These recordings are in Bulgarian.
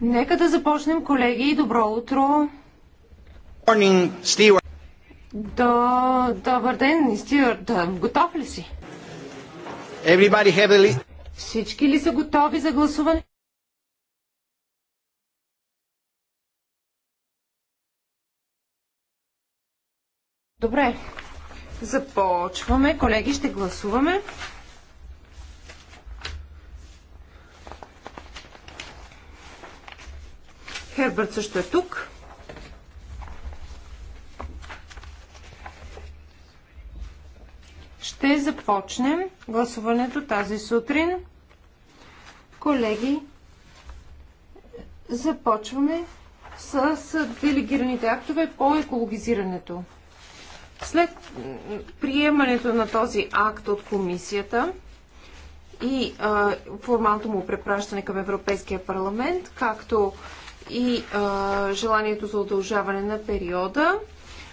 Нека да започнем, колеги. Добро утро! Morning, До... Добър ден, Стюарт. Готов ли си? Everybody Всички ли са готови за гласуване? Добре. Започваме. Колеги, ще гласуваме. Херберт също е тук. Ще започнем гласуването тази сутрин. Колеги, започваме с делегираните актове по екологизирането. След приемането на този акт от комисията и а, формалното му препращане към Европейския парламент, както и а, желанието за удължаване на периода,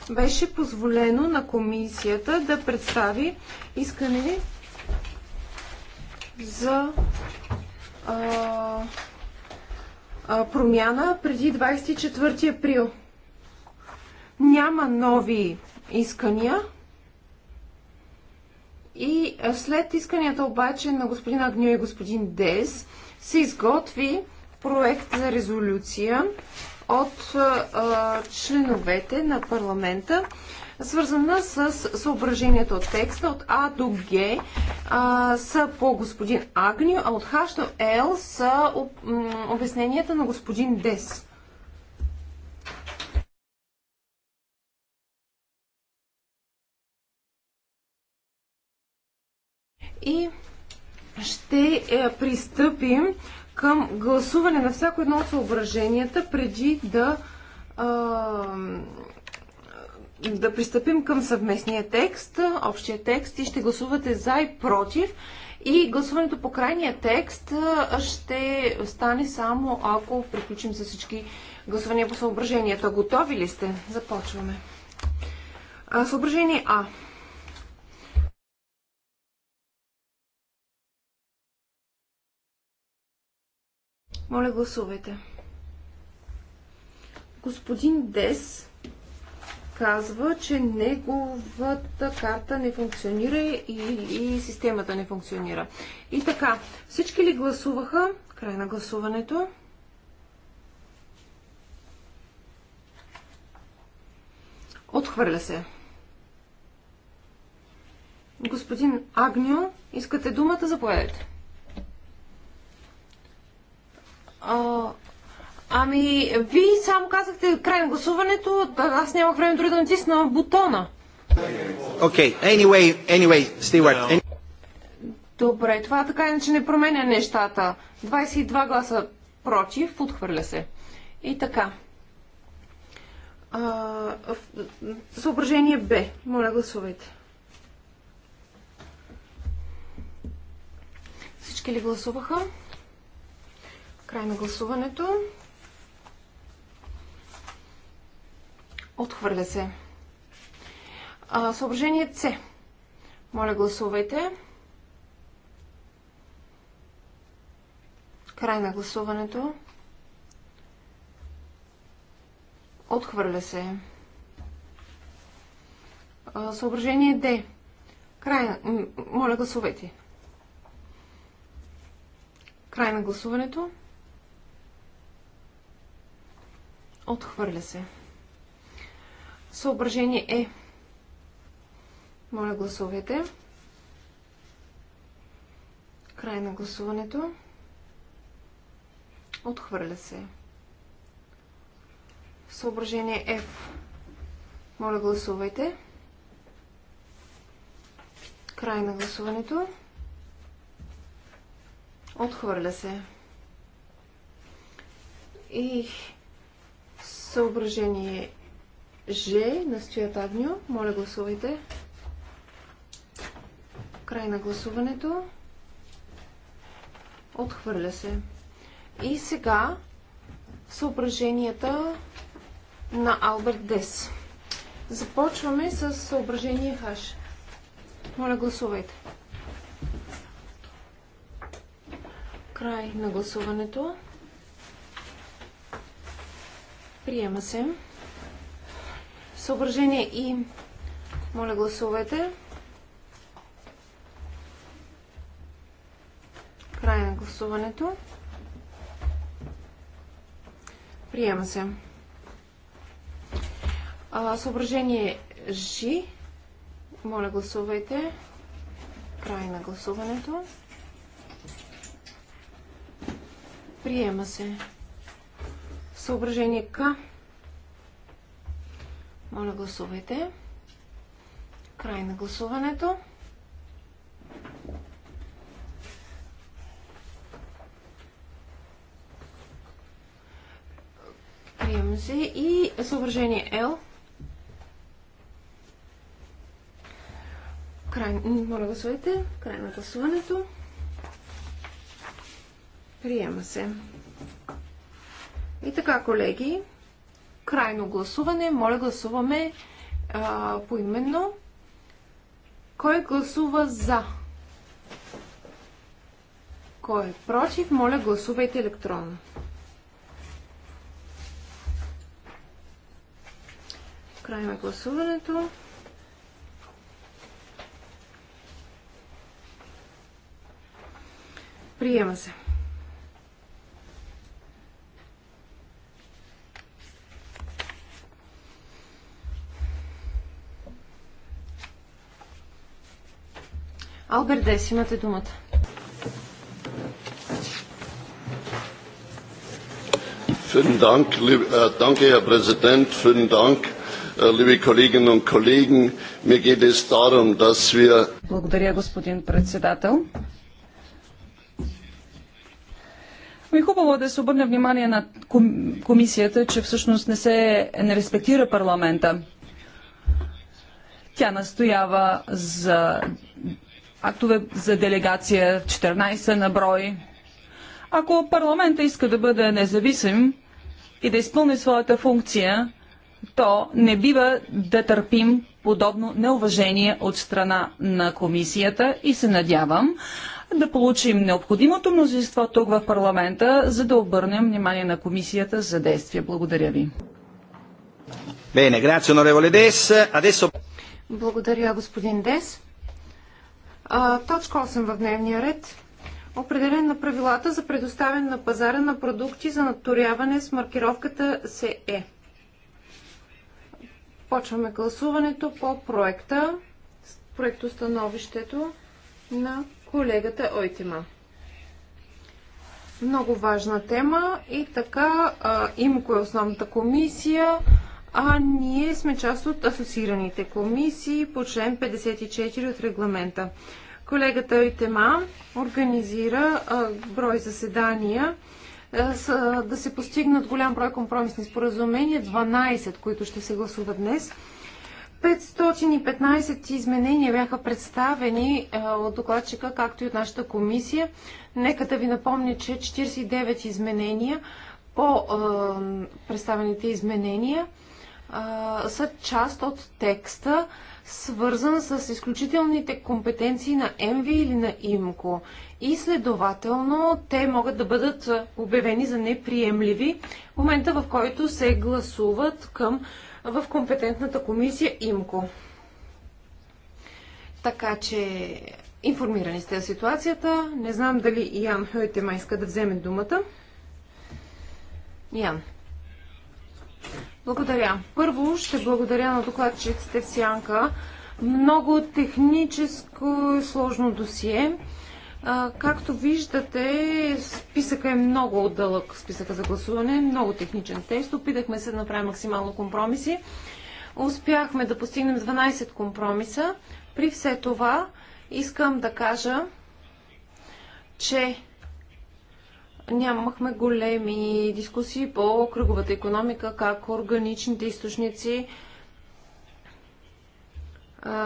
беше позволено на комисията да представи искане за а, а, промяна преди 24 април. Няма нови искания. И след исканията обаче на господин Агню и господин Дес се изготви проект за резолюция от а, членовете на парламента, свързана с съображението от текста от А до Г а, са по господин Агню, а от Х до Л са об, обясненията на господин Дес. И ще е, пристъпим към гласуване на всяко едно от съображенията, преди да, да пристъпим към съвместния текст, общия текст и ще гласувате за и против. И гласуването по крайния текст ще стане само ако приключим с всички гласувания по съображенията. Готови ли сте? Започваме. Съображение А. Моля, гласувайте. Господин Дес казва, че неговата карта не функционира и, и системата не функционира. И така, всички ли гласуваха? Край на гласуването. Отхвърля се. Господин Агнио, искате думата? Заповядайте. ами, ви само казахте край на гласуването, аз нямах време дори да натисна бутона. Окей, okay. anyway, anyway, Stewart. Any... Добре, това така иначе не променя нещата. 22 гласа против, отхвърля се. И така. А, съображение Б. Моля, гласувайте. Всички ли гласуваха? Край на гласуването. Отхвърля се. съображение С. Моля, гласувайте. Край на гласуването. Отхвърля се. съображение Д. Край на... Моля, гласувайте. Край на гласуването. Отхвърля се. Съображение Е. Моля, гласувайте. Край на гласуването. Отхвърля се. Съображение F. Моля, гласувайте. Край на гласуването. Отхвърля се. И Съображение Ж Стоят Агню. Моля гласувайте. Край на гласуването. Отхвърля се. И сега съображенията на Алберт Дес. Започваме с съображение Хаш. Моля, гласувайте. Край на гласуването. Приема се. Съображение и. Моля, гласувайте. Край на гласуването. Приема се. А, съображение Ж. Моля, гласувайте. Край на гласуването. Приема се. Съображение К. Моля, гласувайте. Край на гласуването. Крием се и съображение Л. Край... Моля, гласувайте. Край на гласуването. Приема се. И така, колеги, крайно гласуване. Моля, гласуваме а, поименно. Кой гласува за? Кой е против? Моля, гласувайте електронно. Край на гласуването. Приема се. Алберт Дес, имате думата. Vielen Dank, äh, danke äh, Благодаря, господин председател. Ми е хубаво е да се обърне внимание на комисията, че всъщност не се не респектира парламента. Тя настоява за актове за делегация, 14 на брой. Ако парламента иска да бъде независим и да изпълни своята функция, то не бива да търпим подобно неуважение от страна на комисията и се надявам да получим необходимото мнозинство тук в парламента, за да обърнем внимание на комисията за действия. Благодаря ви. Благодаря, господин Дес точка 8 в дневния ред. Определен на правилата за предоставяне на пазара на продукти за наторяване с маркировката СЕ. E. Почваме гласуването по проекта, проектостановището на колегата Ойтима. Много важна тема и така а, имко е основната комисия а ние сме част от асоциираните комисии по член 54 от регламента. Колегата Итема организира а, брой заседания а, с, а, да се постигнат голям брой компромисни споразумения, 12, които ще се гласуват днес. 515 изменения бяха представени от докладчика, както и от нашата комисия. Нека да ви напомня, че 49 изменения по представените изменения – са част от текста, свързан с изключителните компетенции на ЕМВИ или на ИМКО. И следователно те могат да бъдат обявени за неприемливи в момента, в който се гласуват към, в компетентната комисия ИМКО. Така че информирани сте за ситуацията. Не знам дали Ян Хойтема иска да вземе думата. Ян. Благодаря. Първо ще благодаря на докладчиците в Сянка. Много техническо и сложно досие. Както виждате, списъка е много дълъг, списъка за гласуване, много техничен текст. Опитахме се да направим максимално компромиси. Успяхме да постигнем 12 компромиса. При все това искам да кажа, че нямахме големи дискусии по кръговата економика, как органичните източници, а,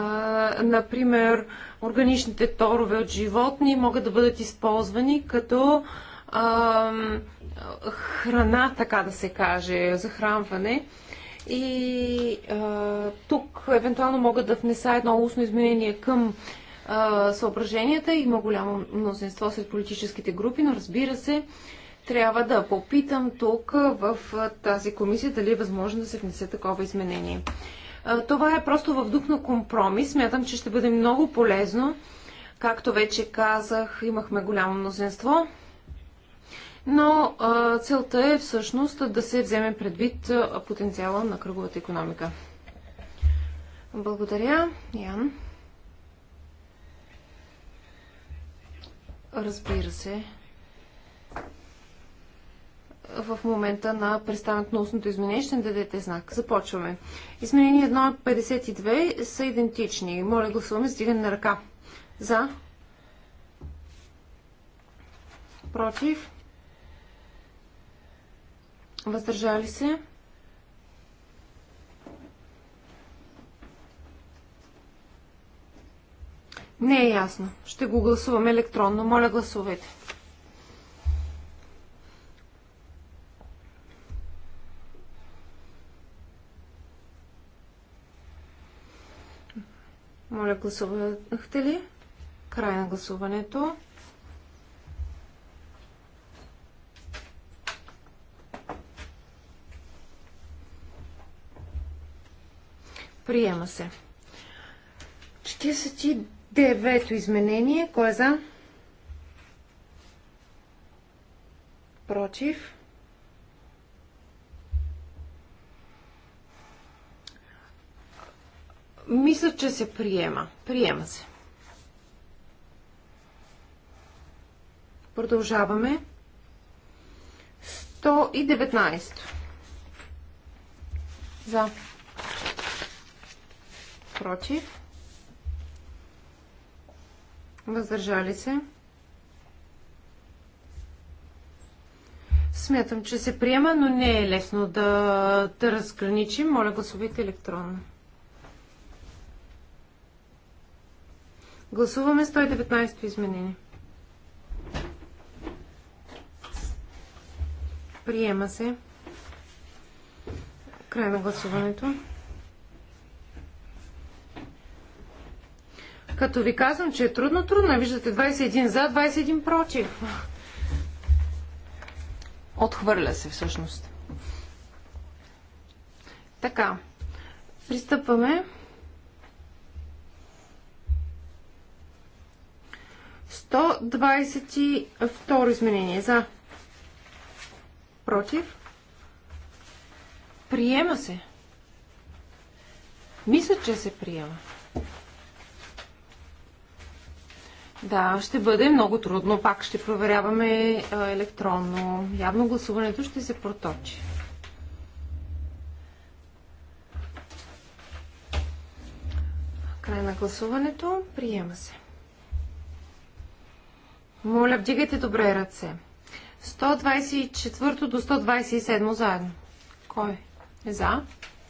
например, органичните торове от животни могат да бъдат използвани като а, храна, така да се каже, захранване. И а, тук евентуално могат да внеса едно устно изменение към съображенията. Има голямо мнозинство сред политическите групи, но разбира се, трябва да попитам тук в тази комисия дали е възможно да се внесе такова изменение. това е просто в дух на компромис. Смятам, че ще бъде много полезно. Както вече казах, имахме голямо мнозинство. Но а, целта е всъщност да се вземе предвид потенциала на кръговата економика. Благодаря, Ян. разбира се, в момента на представянето на устното изменение ще дадете знак. Започваме. Изменение 1 от 52 са идентични. Моля гласуваме с дигане на ръка. За. Против. Въздържали се. Не е ясно. Ще го гласуваме електронно. Моля, гласувайте. Моля, гласувахте ли? Край на гласуването. Приема се. Девето изменение. Кой е за? Против. Мисля, че се приема. Приема се. Продължаваме. 119. За. Против. Въздържали се. Смятам, че се приема, но не е лесно да, да разграничим. Моля, гласувайте електронно. Гласуваме 119 изменение. Приема се. Край на гласуването. Като ви казвам, че е трудно, трудно. Е. Виждате 21 за, 21 против. Отхвърля се всъщност. Така. Пристъпваме. 122 изменение за. Против. Приема се. Мисля, че се приема. Да, ще бъде много трудно. Пак ще проверяваме електронно. Явно гласуването ще се проточи. Край на гласуването. Приема се. Моля, вдигайте добре ръце. 124 до 127 заедно. Кой е за?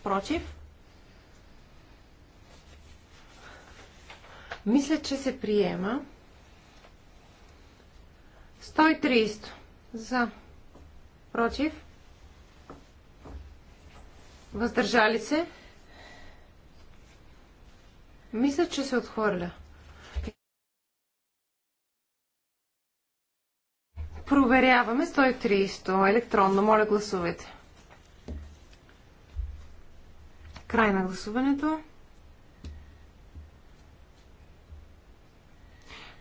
Против? Мисля, че се приема. 130 за, против, въздържали се. Мисля, че се отхвърля. Проверяваме 130 електронно. Моля, гласувайте. Край на гласуването.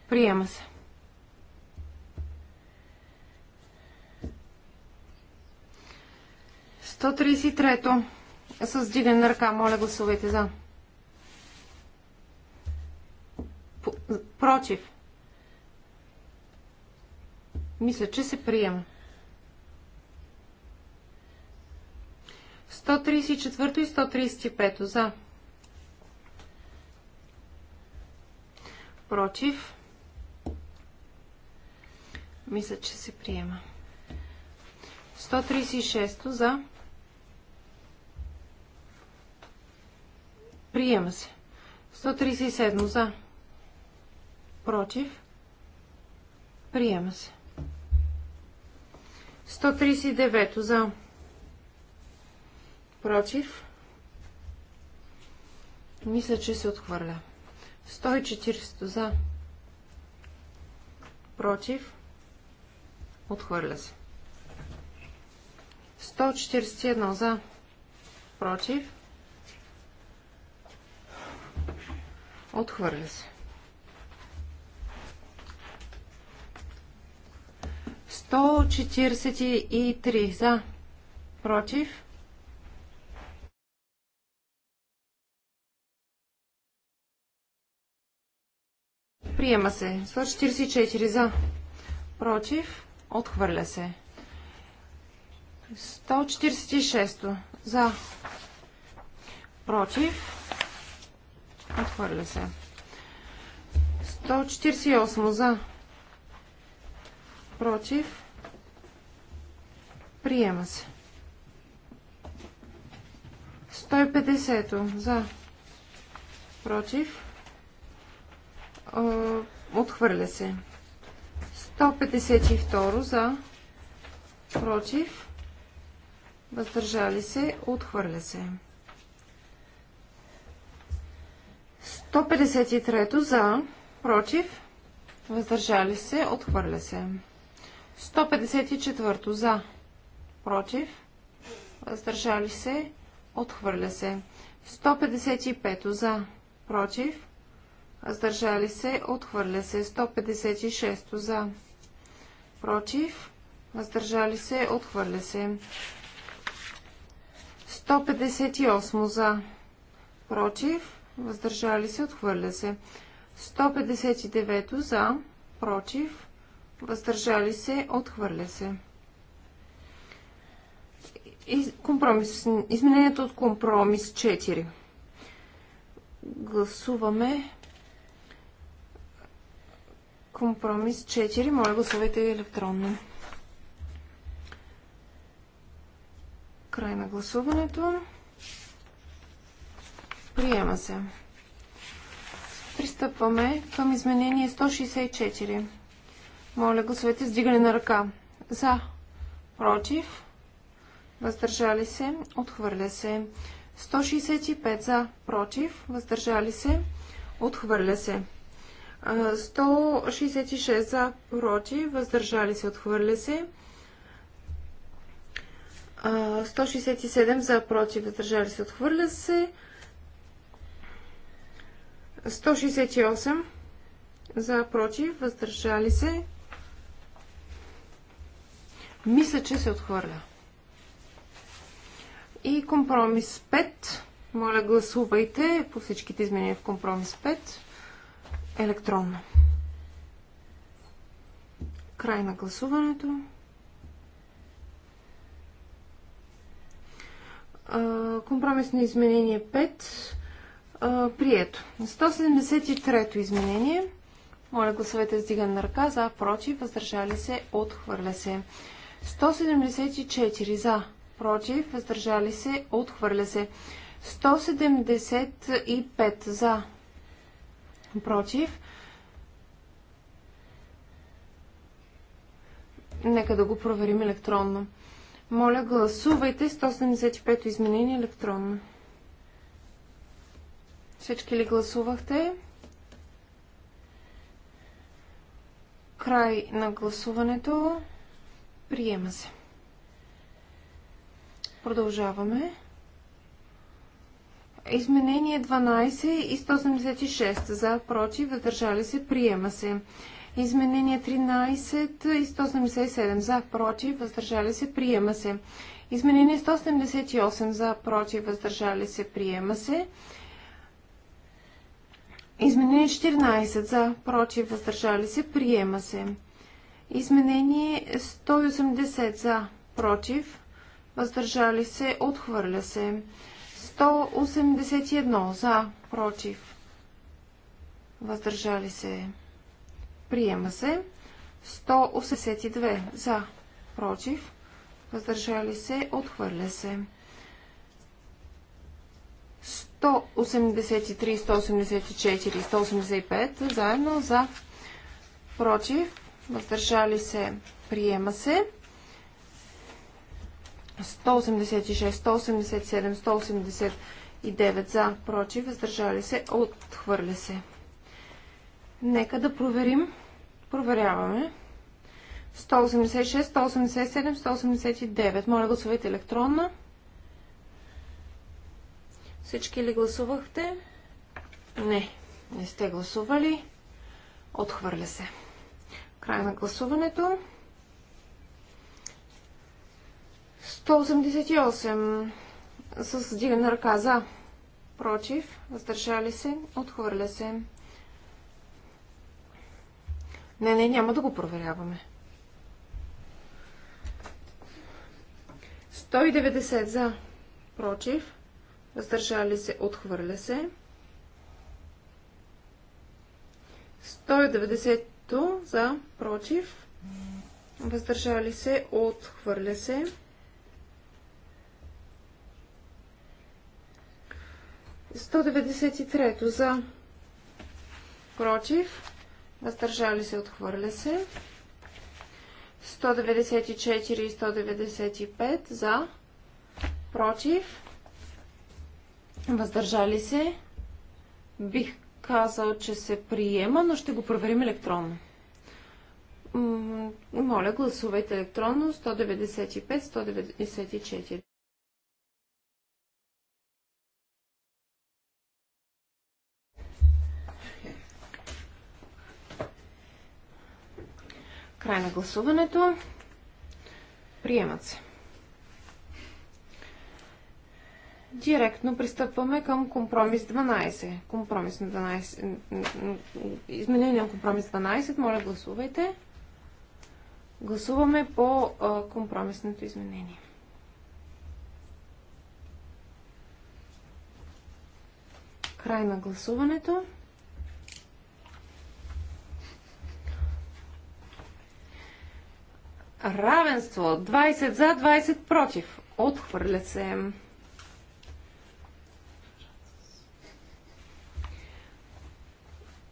Приема се. 133-то. С дигане на ръка. Моля, гласувайте за. Против. Мисля, че се приема. 134 то и 135 то за. Против. Мисля, че се приема. 136 за. Приема се. 137 за. Против. Приема се. 139 за. Против. Мисля, че се отхвърля. 140 за. Против. Отхвърля се. 141 за. Против. Отхвърля се. 143 за. Против. Приема се. 144 за. Против. Отхвърля се. 146 за. Против. Отхвърля се. 148 за. Против. Приема се. 150 за. Против. Е, отхвърля се. 152 за. Против. Въздържали се. Отхвърля се. 153 за, против, въздържали се, отхвърля се. 154 за, против, въздържали се, отхвърля се. 155 за, против, въздържали се, отхвърля се. 156 за, против, въздържали се, отхвърля се. 158 за, против, въздържали се, отхвърля се. 159 за, против, въздържали се, отхвърля се. Из, компромис, изменението от компромис 4. Гласуваме компромис 4. Моля, гласувайте електронно. Край на гласуването. Приема се. Пристъпваме към изменение 164. Моля, гласовете с дигане на ръка. За. Против. Въздържали се. Отхвърля се. 165 за. Против. Въздържали се. Отхвърля се. 166 за. Против. Въздържали се. Отхвърля се. 167 за. Против. Въздържали се. Отхвърля се. 168 за против, въздържали се. Мисля, че се отхвърля. И компромис 5. Моля, гласувайте по всичките изменения в компромис 5 електронно. Край на гласуването. Компромисно изменение 5 а, прието. 173-то изменение. Моля гласовете с на ръка. За, против, въздържали се, отхвърля се. 174 за, против, въздържали се, отхвърля се. 175 за, против. Нека да го проверим електронно. Моля, гласувайте 175 изменение електронно. Всички ли гласувахте? Край на гласуването. Приема се. Продължаваме. Изменение 12 и 176 за, против, въздържали се, приема се. Изменение 13 и 177 за, против, въздържали се, приема се. Изменение 178 за, против, въздържали се, приема се. Изменение 14 за, против, въздържали се, приема се. Изменение 180 за, против, въздържали се, отхвърля се. 181 за, против, въздържали се, приема се. 182 за, против, въздържали се, отхвърля се. 183, 184 и 185 заедно за против, въздържали се, приема се. 186, 187, 189 за против, въздържали се, отхвърля се. Нека да проверим. Проверяваме. 186, 187, 189. Моля гласовете електронно. електронна. Всички ли гласувахте? Не, не сте гласували. Отхвърля се. Край на гласуването. 188 с дигана ръка за. Против. Въздържали се. Отхвърля се. Не, не, няма да го проверяваме. 190 за. Против въздържали се, отхвърля се. 190-то за, против, въздържали се, отхвърля се. Сто деветдесет и трето за против, въздържали се, отхвърля се. 194 и 195 за, против, Въздържали се? Бих казал, че се приема, но ще го проверим електронно. Моля, гласувайте електронно 195-194. Край на гласуването. Приемат се. Директно пристъпваме към компромис 12. Компромис на 12. Изменение на компромис 12. Моля, гласувайте. Гласуваме по компромисното изменение. Край на гласуването. Равенство. 20 за, 20 против. Отхвърля се.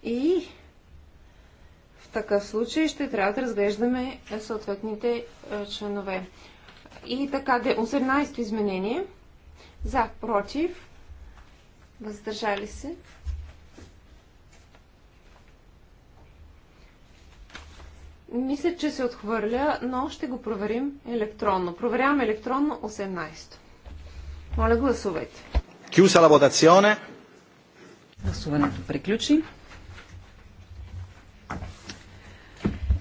И в такъв случай ще трябва да разглеждаме съответните е, членове. И така, 18-то изменение. За, против, въздържали се. Мисля, че се отхвърля, но ще го проверим електронно. Проверявам електронно 18. Моля, гласувайте. Кюса la Гласуването приключи.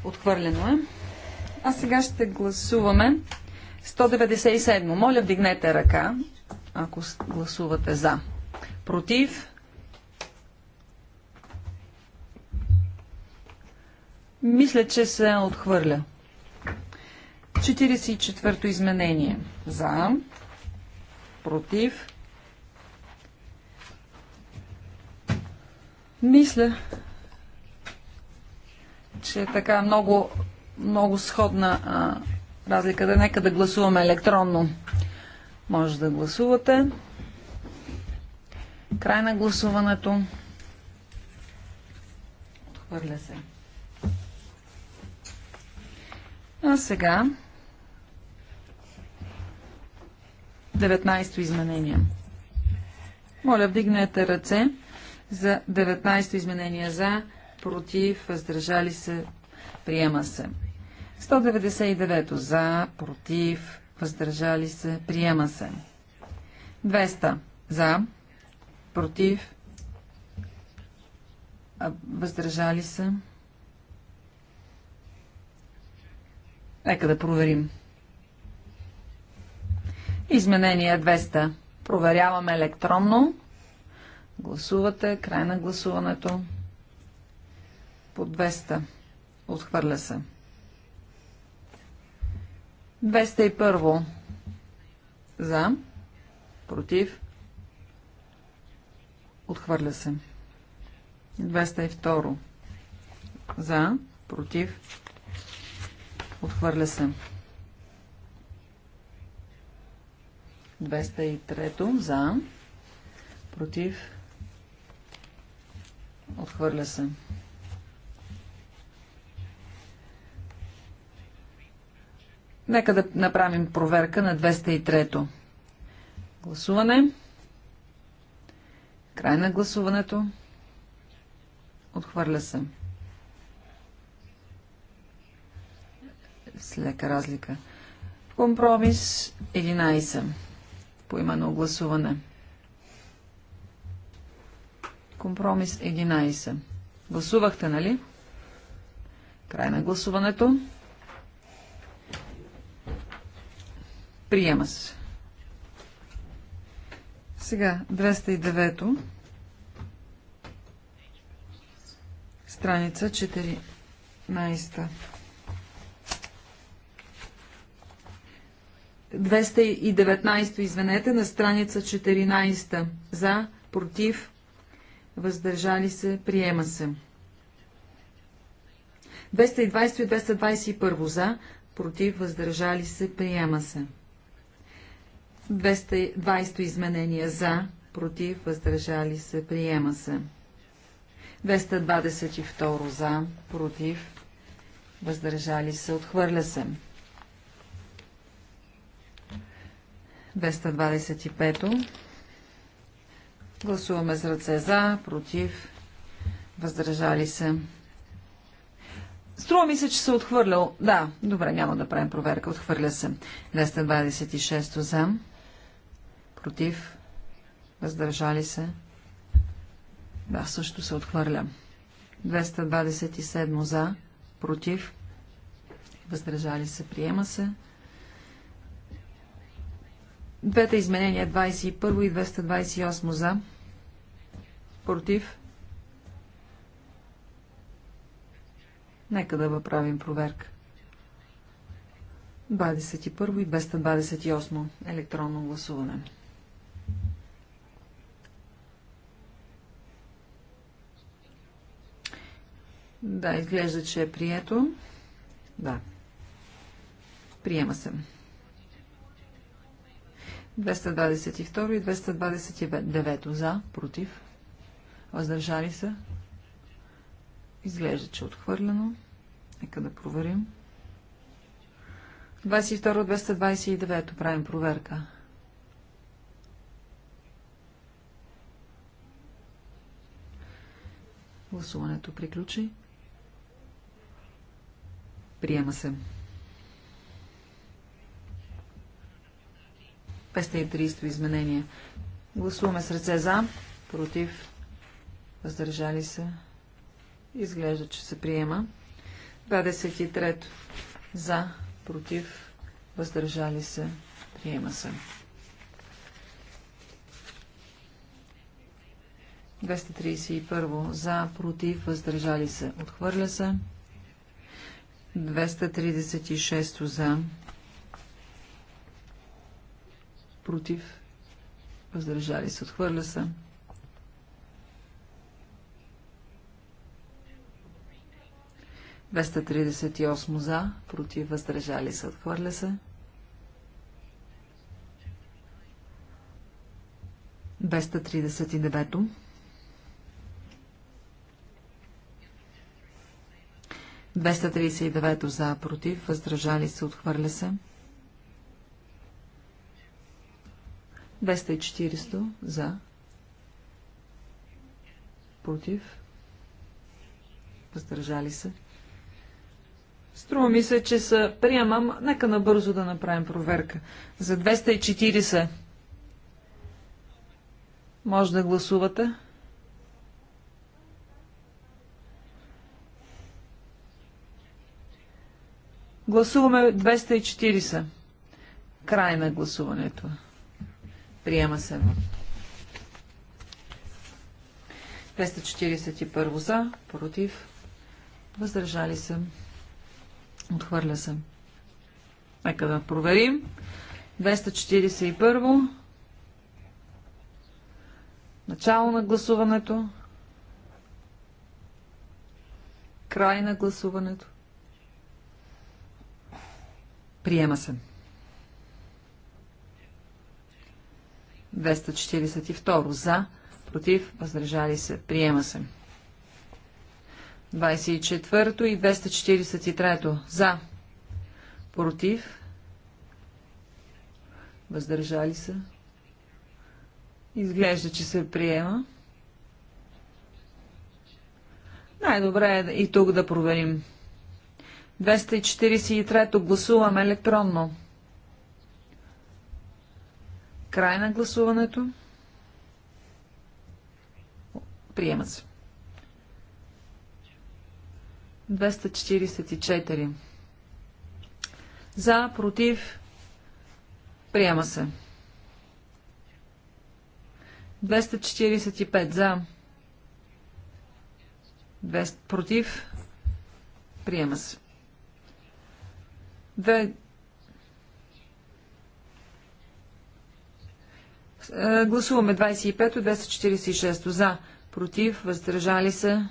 Отхвърлено е. А сега ще гласуваме 197. Моля, вдигнете ръка, ако гласувате за. Против? Мисля, че се отхвърля. 44-то изменение. За. Против. Мисля, че така е много, много сходна а, разлика. Да, нека да гласуваме електронно. Може да гласувате. Край на гласуването. Отхвърля се. А сега 19-то изменение. Моля, вдигнете ръце за 19-то изменение за против, въздържали се, приема се. 199 за, против, въздържали се, приема се. 200 за, против, въздържали се. Нека да проверим. Изменение 200. Проверяваме електронно. Гласувате. Край на гласуването по 200. Отхвърля се. 201. За. Против. Отхвърля се. 202. За. Против. Отхвърля се. 203. За. Против. Отхвърля се. Нека да направим проверка на 203-то. Гласуване. Край на гласуването. Отхвърля се. С лека разлика. Компромис 11. имено гласуване. Компромис 11. Гласувахте, нали? Край на гласуването. Приема се. Сега, 209-то. Страница 14. 219, извинете, на страница 14. За, против, въздържали се, приема се. 220 и 221 за, против, въздържали се, приема се. 220 изменения за, против, въздържали се, приема се. 222 за, против, въздържали се, отхвърля се. 225. Гласуваме с ръце за, против, въздържали се. Струва ми се, че се отхвърлял. Да, добре, няма да правим проверка. Отхвърля се. 226 за против, въздържали се. Да, също се отхвърля. 227 за, против, въздържали се, приема се. Двете изменения, 21 и 228 за, против. Нека да направим проверка. 21 и 228 електронно гласуване. Да, изглежда, че е прието. Да. Приема се. 222 и 229 за, против, въздържали се. Изглежда, че е отхвърлено. Нека да проверим. 22-229 правим проверка. Гласуването приключи. Приема се. 530 изменение. Гласуваме с ръце за, против, въздържали се. Изглежда, че се приема. 23 за, против, въздържали се. Приема се. 231 за, против, въздържали се. Отхвърля се. 236 за, против, въздържали се, отхвърля се. 238 за, против, въздържали се, отхвърля се. 239 239 за, против, въздържали се, отхвърля се. 240 за, против, въздържали се. Струва ми се, че са приемам. Нека набързо да направим проверка. За 240 може да гласувате. Гласуваме 240. Край на гласуването. Приема се. 241 за, против, въздържали се, отхвърля се. Нека да проверим. 241. Начало на гласуването. Край на гласуването. Приема се. 242. За, против, въздържали се. Приема се. 24 и 243. За, против, въздържали се. Изглежда, че се приема. Най-добре е и тук да проверим. 243 гласуваме електронно. Край на гласуването. Приема се. 244. За, против, приема се. 245 за, 200, против, приема се the е, Гласуваме 25-то, 246 за, против, въздържали се.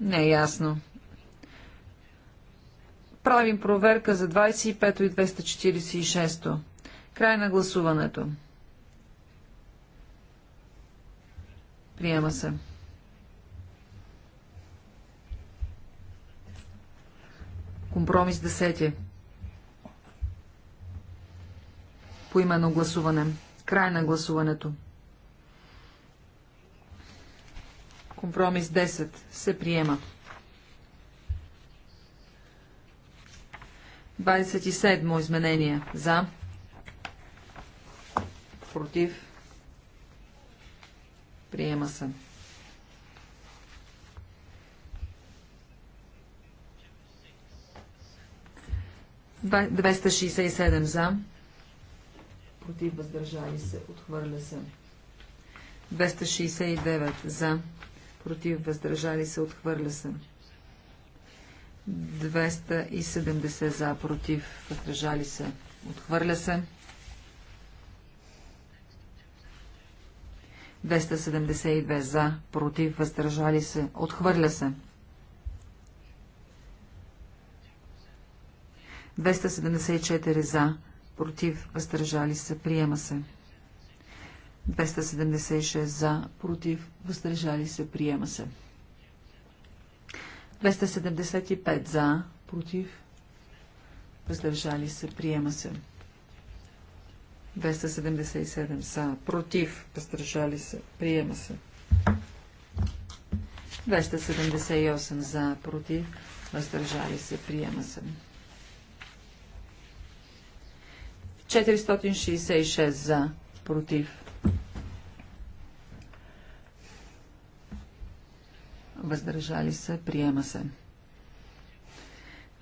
Не е ясно. Правим проверка за 25 и 246 Край на гласуването. Приема се. Компромис 10. имено гласуване. Край на гласуването. Компромис 10 се приема. 27 изменение. За. Против. Приема се. 267 за. Против въздържали се. Отхвърля се. 269 за. Против въздържали се. Отхвърля се. 270 за. Против въздържали се. Отхвърля се. 272 за. Против въздържали се. Отхвърля се. 274 за, против, въздържали се, приема се. 276 за, против, въздържали се, приема се. 275 за, против, въздържали се, приема се. 277 за, против, въздържали се, приема се. 278 за, против, въздържали се, приема се. 466 за, против. Въздържали се, приема се.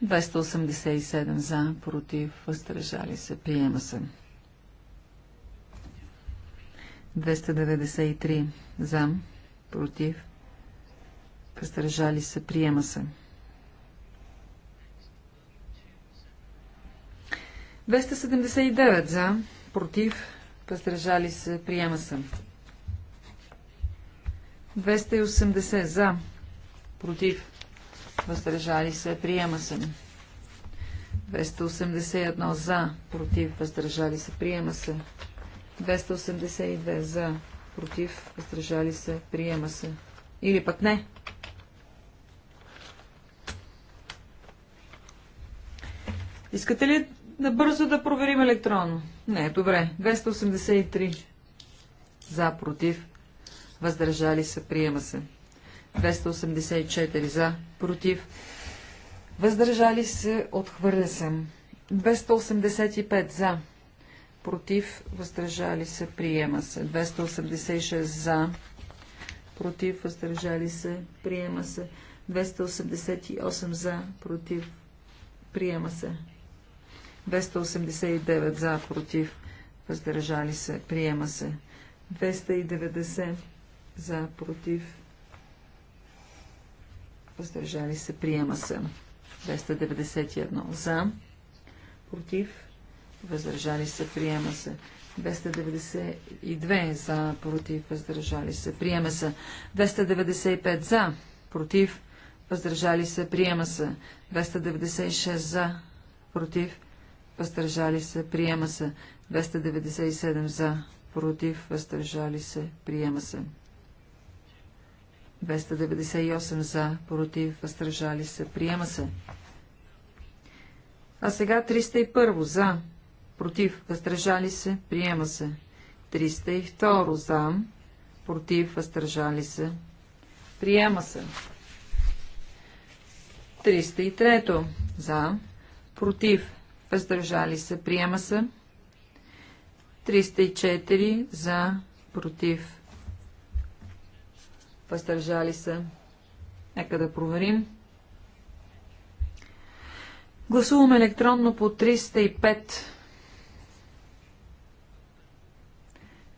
287 за, против, въздържали се, приема се. 293 за, против, въздържали се, приема се. 279 за, против, въздържали се, приема се. 280 за, против, въздържали се, приема се. 281 за, против, въздържали се, приема се. 282 за, против, въздържали се, приема се. Или пък не. Искате ли Набързо да проверим електронно. Не, добре. 283. За, против. Въздържали се, приема се. 284 за, против. Въздържали се, отхвърля се. 285 за, против, въздържали се, приема се. 286 за, против, въздържали се, приема се. 288 за, против, приема се. 289 за, против, въздържали се, приема се. 290 за, против, въздържали се, приема се. 291 за, против, въздържали се, приема се. 292 за, против, въздържали се, приема се. 295 за, против, въздържали се, приема се. 296 за, против, въздържали се, приема се. 297 за, против, въздържали се, приема се. 298 за, против, въздържали се, приема се. А сега 301 за, против, въздържали се, приема се. 302 за, против, въздържали се, приема се. 303 за, против, въздържали се, приема се. 304 за, против, въздържали се. Нека да проверим. Гласуваме електронно по 305.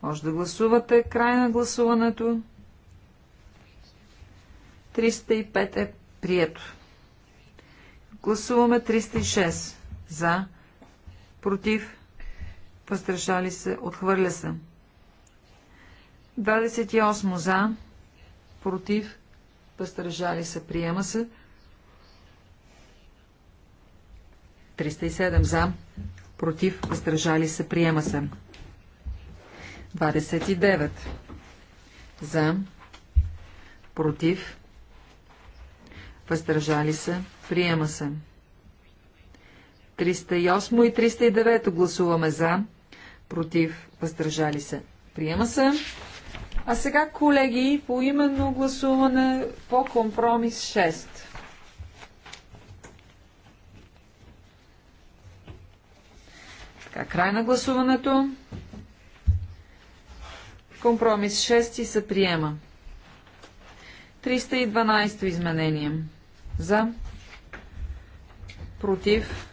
Може да гласувате край на гласуването. 305 е прието. Гласуваме 306 за, против, въздържали се, отхвърля се. 28 за, против, въздържали се, приема се. 307 за, против, въздържали се, приема се. 29 за, против, въздържали се, приема се. 308 и 309 гласуваме за, против, въздържали се. Приема се. А сега, колеги, по именно гласуване по компромис 6. Така, край на гласуването. Компромис 6 се приема. 312 изменение. За. Против.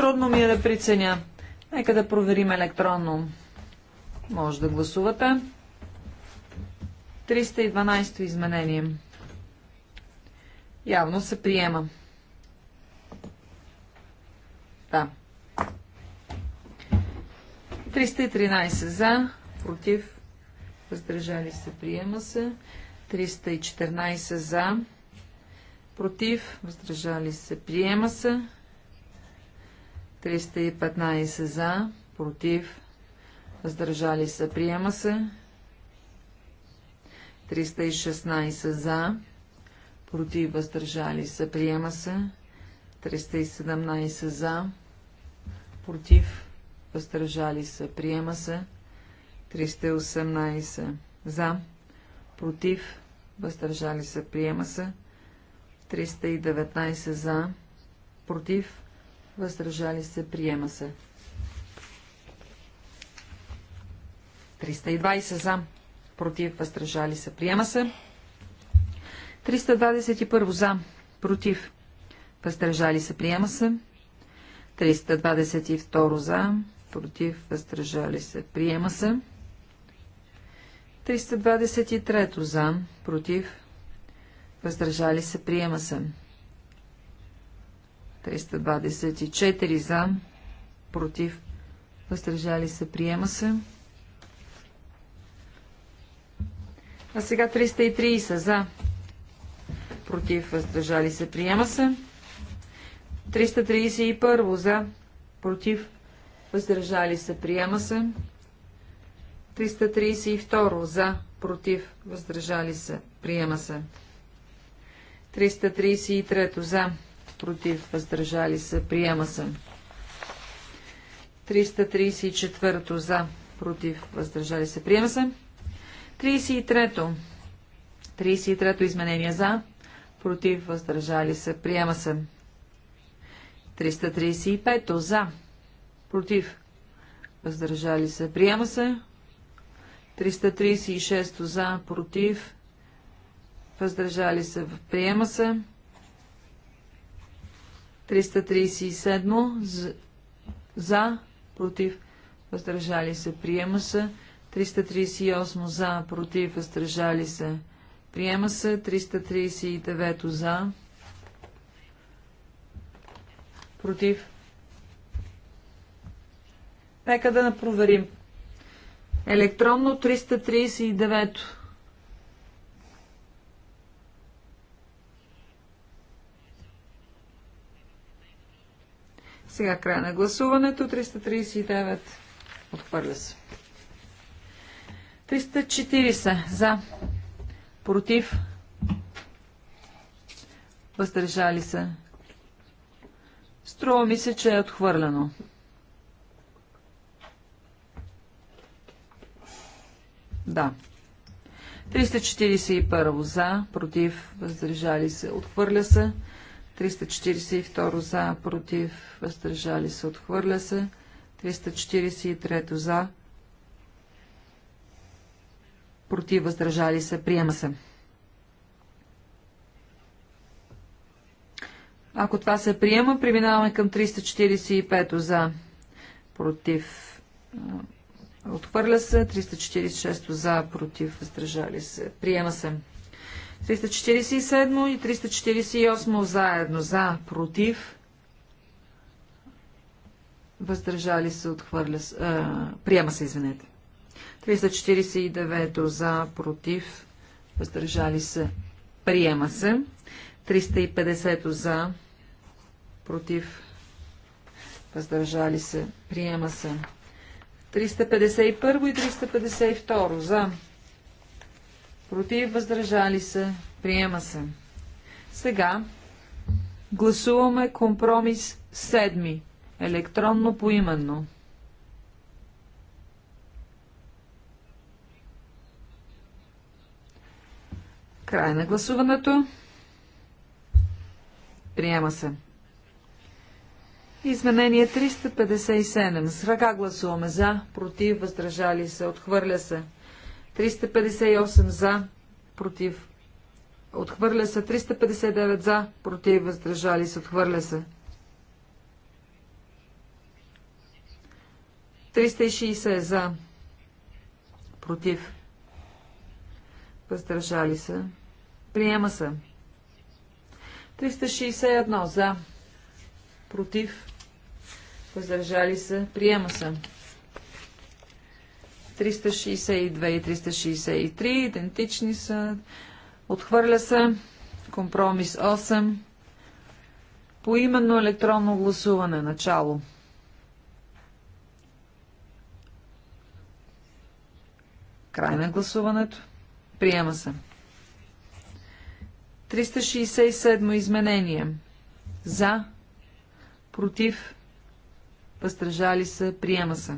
Трудно ми е да преценя. Нека да проверим електронно. Може да гласувате. 312 изменение. Явно се приема. Да. 313 за, против, въздържали се, приема се. 314 за, против, въздържали се, приема се. 315 за, против, въздържали се, приема се. 316 за, против, въздържали се, приема се. 317 за, против, въздържали се, приема се. 318 за, против, въздържали се, приема се. 319 за, против, въздържали се, приема се. 320 за, против, въздържали се, приема се. 321 за, против, въздържали се, приема се. 322 за, против, въздържали се, приема се. 323 за, против, въздържали се, приема се. 324 за, против, въздържали се, приема се. А сега 330 за, против, въздържали се, приема се. 331 за, против, въздържали се, приема се. 332 за, против, въздържали се, приема се. 333 за, против, въздържали се, приема се. 334 за, против, въздържали се, приема се. 33-то. 33-то изменение за, против, въздържали се, приема се. 335-то за, против, въздържали се, приема се. 336 за, против, въздържали се, приема се. 337 за, против, въздържали се, приема се. 338 за, против, въздържали се, приема се. 339 за, против. Нека да проверим. Електронно 339. Сега края на гласуването. 339. Отхвърля се. 340. За. Против. Въздържали се. Струва ми се, че е отхвърлено. Да. 341 за, против, въздържали се, отхвърля се. 342 за, против, въздържали се, отхвърля се. 343 за, против, въздържали се, приема се. Ако това се приема, преминаваме към 345 за, против, отхвърля се, 346 за, против, въздържали се, приема се. 347 и 348 заедно. За, против. Въздържали се, отхвърля. А, приема се, извинете. 349 за, против. Въздържали се. Приема се. 350 за, против. Въздържали се. Приема се. 351 и 352 за, против, въздържали се, приема се. Сега гласуваме компромис 7, електронно поименно. Край на гласуването. Приема се. Изменение 357. С ръка гласуваме за, против, въздържали се, отхвърля се. 358 за, против. Отхвърля се 359 за, против, въздържали се, отхвърля се. 360 за, против, въздържали се, приема се. 361 за, против, въздържали се, приема се. 362 и 363 идентични са. Отхвърля се. Компромис 8. Поименно електронно гласуване. Начало. Край на гласуването. Приема се. 367 изменение. За. Против. Въздържали се. Приема се.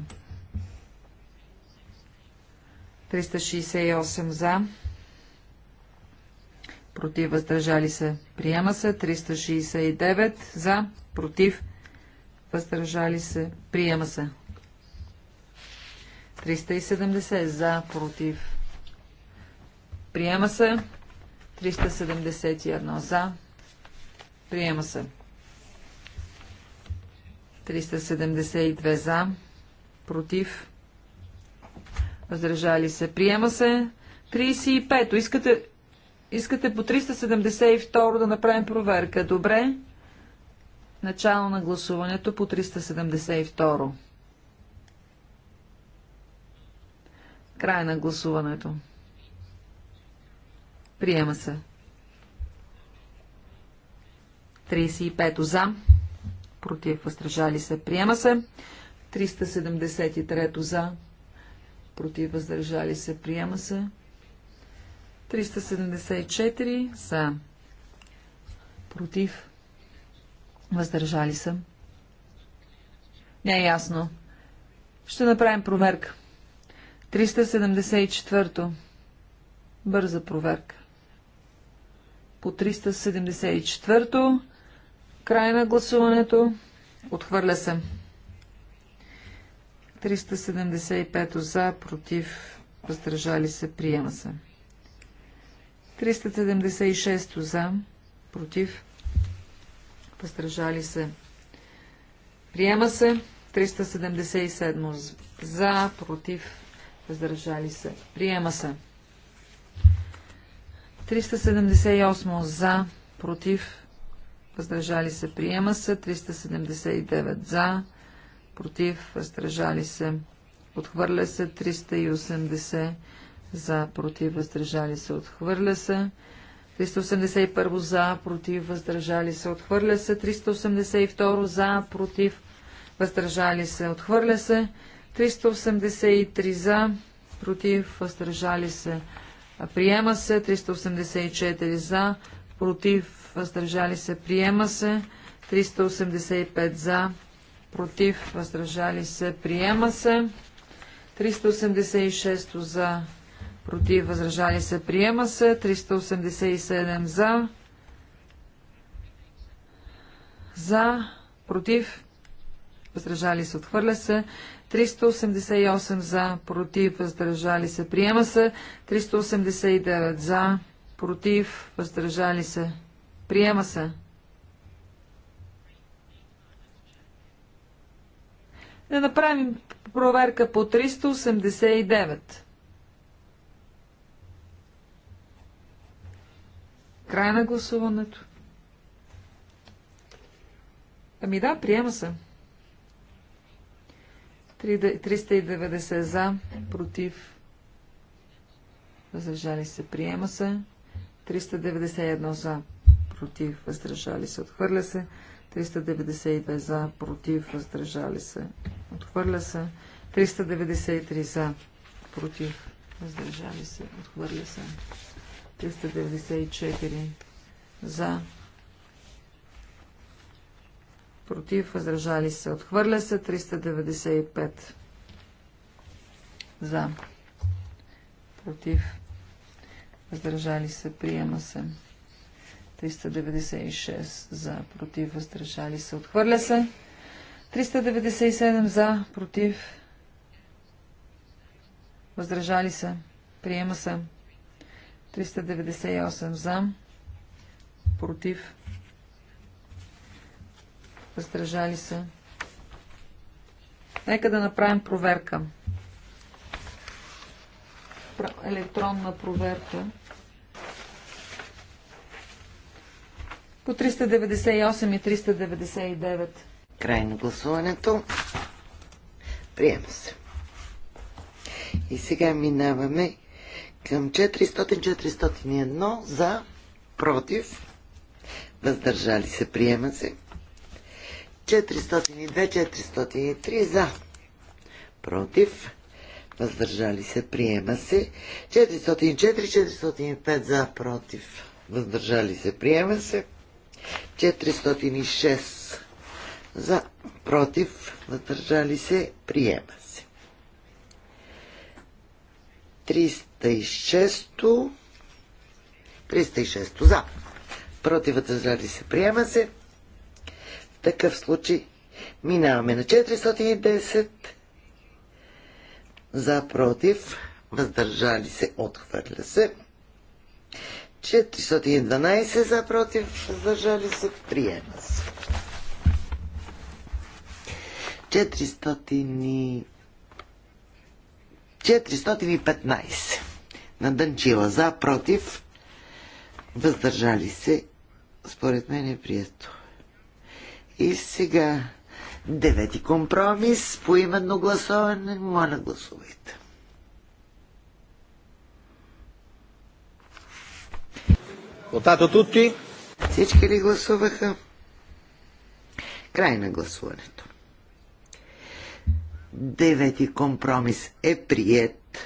368 за, против, въздържали се, приема се, 369 за, против, въздържали се, приема се. 370 за, против, приема се, 371 за, приема се. 372 за, против, въздържали се, приема се. 35-то, искате, искате по 372 да направим проверка, добре? Начало на гласуването по 372. Край на гласуването. Приема се. 35 за. Против въздържали се. Приема се. 373 за против, въздържали се, приема се. 374 за, против, въздържали се. Не е ясно. Ще направим проверка. 374. Бърза проверка. По 374. Край на гласуването. Отхвърля се. 375 за, против, въздържали се, приема се. 376 за, против, въздържали се, приема се. 377 за, против, въздържали се, приема се. 378 за, против, въздържали се, приема се. 379 за, против, въздържали се, отхвърля се 380 за, против, въздържали се, отхвърля се. 381 за, против, въздържали се, отхвърля се. 382 за, против, въздържали се, отхвърля се. 383 за, против, въздържали се, приема се. 384 за, против, въздържали се, приема се. 385 за, против, въздържали се, приема се. 386 за, против, въздържали се, приема се. 387 за, за, против, въздържали се, отхвърля се. 388 за, против, въздържали се, приема се. 389 за, против, въздържали се, приема се. да направим проверка по 389. Край на гласуването. Ами да, приема се. 390 за, против, въздържали се, приема се. 391 за, против, въздържали се, отхвърля се. 392 за, против, въздържали се. Отхвърля се. 393 за, против, въздържали се. Отхвърля се. 394 за, против, въздържали се. Отхвърля се. 395 за, против, въздържали се. Приема се. 396 за, против, въздържали се, отхвърля се. 397 за, против, въздържали се, приема се. 398 за, против, въздържали се. Нека да направим проверка. Електронна проверка. по 398 и 399. Край на гласуването. Приема се. И сега минаваме към 400-401 за, против, въздържали се, приема се. 402-403 за, против, въздържали се, приема се. 404-405 за, против, въздържали се, приема се. 406 за против, въздържали се, приема се. 306 306 за против, въздържали се, приема се. В такъв случай минаваме на 410 за против, въздържали се, отхвърля се. 412 за против, въздържали се, приема се. 415 на Дънчила за против, въздържали се, според мен е прието. И сега девети компромис по именно гласуване. Моля, гласувайте. Votato tutti? Всички ли гласуваха? Край на гласуването. Девети компромис е прият.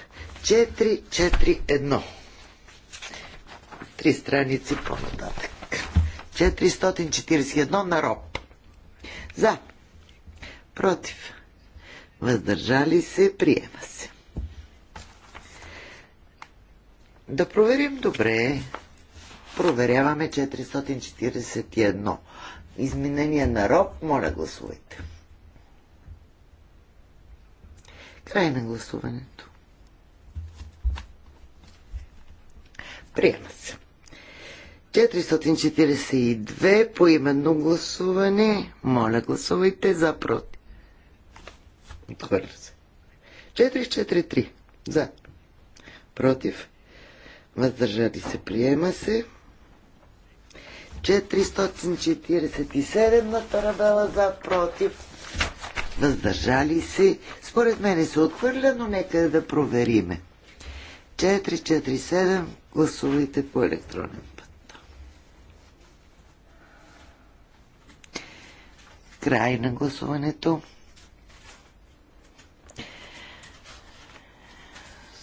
4-4-1. Три страници по-нататък. 441 на роб. За. Против. Въздържали се, приема се. Да проверим добре. Проверяваме 441. Изменение на рок. Моля, гласувайте. Край на гласуването. Приема се. 442 по именно гласуване. Моля, гласувайте за против. Отхвърля се. 443 за против. Въздържали се. Приема се. 447 е на Тарабела за, против, въздържали се. Според мен се отхвърля, но нека да провериме. 447 гласувайте по електронен път. Край на гласуването.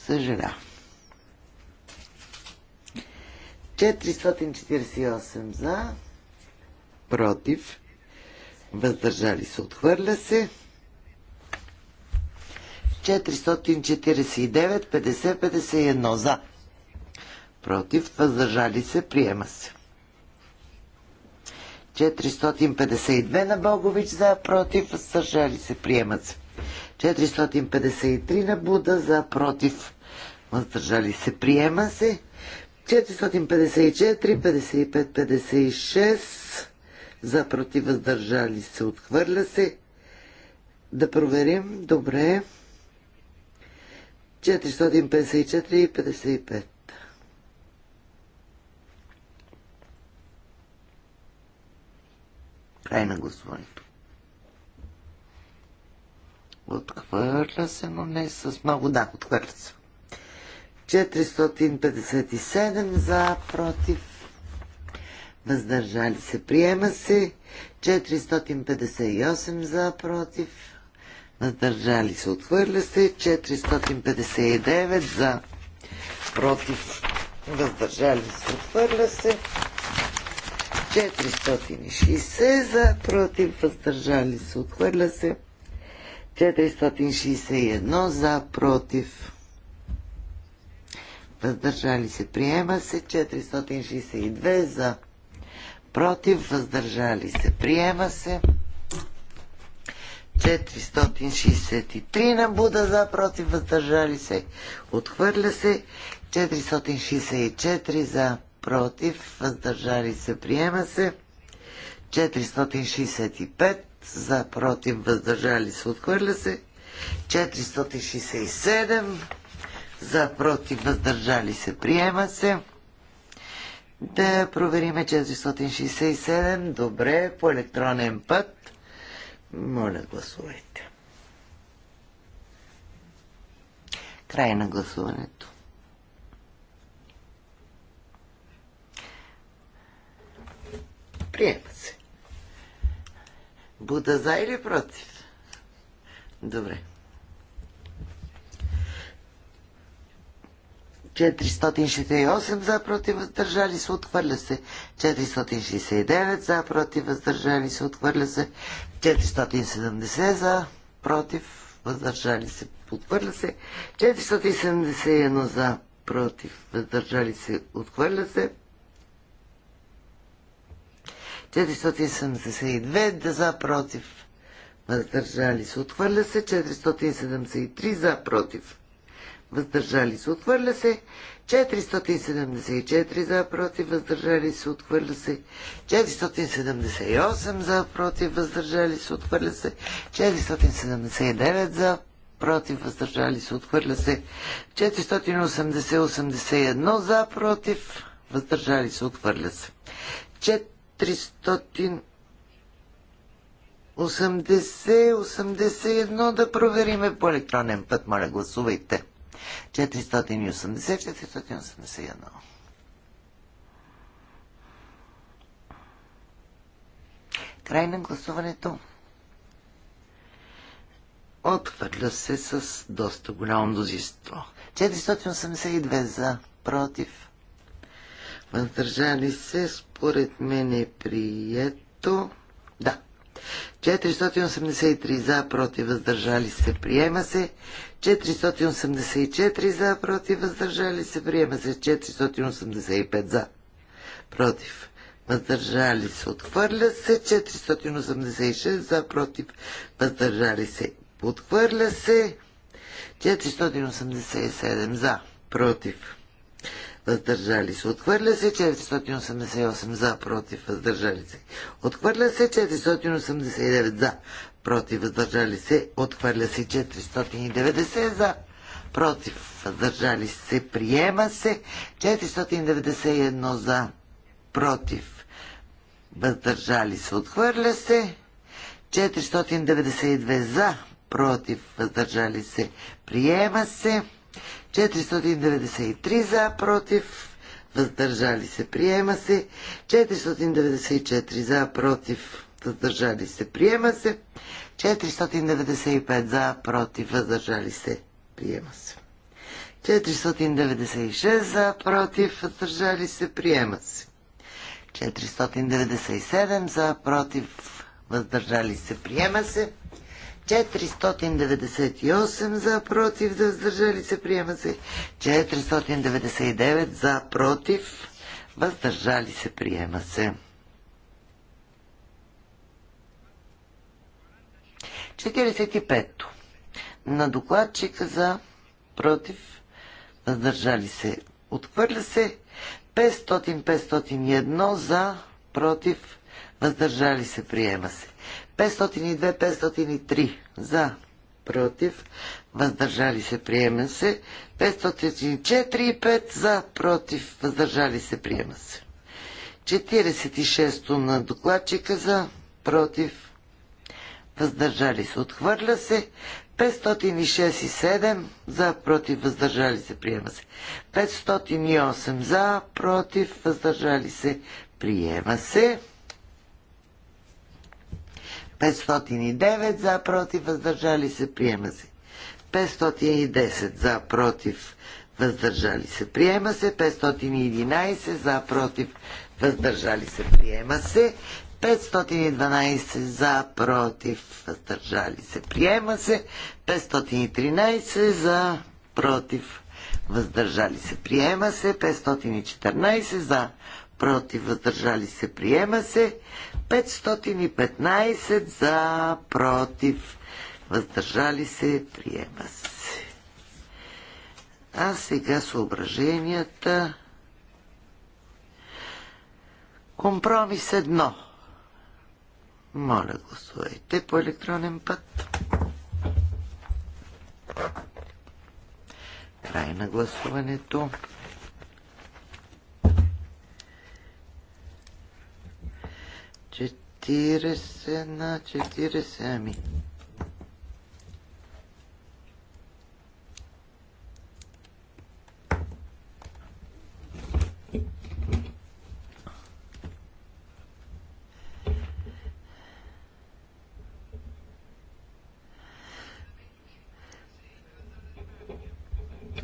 Съжалявам. 448 за, против, въздържали се, отхвърля се. 449, 50, 51 за. Против, въздържали се, приема се. 452 на Богович за, против, въздържали се, приема се. 453 на Буда за, против, въздържали се, приема се. 454, 55, 56 за против въздържали се, отхвърля се. Да проверим. Добре. 454 55. Край на гласуването. Отхвърля се, но не с много. Да, отхвърля се. 457 за, против, въздържали се, приема се. 458 за, против, въздържали се, отхвърля се. 459 за, против, въздържали се, отхвърля се. 460 за, против, въздържали се, отхвърля се. 461 за, против, въздържали се, приема се. 462 за, против, въздържали се, приема се. 463 на Буда за, против, въздържали се, отхвърля се. 464 за, против, въздържали се, приема се. 465 за, против, въздържали се, отхвърля се. 467 за против въздържали се приема се. Да провериме 467. Добре, по електронен път. Моля, гласувайте. Край на гласуването. Приема се. Буда за или против? Добре. 468 за против въздържали се, отхвърля се. 469 за против въздържали се, отхвърля се. 470 за против въздържали се, отхвърля се. 471 за против въздържали се, отхвърля се. 472 за против въздържали се, отхвърля се. 473 за против въздържали се, отхвърля се. 474 за, против, въздържали се, отхвърля се. 478 за, против, въздържали се, отхвърля се. 479 за, против, въздържали се, отхвърля се. 480-81 за, против, въздържали се, отхвърля се. 400 80-81 да провериме по електронен път. Моля, гласувайте. 480-481. Край на гласуването. Отхвърля се с доста голямо мнозинство. 482 за, против. Въздържали се, според мен е прието. Да. 483 за, против, въздържали се, приема се. 484 за, против, въздържали се. Приема се 485 за, против, въздържали се. Отхвърля се 486 за, против, въздържали се. Отхвърля се 487 за, против, въздържали се. Отхвърля се 488 за, против, въздържали се. Отхвърля се 489 за, против, въздържали се. Отхвърля се 490 за, против, въздържали се. Приема се 491 за, против, въздържали се. Отхвърля се 492 за, против, въздържали се. Приема се 493 за, против, въздържали се, приема се. 494 за, против, въздържали се, приема се. 495 за, против, въздържали се, приема се. 496 за, против, въздържали се, приема се. 497 за, против, въздържали се, приема се. 498 за против, да въздържали се, приема се. 499 за против, въздържали се, приема се. 45-то. На докладчика за против, въздържали се, отхвърля се. 500-501 за против, въздържали се, приема се. 502-503 за против, въздържали се, приема се. 504 и 5 за против, въздържали се, приема се. 46-то на докладчика за против, въздържали се, отхвърля се. 506 и 7 за против, въздържали се, приема се. 508 за против, въздържали се, приема се. 509 за, против, въздържали се, приема се. 510 за, против, въздържали се, приема се. 511 за, против, въздържали се, приема се. 512 за, против, въздържали се, приема се. 513 за, против, въздържали се, приема се. 514 за, против, въздържали се, приема се. 515 за, против, въздържали се, приема се. А сега съображенията. Компромис едно. Моля, гласувайте по електронен път. Край на гласуването. 40 на 40, ами.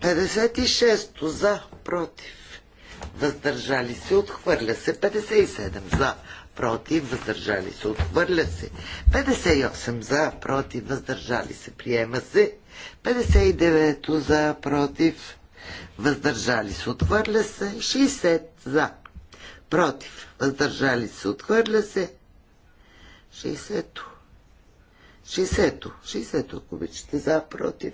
Петдесет и шесто за, против. Въздържали се, отхвърля се. и седем за, против, въздържали се, отхвърля се. 58 за, против, въздържали се, приема се. 59 за, против, въздържали се, отхвърля се. 60 за, против, въздържали се, отхвърля се. 60-то. 60-то, 60-то, ако обичате, за, против,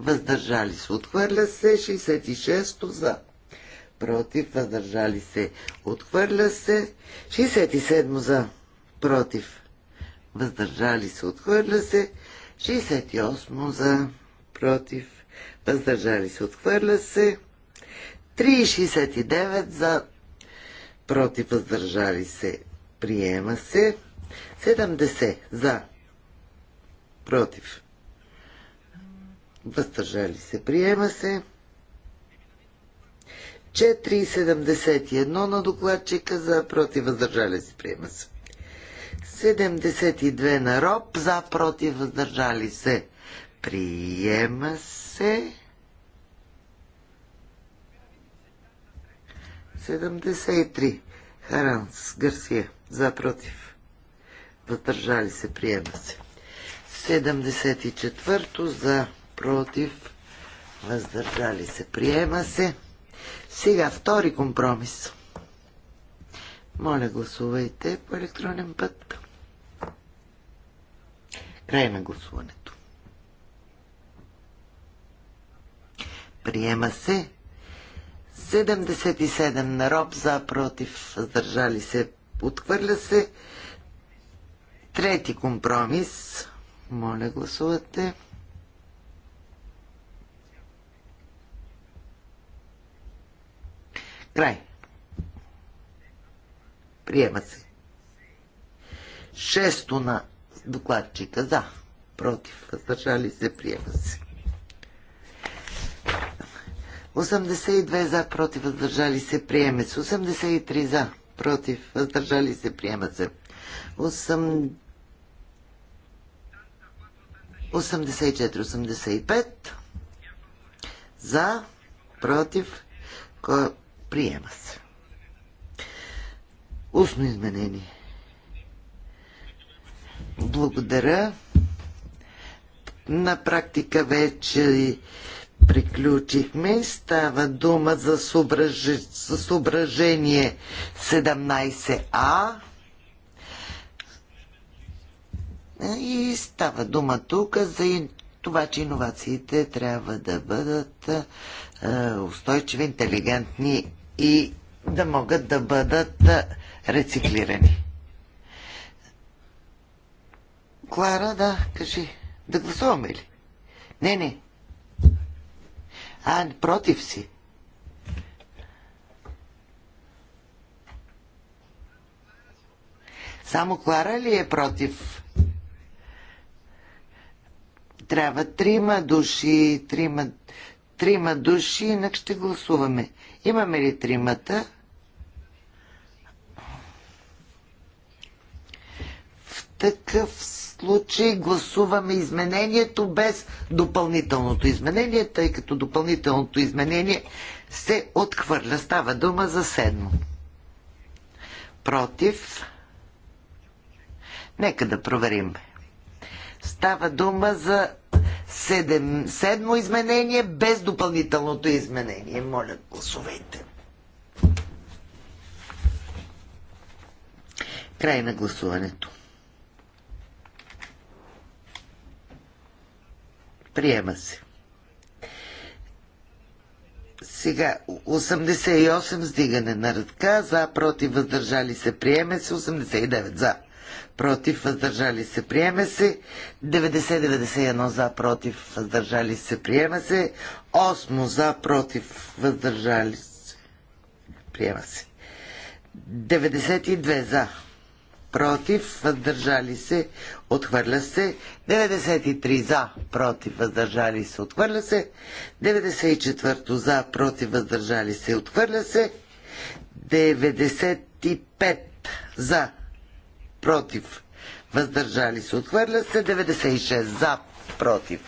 въздържали се, отхвърля се, 66 за, против, въздържали се, отхвърля се, 67 за, против, въздържали се, отхвърля се, 68 за, против, въздържали се, отхвърля се, 3,69 за, против, въздържали се, приема се, 70 за, против, въздържали се, приема се. 4,71 на докладчика за против, въздържали се, приема се. 72 на роб, за против, въздържали се, приема се. 73. Харанс Гарсия. За против. Въздържали се. Приема се. 74 за против, въздържали се, приема се. Сега втори компромис. Моля, гласувайте по електронен път. Край на гласуването. Приема се. 77 на роб за, против, въздържали се, отхвърля се. Трети компромис. Моля, гласувате. Край. Приема се. Шесто на докладчика. За. Против. Въздържали се. Приема се. 82 за, против, въздържали се, приема се. 83 за, против, въздържали се, приема се. 84-85 за, против, Приема се. Устно изменение. Благодаря. На практика вече приключихме. Става дума за, съображ... за съображение 17А. И става дума тук за това, че иновациите трябва да бъдат устойчиви, интелигентни и да могат да бъдат рециклирани. Клара, да, кажи. Да гласуваме ли? Не, не. А, против си. Само Клара ли е против? Трябва трима души, трима, трима души, инак ще гласуваме. Имаме ли тримата? В такъв случай гласуваме изменението без допълнителното изменение, тъй като допълнителното изменение се отхвърля. Става дума за седмо. Против. Нека да проверим. Става дума за седем, седмо изменение без допълнителното изменение. Моля, гласувайте. Край на гласуването. Приема се. Сега 88 сдигане на ръка, за, против, въздържали се, приеме се, 89 за против, въздържали се, приема се. 90-91 за, против, въздържали се, приема се. 8 за, против, въздържали се, приема се. 92 за, против, въздържали се, отхвърля се. 93 за, против, въздържали се, отхвърля се. 94 за, против, въздържали се, отхвърля се. 95 за, против, въздържали се, отхвърля се, 96 за, против,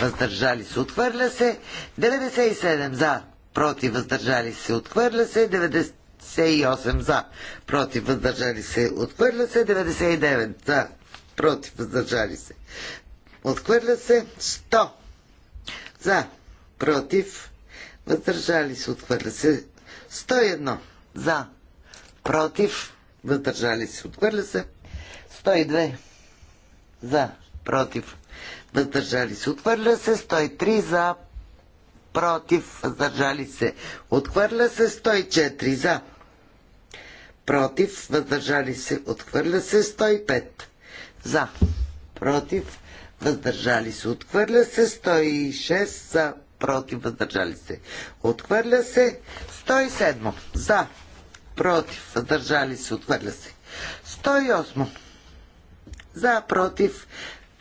въздържали се, отхвърля се, 97 за, против, въздържали се, отхвърля се, 98 за, против, въздържали се, отхвърля се, 99 за, против, въздържали се, отхвърля се, 100 за, против, въздържали се, отхвърля се, 101 за, против, въздържали се, отхвърля се. 102 за, против, въздържали се, отхвърля се. 103 за, против, въздържали се, отхвърля се. 104 за, против, въздържали се, отхвърля се. 105 за, против, въздържали се, отхвърля се. 106 за, против, въздържали се, отхвърля се. 107 за, против, въздържали се, отхвърля се. 108. За, против,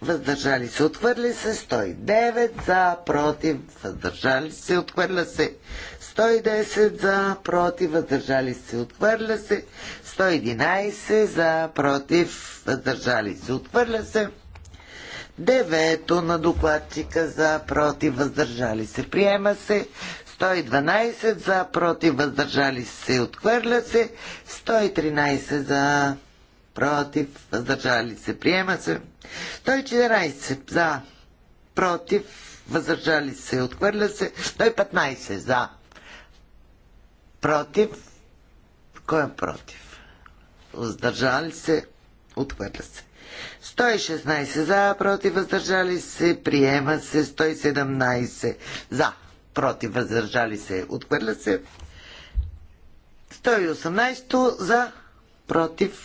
въздържали се, отхвърли се. 109. За, против, въздържали се, отхвърля се. 110 за, против, въздържали се, отхвърля се. 111 за, против, въздържали се, отхвърля се. Девето на докладчика за, против, въздържали се, приема се. 112 за, против, въздържали се, отхвърля се. 113 за, против, въздържали се, приема се. 114 за, против, въздържали се, отхвърля се. 115 за, против, кой е против? Въздържали се, отхвърля се. 116 за, против, въздържали се, приема се. 117 за, против, въздържали се, отхвърля се. 118 за, против,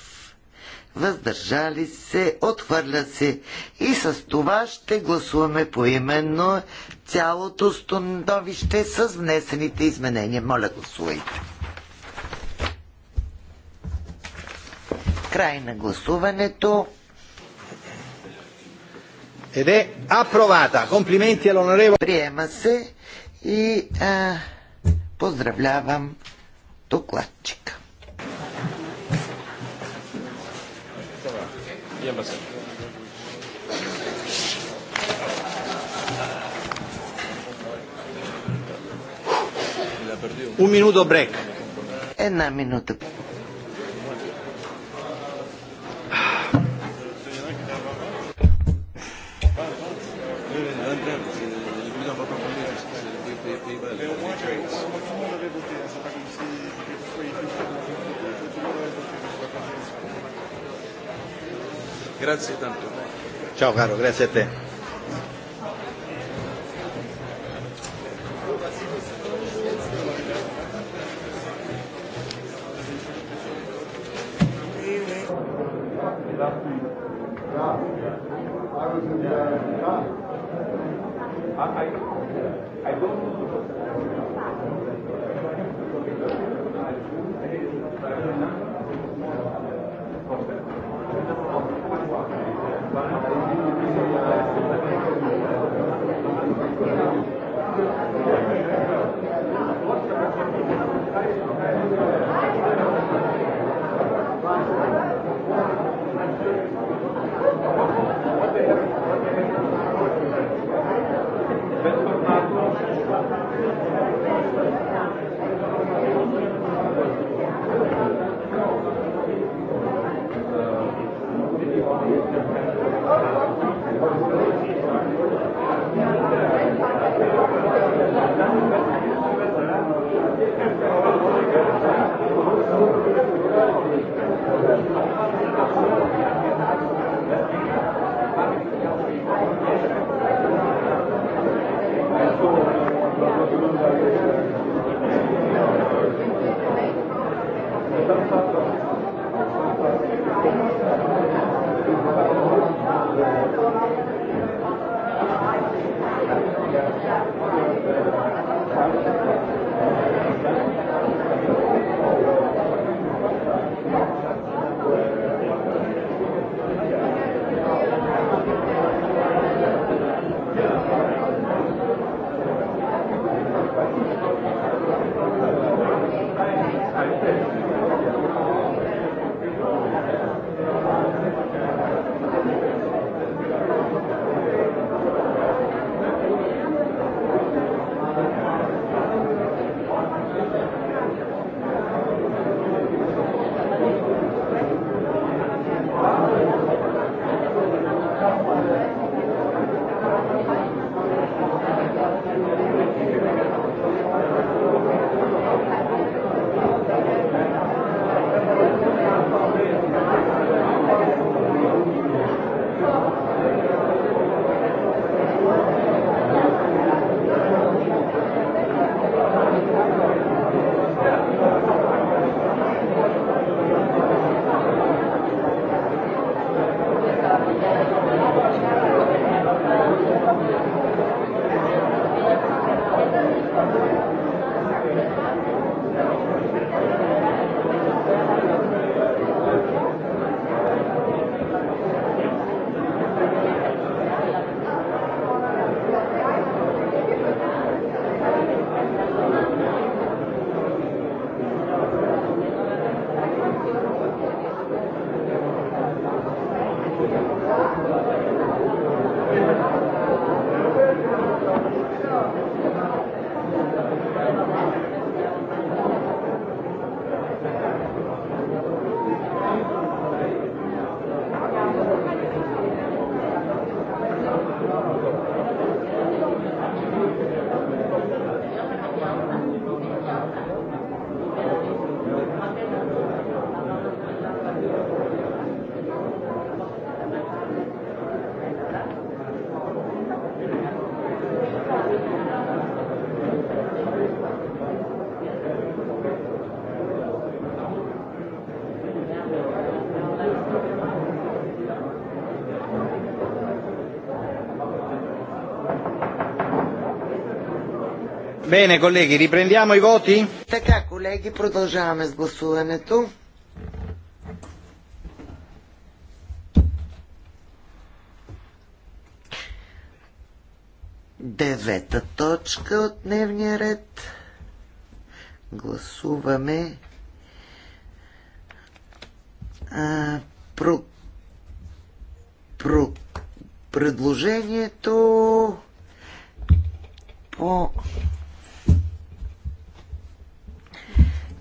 въздържали се, отхвърля се. И с това ще гласуваме поименно цялото становище с внесените изменения. Моля, гласувайте. Край на гласуването. Ed è approvata. Complimenti all'onorevole. Приема се и а, поздравлявам докладчика. Un minuto break. Една минута. Grazie tanto. Ciao caro, grazie a te. I, I, Bene, колеги, riprendiamo i voti? Така, колеги, продължаваме с гласуването. Девета точка от дневния ред. Гласуваме а, про, про, предложението по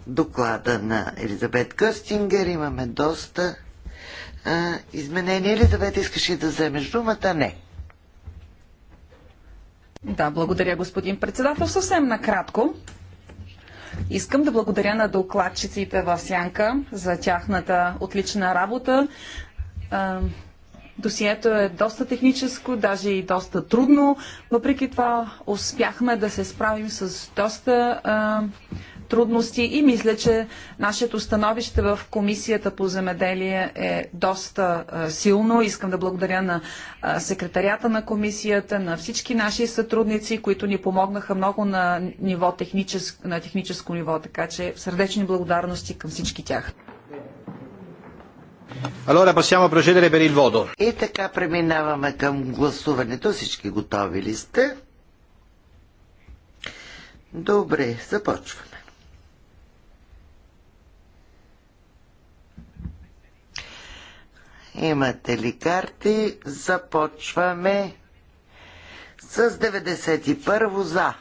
доклада на Елизабет Кърстингер. Имаме доста а, изменения. Елизабет, искаш ли да вземеш думата? Не. Да, благодаря, господин председател. Съвсем накратко. Искам да благодаря на докладчиците в Сянка за тяхната отлична работа. Досието е доста техническо, даже и доста трудно. Въпреки това успяхме да се справим с доста трудности и мисля, че нашето становище в Комисията по земеделие е доста силно. Искам да благодаря на секретарята на комисията, на всички наши сътрудници, които ни помогнаха много на, ниво техническо, на техническо ниво, така че сърдечни благодарности към всички тях. Allora possiamo procedere per il voto. И така преминаваме към гласуването. Всички готови ли сте? Добре, започва. Имате ли карти? Започваме с 91 за.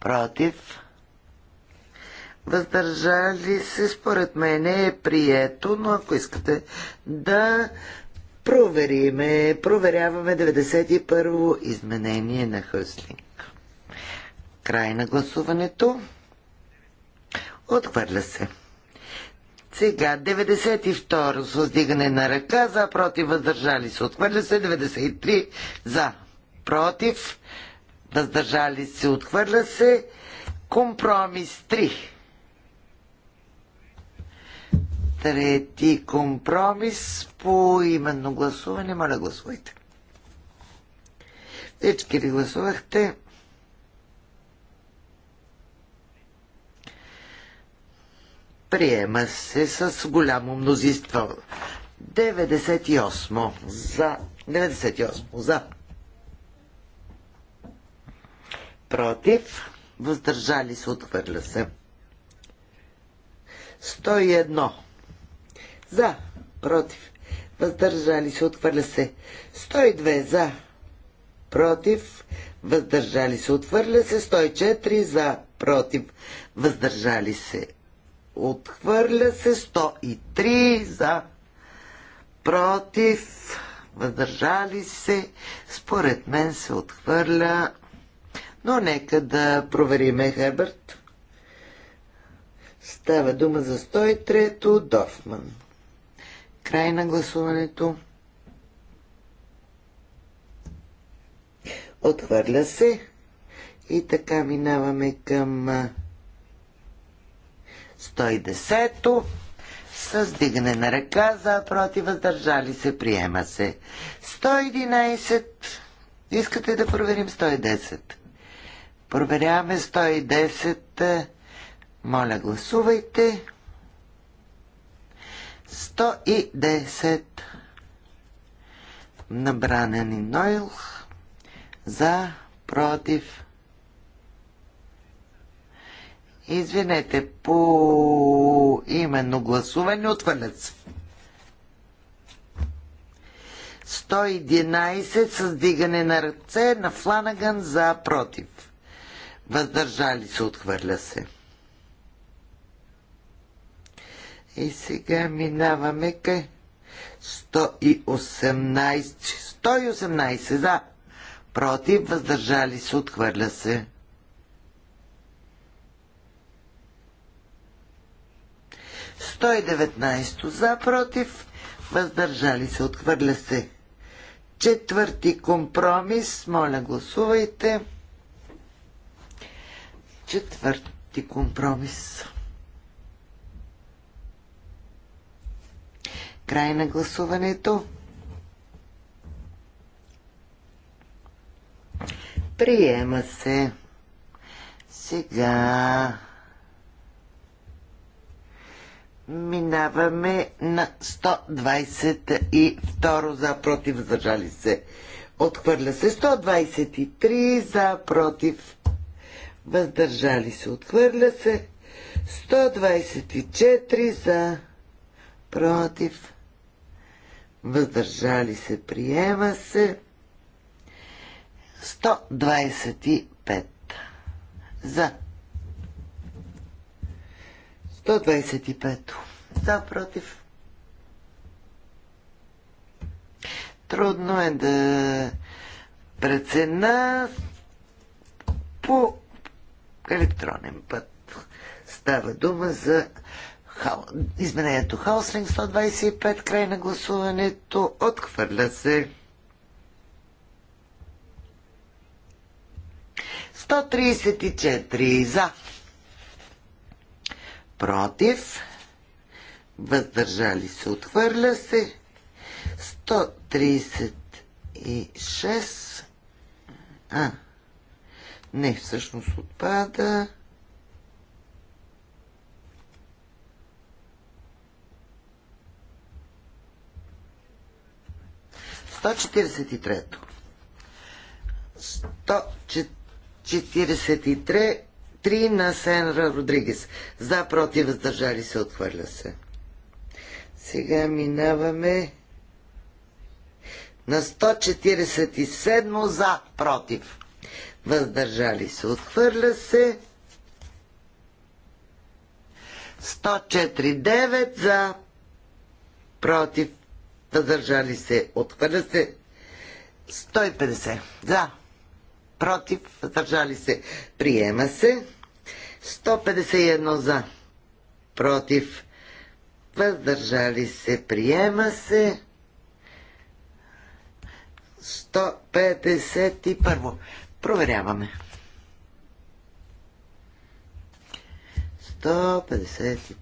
Против. Въздържали се, според мен е прието, но ако искате да провериме, проверяваме 91-во изменение на Хъслинг. Край на гласуването. Отхвърля се. Сега, 92 с въздигане на ръка, за, против, въздържали се, отхвърля се, 93 за, против, въздържали се, отхвърля се, компромис 3. Трети компромис по именно гласуване. Моля, гласувайте. Всички ли гласувахте? Приема се с голямо мнозинство. 98 за. 98 за. Против. Въздържали се. Отхвърля се. 101 за. Против. Въздържали се. отвърля се. 102 за. Против. Въздържали се. отвърля се. 104 за. Против. Въздържали се. Отхвърля се 103 за против. Въздържали се. Според мен се отхвърля. Но нека да провериме Херберт. Става дума за 103-то Дорфман. Край на гласуването. Отхвърля се. И така минаваме към 110-то с дигане на ръка за, против, въздържали се, приема се. 111. Искате да проверим 110. Проверяваме 110. Моля, гласувайте. 110. Набранен Нойл. За, против, Извинете, по именно гласуване отвалят се. 111 с дигане на ръце на Фланаган за против. Въздържали се, отхвърля се. И сега минаваме към 118. 118 за. Против, въздържали се, отхвърля се. 119 за, против, въздържали се, отхвърля се. Четвърти компромис, моля гласувайте. Четвърти компромис. Край на гласуването. Приема се. Сега Минаваме на 122 за против въздържали се. Отхвърля се 123 за против въздържали се. Отхвърля се 124 за против въздържали се. Приема се 125 за 125. За, против. Трудно е да прецена по електронен път. Става дума за изменението Хаослинг 125, край на гласуването, отхвърля се. 134 за против, въздържали се, отхвърля се, 136, а, не, всъщност отпада, Сто четиридесет и трето. Сто четиридесет и трето 3 на Сенра Родригес. За, против, въздържали се, отхвърля се. Сега минаваме на 147 за, против. Въздържали се, отхвърля се. 104,9 за, против, въздържали се, отхвърля се. 150 за, против, въздържали се, приема се. 151 за. Против. Въздържали се. Приема се. 151. Проверяваме. 151.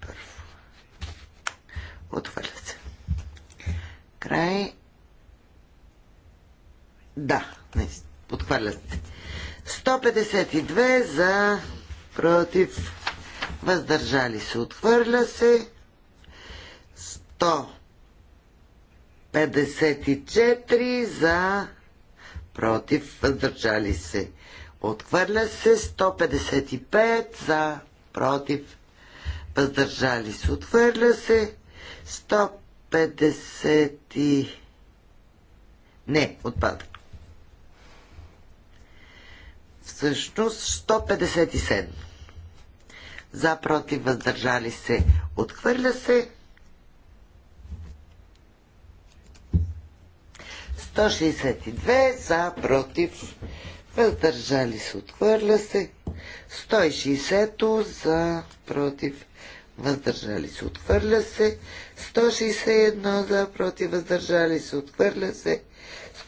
Отвърля се. Край. Да, не, подхвърля се. 152 за против, въздържали се, отхвърля се. 154 за, против, въздържали се, отхвърля се. 155 за, против, въздържали се, отхвърля се. 150 не, отпада. Всъщност 157 за против въздържали се отхвърля се 162 за против въздържали се отхвърля се 160 за против въздържали се отхвърля се 161 за против въздържали се отхвърля се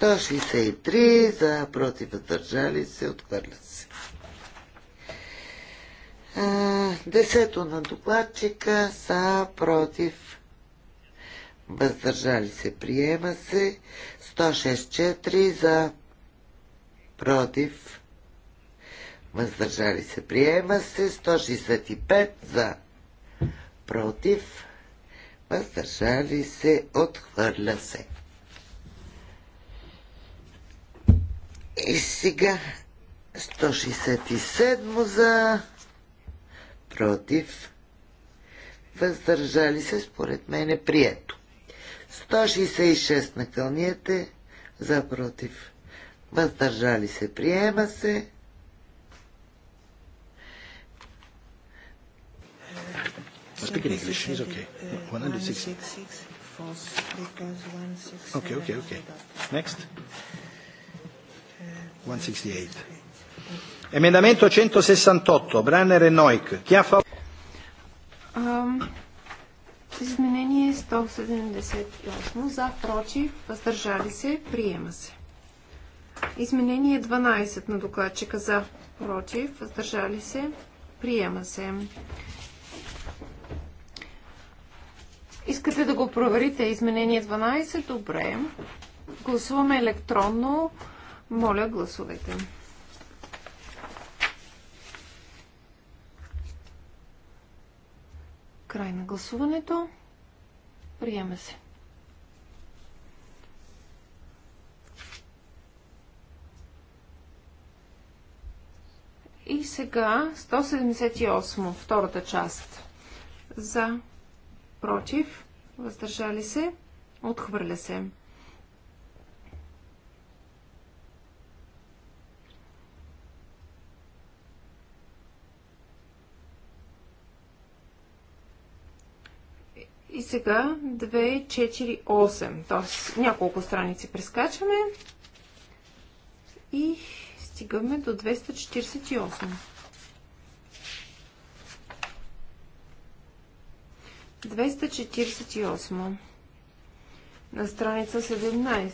163 за против въздържали се отхвърля се Десето на докладчика са против. Въздържали се, приема се. 164 за против. Въздържали се, приема се. 165 за против. Въздържали се, отхвърля се. И сега 167 за против, въздържали се, според мен е прието. 166 на кълнията за против, въздържали се, приема се. okay. Okay, okay, okay. Next. 168. Uh, Emendamento 168, Бранер e и Нойк. Тя фа... Изменение 178. За, против, въздържали се, приема се. Изменение 12 на докладчика за, против, въздържали се, приема се. Искате да го проверите? Изменение 12? Добре. Гласуваме електронно. Моля, гласувайте. Край на гласуването. Приема се. И сега 178, втората част. За, против, въздържали се, отхвърля се. И сега 2, 4, 8. т.е. няколко страници прескачаме и стигаме до 248. 248 на страница 17.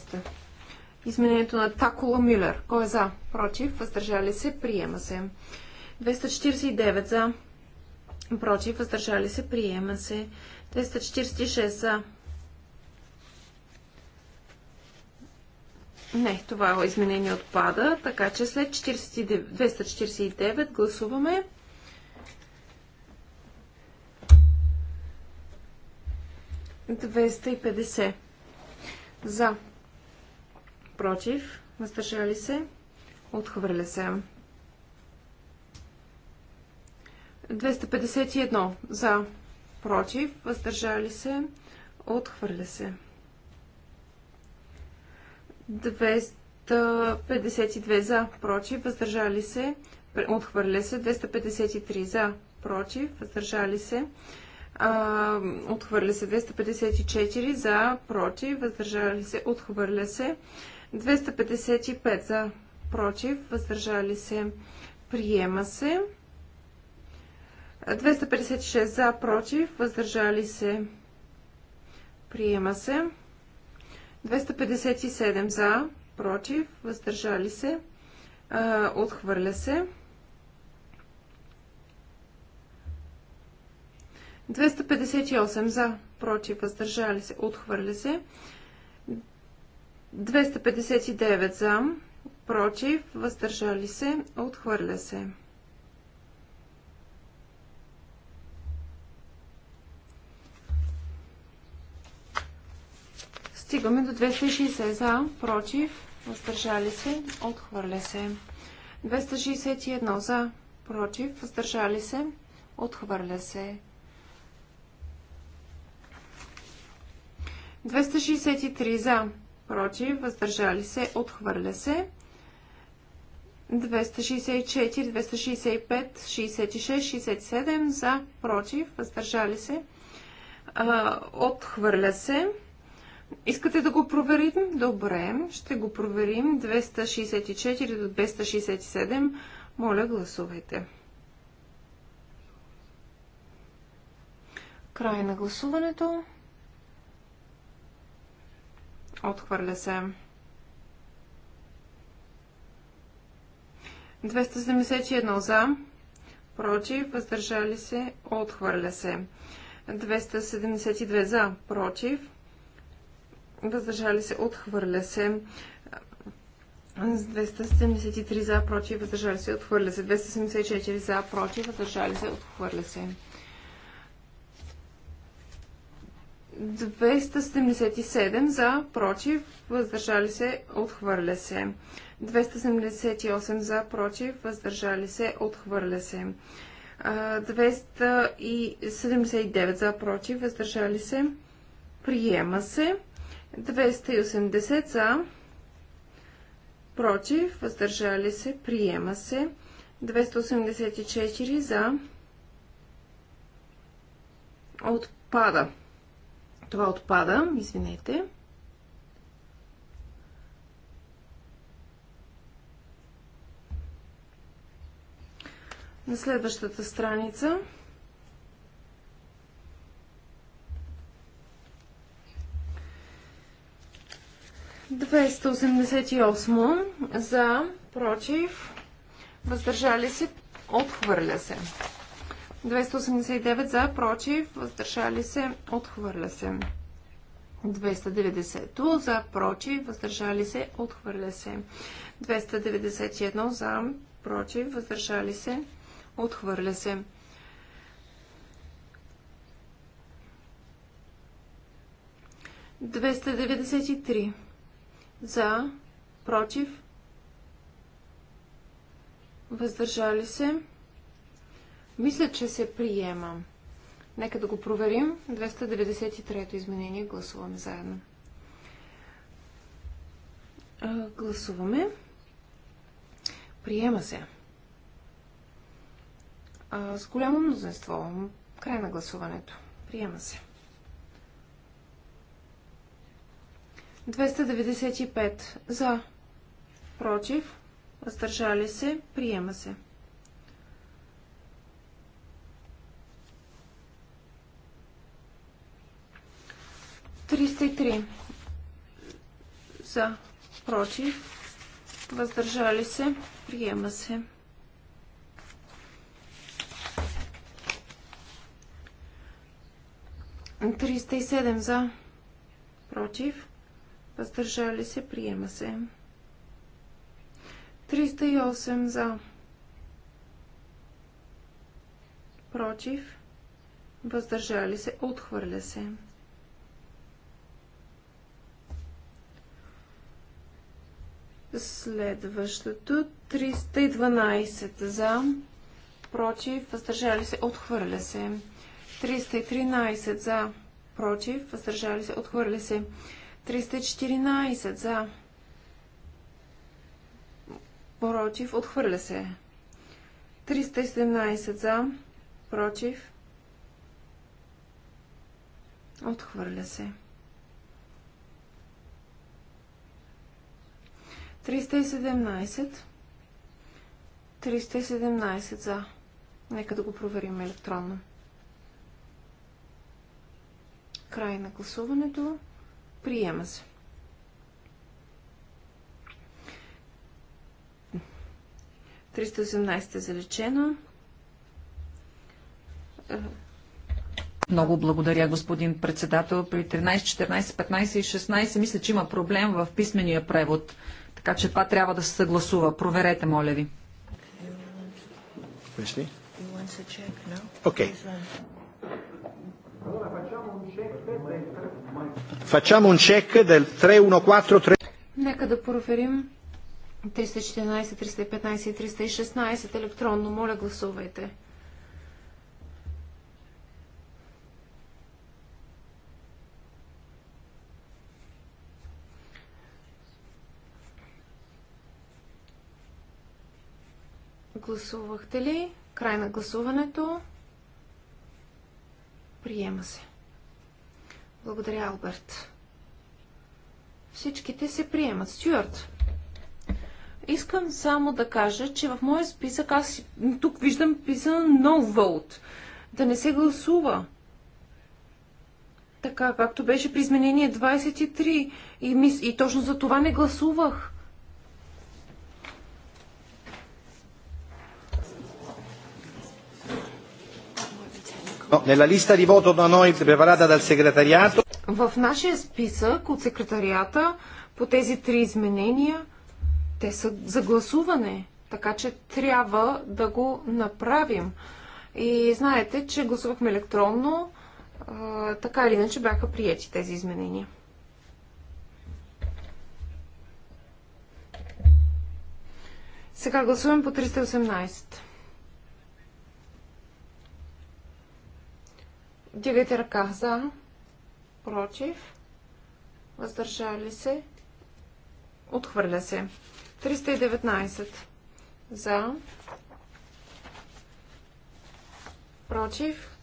Изменението на Такола Мюлер. Кой е за? Против? Въздържали се? Приема се. 249 за. Против? Въздържали се? Приема се. 246 за. Не, това изменение отпада, така че след 49, 249 гласуваме. 250. За. Против. Въздържали се. Отхвърля се. 251. За против, въздържали се, отхвърля се. 252 за, против, въздържали се, отхвърля се. 253 за, против, въздържали се, отхвърля се. 254 за, против, въздържали се, отхвърля се. 255 за, против, въздържали се, приема се. 256 за, против, въздържали се, приема се. 257 за, против, въздържали се, отхвърля се. 258 за, против, въздържали се, отхвърля се. 259 за, против, въздържали се, отхвърля се. Стигаме до 260 за, против, въздържали се, отхвърля се. 261 за, против, въздържали се, отхвърля се. 263 за, против, въздържали се, отхвърля се. 264, 265, 66, 67 за, против, въздържали се, отхвърля се. Искате да го проверим? Добре, ще го проверим. 264 до 267. Моля, гласувайте. Край на гласуването. Отхвърля се. 271 за, против, въздържали се, отхвърля се. 272 за, против, въздържали се, отхвърля се. 273 за, против, въздържали се, отхвърля се. 274 за, против, въздържали се, отхвърля се. 277 за, против, въздържали се, отхвърля се. 278 за, против, въздържали се, отхвърля се. 279 за, против, въздържали се, приема се. 280 за, против, въздържали се, приема се. 284 за, отпада. Това отпада, извинете. На следващата страница 288 за, против, въздържали се, отхвърля се. 289 за, против, въздържали се, отхвърля се. 290 за, против, въздържали се, отхвърля се. 291 за, против, въздържали се, отхвърля се. Двеста за, против, въздържали се. Мисля, че се приема. Нека да го проверим. 293-то изменение гласуваме заедно. гласуваме. Приема се. с голямо мнозинство. Край на гласуването. Приема се. 295 за, против, въздържали се, приема се. Триста за, против, въздържали се, приема се. 307 за, против, Въздържали се, приема се. 308 за. Против. Въздържали се, отхвърля се. Следващото 312 за, против, въздържали се, отхвърля се. 313 за, против, въздържали се, отхвърля се. 314 за. Против. Отхвърля се. 317 за. Против. Отхвърля се. 317. 317 за. Нека да го проверим електронно. Край на гласуването. Приема се. Триста е залечено. Много благодаря, господин председател. При 13, 14, 15 и 16 мисля, че има проблем в писмения превод. Така че това трябва да се съгласува. Проверете, моля ви. Окей. Okay. Facciamo un check del 3143. Нека да проверим 314, 315 и 316 електронно. Моля, гласувайте. Гласувахте ли? Край на гласуването. Приема се. Благодаря, Алберт. Всичките се приемат. Стюарт. Искам само да кажа, че в моя списък аз тук виждам писано no vote. Да не се гласува. Така, както беше при изменение 23. И, мис... и точно за това не гласувах. В нашия списък от секретарията по тези три изменения те са за гласуване, така че трябва да го направим. И знаете, че гласувахме електронно, а, така или иначе бяха приети тези изменения. Сега гласуваме по 318. Дигайте ръка за, против, въздържали се, отхвърля се. 319 за, против,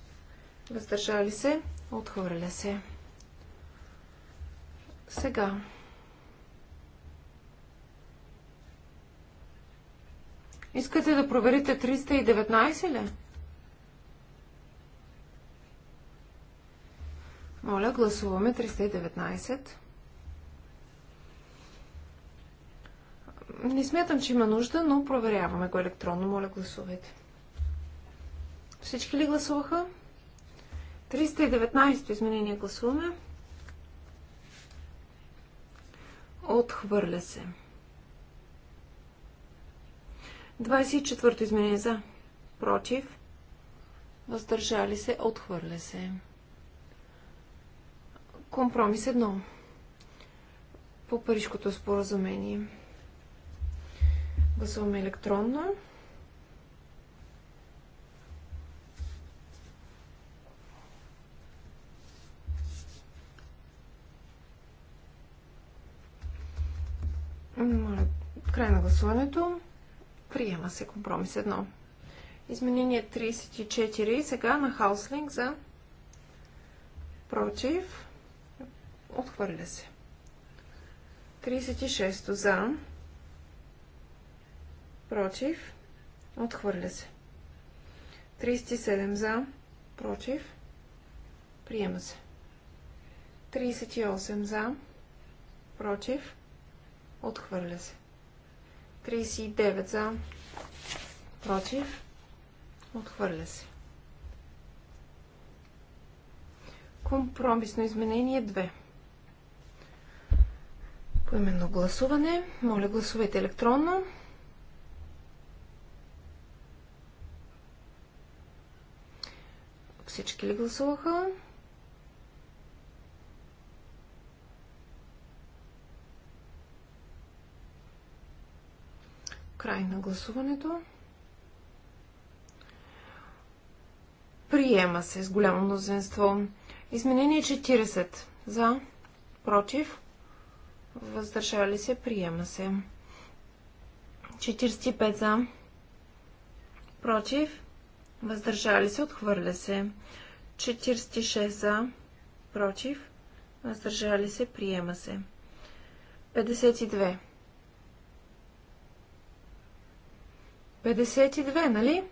въздържали се, отхвърля се. Сега. Искате да проверите 319 ли? Моля, гласуваме 319. Не смятам, че има нужда, но проверяваме го електронно. Моля, гласувайте. Всички ли гласуваха? 319 изменение гласуваме. Отхвърля се. 24 изменение за. Против. Въздържали се. Отхвърля се. Компромис 1 по Парижкото споразумение. Гласуваме електронно. край на гласуването. Приема се компромис 1. Изменение 34 сега на Хауслинг за против. Отхвърля се. 36 за. Против. Отхвърля се. 37 за. Против. Приема се. 38 за. Против. Отхвърля се. 39 за. Против. Отхвърля се. Компромисно изменение 2. Поименно гласуване. Моля, гласувайте електронно. Всички ли гласуваха? Край на гласуването. Приема се с голямо мнозинство. Изменение 40. За. Против въздържали се, приема се. 45 за, против, въздържали се, отхвърля се. 46 за, против, въздържали се, приема се. 52. 52, нали?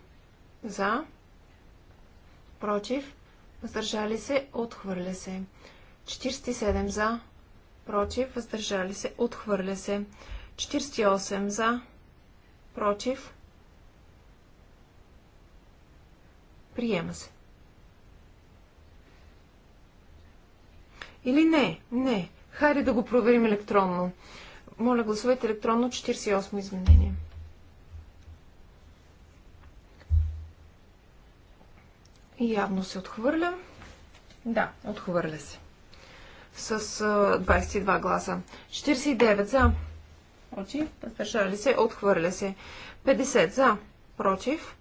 За, против, въздържали се, отхвърля се. 47 за, против, въздържали се, отхвърля се. 48 за, против, приема се. Или не? Не. Хайде да го проверим електронно. Моля, гласувайте електронно 48 изменение. И явно се отхвърля. Да, отхвърля се с 22 гласа. 49 за. Против. Въздържали се. Отхвърля се. 50 за. Против.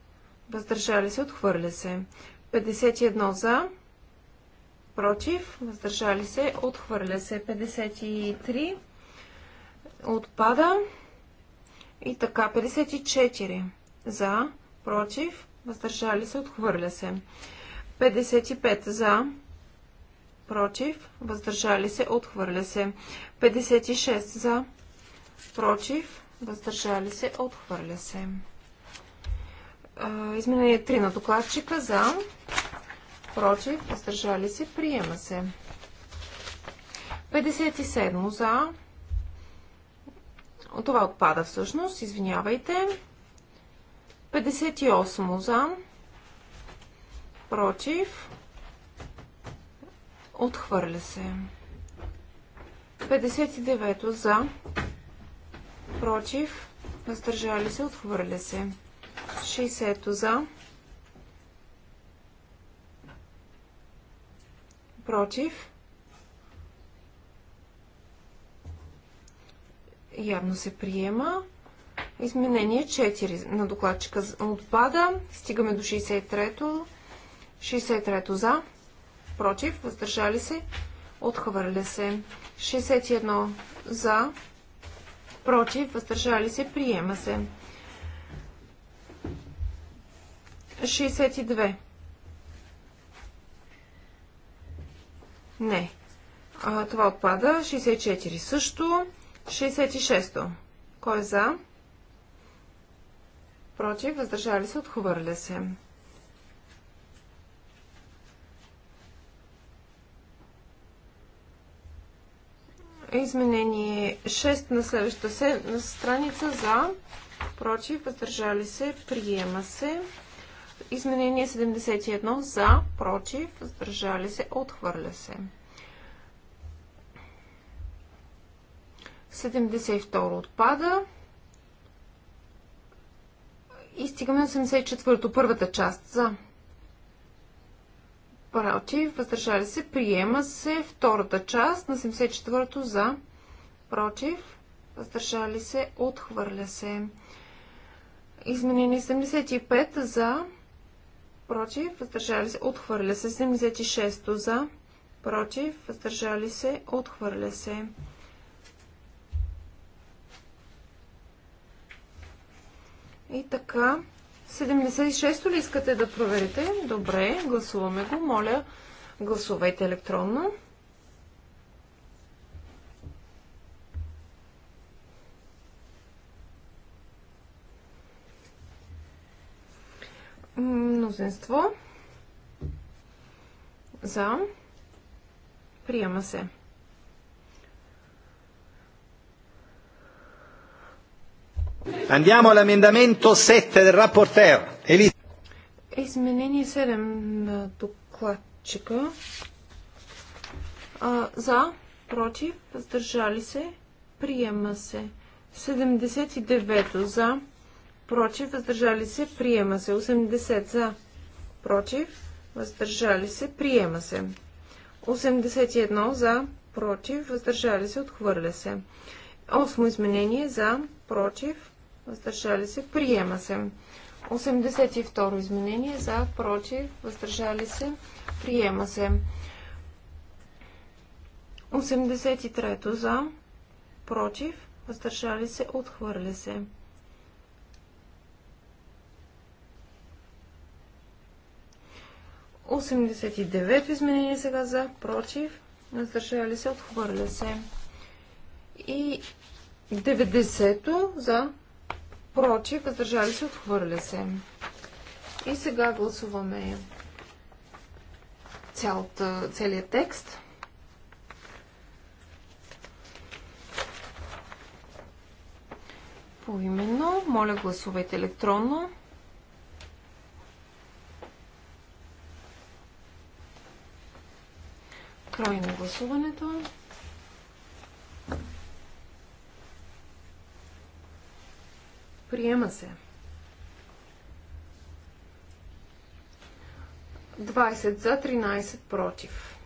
Въздържали се. Отхвърля се. 51 за. Против. Въздържали се. Отхвърля се. 53. Отпада. И така. 54 за. Против. Въздържали се. Отхвърля се. 55 за против, въздържали се, отхвърля се. 56 за, против, въздържали се, отхвърля се. Изменение 3 на докладчика за, против, въздържали се, приема се. 57 за, това отпада всъщност, извинявайте. 58 за, против, Отхвърля се. 59 за. Против. Въздържали се. Отхвърля се. 60 за. Против. Явно се приема. Изменение 4 на докладчика отпада. Стигаме до 63-то. 63-то за против, въздържали се, отхвърля се. 61 за, против, въздържали се, приема се. 62. Не. А, това отпада. 64 също. 66. Кой е за? Против, въздържали се, отхвърля се. Изменение 6 на следващата страница за, против, въздържали се, приема се. Изменение 71 за, против, въздържали се, отхвърля се. 72 отпада. И стигаме на 74-то, първата част за, против, въздържали се, приема се втората част на 74-то за, против, въздържали се, отхвърля се. Изменени 75 за, против, въздържали се, отхвърля се. 76 за, против, въздържали се, отхвърля се. И така, 76-то ли искате да проверите? Добре, гласуваме го. Моля, гласувайте електронно. Мнозинство. За. Приема се. Andiamo all'emendamento 7 del rapporteur. Изменение 7 на докладчика. А, за, против, въздържали се, приема се. 79 за, против, въздържали се, приема се. 80 за, против, въздържали се, приема се. 81 за, против, въздържали се, отхвърля се. Осмо изменение за, против, въздържали се, приема се. 82 изменение за, против, въздържали се, приема се. 83 за, против, въздържали се, отхвърля се. 89 изменение сега за, против, въздържали се, отхвърля се. И 90-то за, против, въздържали се, отхвърля се. И сега гласуваме цялата, целият текст. Поименно, моля гласувайте електронно. Край на гласуването. Приема се. 20 за, 13 против.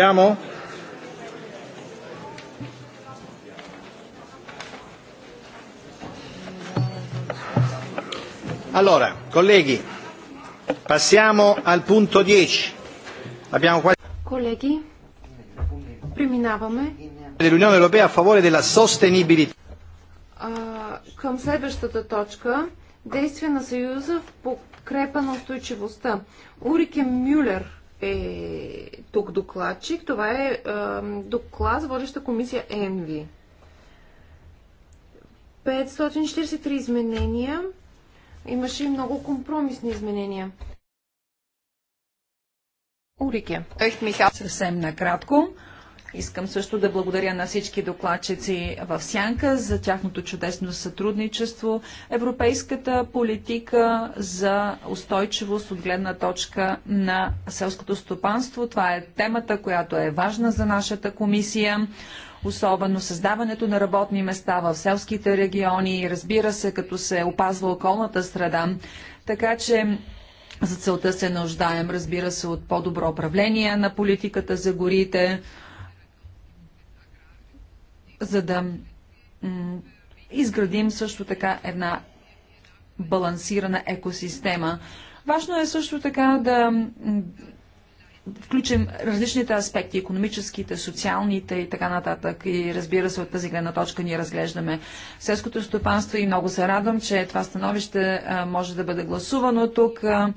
Andiamo? Allora, colleghi, passiamo al punto 10. Abbiamo quasi... Colleghi, preminavamo dell'Unione Europea a favore della sostenibilità. Към следващата точка действие на Съюза в подкрепа на устойчивостта. Урике Мюллер е тук докладчик. Това е, е доклад за водеща комисия ЕНВИ. 543 изменения. Имаше и много компромисни изменения. Урике. Съвсем накратко. Искам също да благодаря на всички докладчици в Сянка за тяхното чудесно сътрудничество. Европейската политика за устойчивост от гледна точка на селското стопанство. Това е темата, която е важна за нашата комисия особено създаването на работни места в селските региони, разбира се, като се опазва околната среда. Така че за целта се нуждаем, разбира се, от по-добро управление на политиката за горите, за да изградим също така една балансирана екосистема. Важно е също така да включим различните аспекти, економическите, социалните и така нататък. И разбира се, от тази гледна точка ние разглеждаме селското стопанство и много се радвам, че това становище може да бъде гласувано тук. А,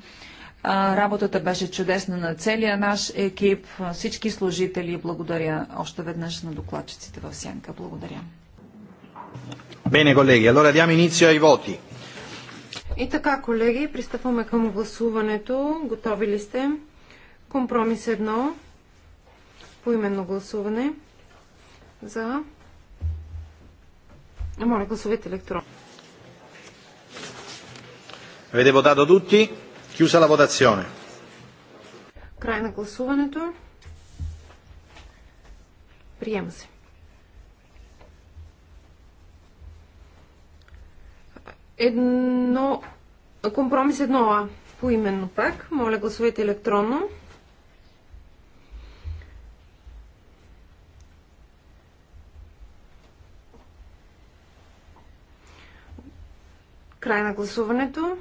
а, работата беше чудесна на целия наш екип, всички служители. Благодаря още веднъж на докладчиците в Сянка. Благодаря. Bene, колеги. Allora diamo inizio ai voti. И така, колеги, пристъпваме към гласуването. Готови ли сте? Компромис едно. Поименно гласуване. За. Моля, гласувайте електронно. Avete votato tutti? Chiusa la votazione. Край на гласуването. Приема се. Едно... Компромис 1А. Поименно пак. Моля, гласувайте електронно. Край на гласуването.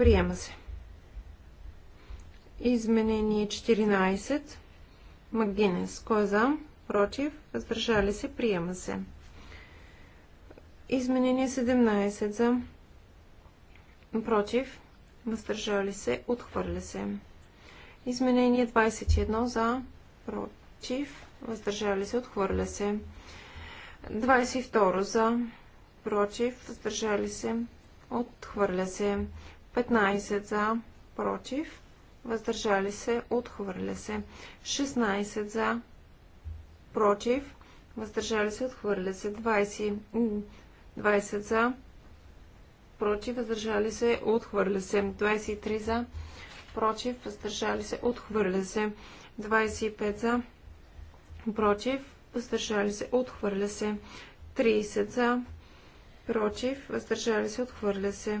Приема се. Изменение 14. Магинес. Кой е за? Против. Въздържали се. Приема се. Изменение 17. За. Против. Въздържали се. Отхвърля се. Изменение 21. За. Против. Въздържали се. Отхвърля се. 22. За. Против. Въздържали се. Отхвърля се. 15 за, против, въздържали се, отхвърля се. 16 за, против, въздържали се, отхвърля се. 20, 20 за, против, въздържали се, отхвърля се. 23 за, против, въздържали се, отхвърля се. 25 за, против, въздържали се, отхвърля се. 30 за, против, въздържали се, отхвърля се.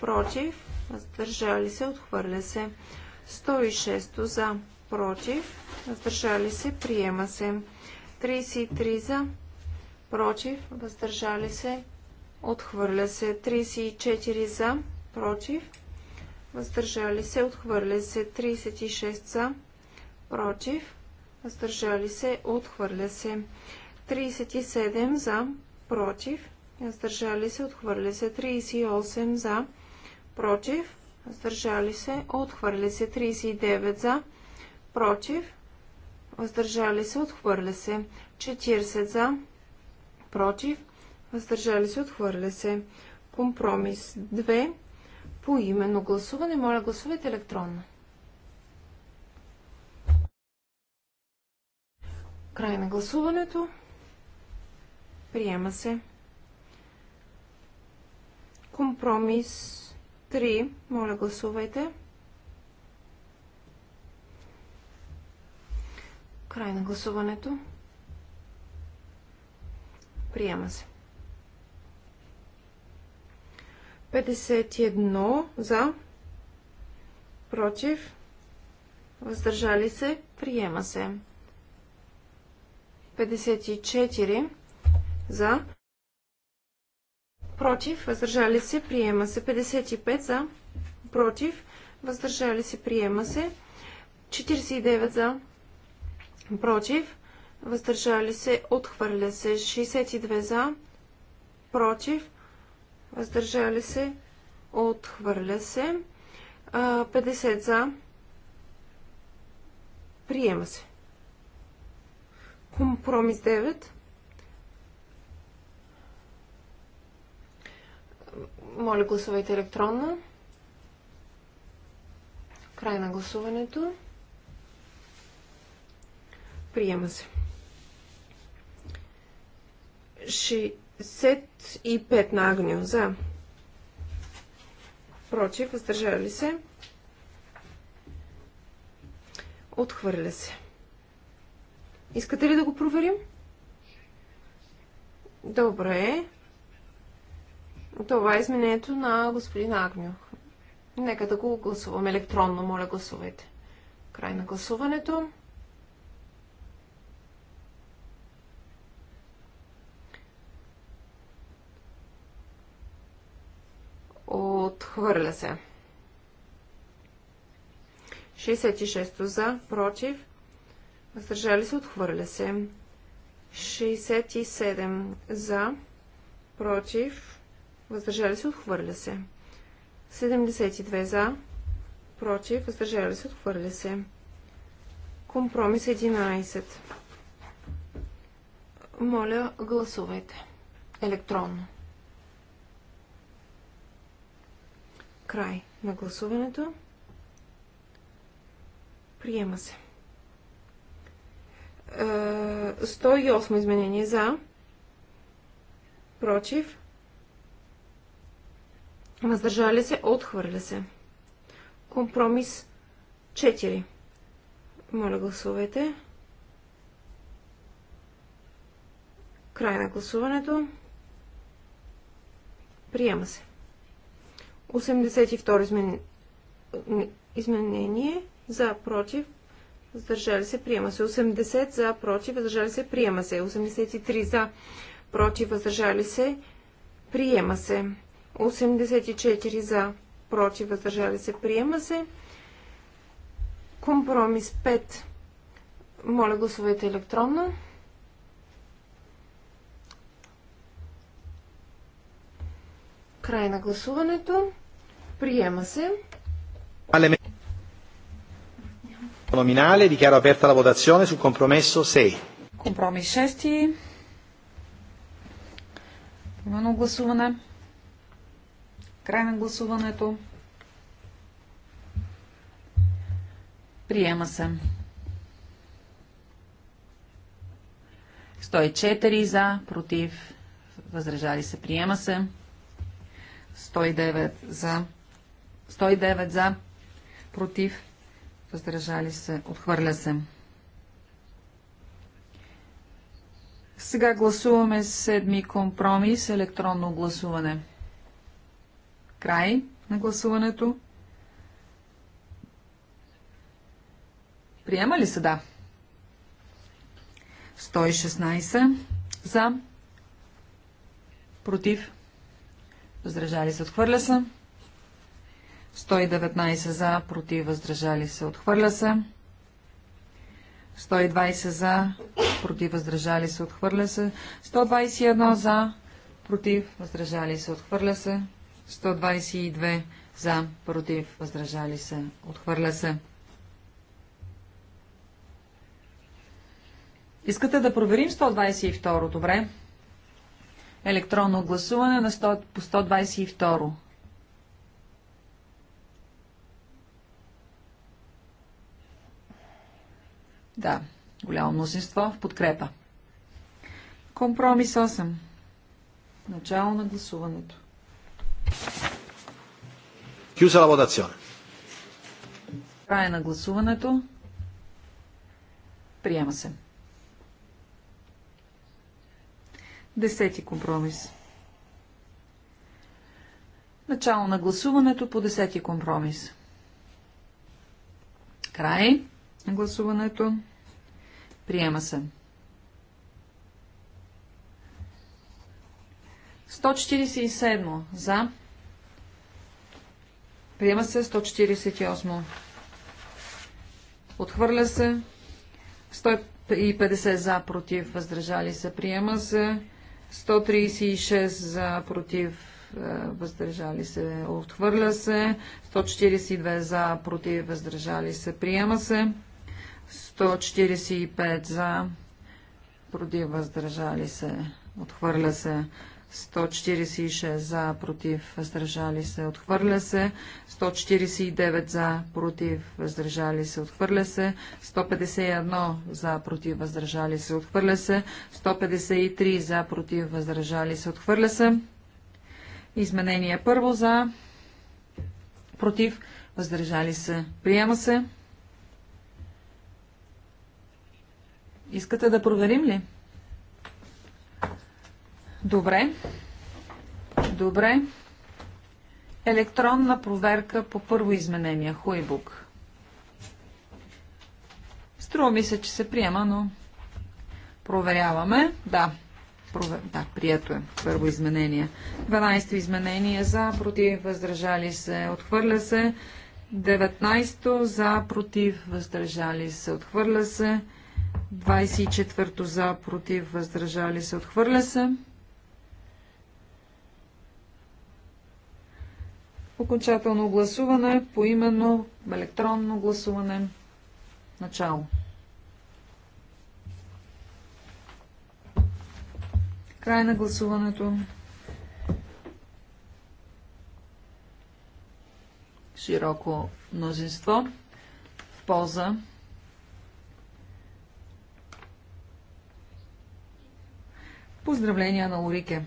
против, въздържали се, отхвърля се. 106 за, против, въздържали се, приема се. 33 за, против, въздържали се, отхвърля се. 34 за, против, въздържали се, отхвърля се. 36 за, против, въздържали се, отхвърля се. 37 за, против, въздържали се, отхвърля се. 38 за, против, въздържали се, отхвърля се. 39 за, против, въздържали се, отхвърля се. 40 за, против, въздържали се, отхвърля се. Компромис 2 по именно гласуване. Моля, гласувайте електронно. Край на гласуването. Приема се. Компромис 3. Моля, гласувайте. Край на гласуването. Приема се. 51 за, против, въздържали се, приема се. 54 за, против, въздържали се, приема се. 55 за, против, въздържали се, приема се. 49 за, против, въздържали се, отхвърля се. 62 за, против, въздържали се, отхвърля се. 50 за, приема се. Компромис 9 Моля, гласувайте електронно. Край на гласуването. Приема се. 65 на Агнио. За. Против. Въздържали се. Отхвърля се. Искате ли да го проверим? Добре. Това е изменението на господин Агню. Нека да го гласувам. електронно. Моля, гласувайте. Край на гласуването. Отхвърля се. 66 за, против, въздържали се, отхвърля се. 67 за, против, въздържали се, отхвърля се. 72 за, против, въздържали се, отхвърля се. Компромис 11. Моля, гласувайте. Електронно. Край на гласуването. Приема се. 108 е, изменение за, против, Въздържали се, отхвърля се. Компромис 4. Моля, гласувайте. Край на гласуването. Приема се. 82 изменение за против. Въздържали се, приема се. 80 за против, въздържали се, приема се. 83 за против, въздържали се, приема се. 84 за, против, въздържали се, приема се. Компромис 5. Моля, гласувайте електронно. Край на гласуването. Приема се. Номинале, dichiaro aperta la votazione sul compromesso 6. Компромис 6. Именно гласуване. Край на гласуването. Приема се. 104 за, против, Възражали се, приема се. 109 за, 109 за, против, въздържали се, отхвърля се. Сега гласуваме седми компромис, електронно гласуване. Край на гласуването. Приема ли се да? 116 за. Против. Въздържали се. Отхвърля се. 119 за. Против. Въздържали се. Отхвърля се. 120 за. Против. Въздържали се. Отхвърля се. 121 за. Против. Въздържали се. Отхвърля се. 122 за, против, въздържали се, отхвърля се. Искате да проверим 122, добре? Електронно гласуване на 100, по 122. Да, голямо мнозинство в подкрепа. Компромис 8. Начало на гласуването. Chiusa la votazione. Край на гласуването. Приема се. Десети компромис. Начало на гласуването по десети компромис. Край на гласуването. Приема се. 147 за. Приема се 148. Отхвърля се. 150 за, против, въздържали се. Приема се. 136 е, за, против, въздържали се. Отхвърля се. 142 за, против, въздържали се. Приема се. 145 за, против, въздържали се. Отхвърля се. 146 за, против, въздържали се, отхвърля се, 149 за, против, въздържали се, отхвърля се, 151 за, против, въздържали се, отхвърля се, 153 за, против, въздържали се, отхвърля се. Изменение първо за, против, въздържали се, приема се. Искате да проверим ли? Добре. Добре. Електронна проверка по първо изменение. Хуйбук. Струва ми се, че се приема, но проверяваме. Да, провер... да прието е първо изменение. 12 то изменение за, против, въздържали се, отхвърля се. 19 то за, против, въздържали се, отхвърля се. 24 то за, против, въздържали се, отхвърля се. Окончателно гласуване, поименно, електронно гласуване. Начало. Край на гласуването. Широко мнозинство в полза Поздравления на Лорике!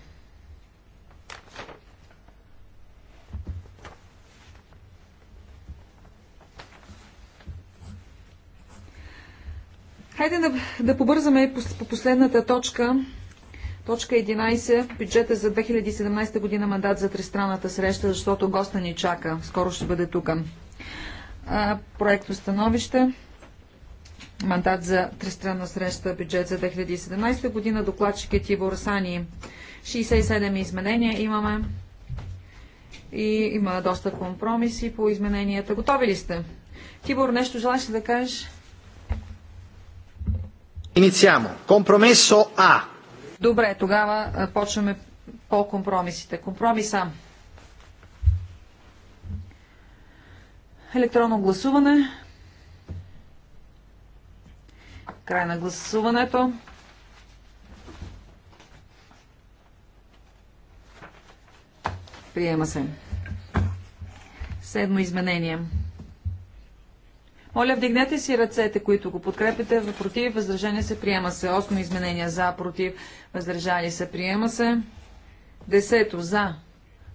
Хайде да, да побързаме по последната точка. Точка 11. Бюджета за 2017 година мандат за тристранната среща, защото госта ни чака. Скоро ще бъде тук. Проект становище. Мандат за тристранна среща бюджет за 2017 година. Докладчик е Тибор Сани. 67 изменения имаме. И има доста компромиси по измененията. Готови ли сте? Тибор, нещо желаеш да кажеш? Инициамо. Компромисо А. Добре, тогава почваме по компромисите. Компромиса. Електронно гласуване. Край на гласуването. Приема се. Седмо изменение. Моля, вдигнете си ръцете, които го подкрепите. Против, възражение се, приема се. Осмо изменение за, против, възражали се, приема се. Десето за,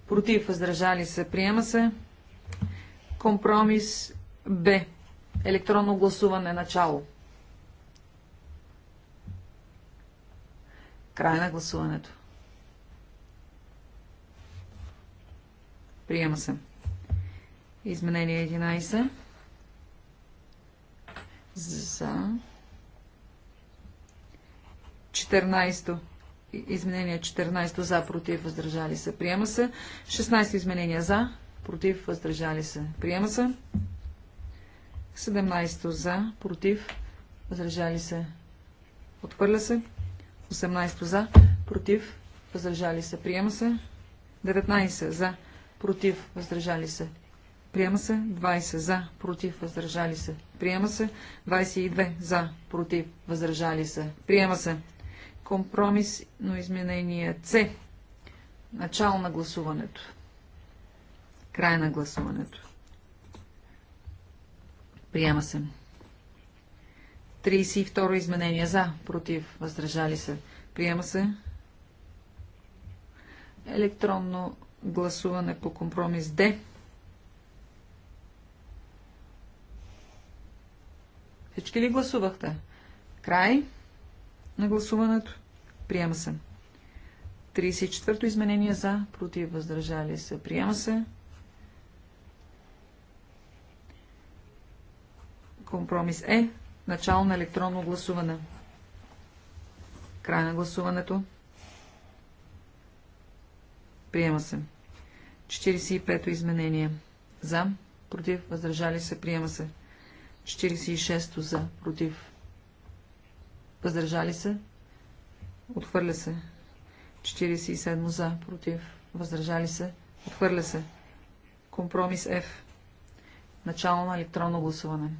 против, възражали се, приема се. Компромис Б. Електронно гласуване начало. Край на гласуването. Приема се. Изменение 11 за 14-то. Изменение 14 за, против, въздържали се, приема се. 16 изменения за, против, въздържали се, приема се. 17 за, против, въздържали се, отхвърля се. 18 за, против, въздържали се, приема се. 19 за, против, въздържали се, Приема се 20 за, против, въздържали се. Приема се 22 за, против, въздържали се. Приема се компромисно изменение С. Начало на гласуването. Край на гласуването. Приема се. 32 изменение за, против, въздържали се. Приема се. Електронно гласуване по компромис Д. Всички ли гласувахте? Край на гласуването. Приема се. 34-то изменение за, против, въздържали се. Приема се. Компромис Е. Начало на електронно гласуване. Край на гласуването. Приема се. 45-то изменение. За, против, въздържали се. Приема се. 46 за, против, въздържали се, отхвърля се. 47 за, против, въздържали се, отхвърля се. Компромис F. Начало на електронно гласуване.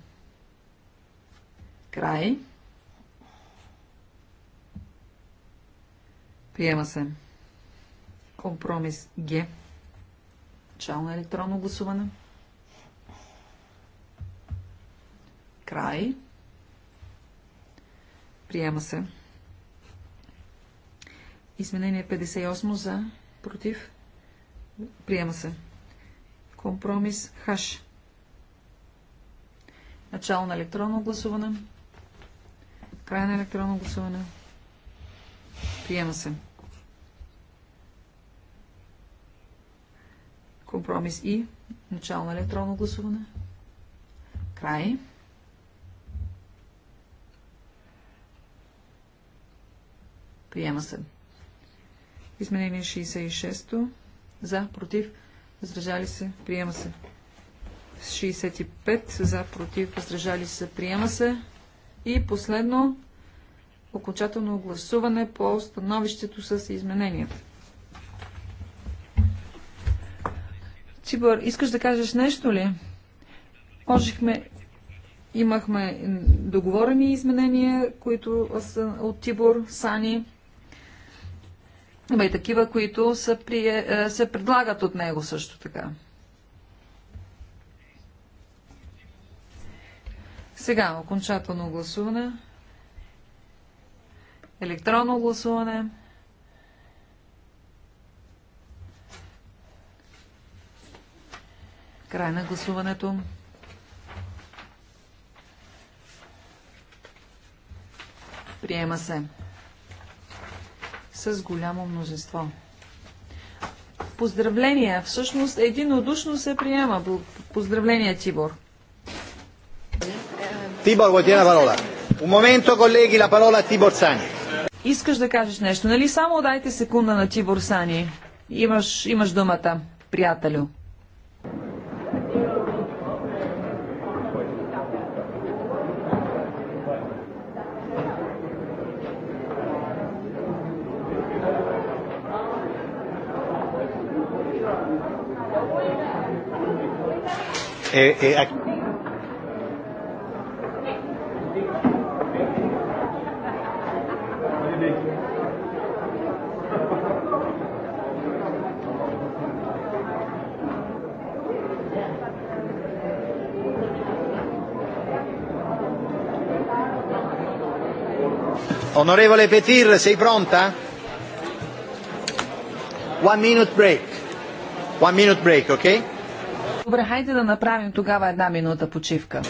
Край. Приема се. Компромис Г. Начало на електронно гласуване. Край. Приема се. Изменение 58 за. Против. Приема се. Компромис хаш. Начало на електронно гласуване. Край на електронно гласуване. Приема се. Компромис И. Начало на електронно гласуване. Край. Приема се. Изменение 66 За, против, въздържали се. Приема се. 65 за, против, въздържали се, приема се. И последно, окончателно гласуване по становището с измененията. Цибър, искаш да кажеш нещо ли? Можехме, имахме договорени изменения, които са от Тибор, Сани. Има и такива, които са прие, е, се предлагат от него също така. Сега окончателно гласуване. Електронно гласуване. Край на гласуването. Приема се с голямо множество. Поздравления! Всъщност единодушно се приема. Поздравления, Тибор! Тибор, vuoi la парола. Un momento, колеги, la parola a Тибор Сани. Искаш да кажеш нещо, нали? Само дайте секунда на Тибор Сани. Имаш, имаш думата, приятелю. eh, eh, aquí... Onorevole Petir, sei pronta? One minute break. One minute break, ok? Добре, хайде да направим тогава една минута почивка.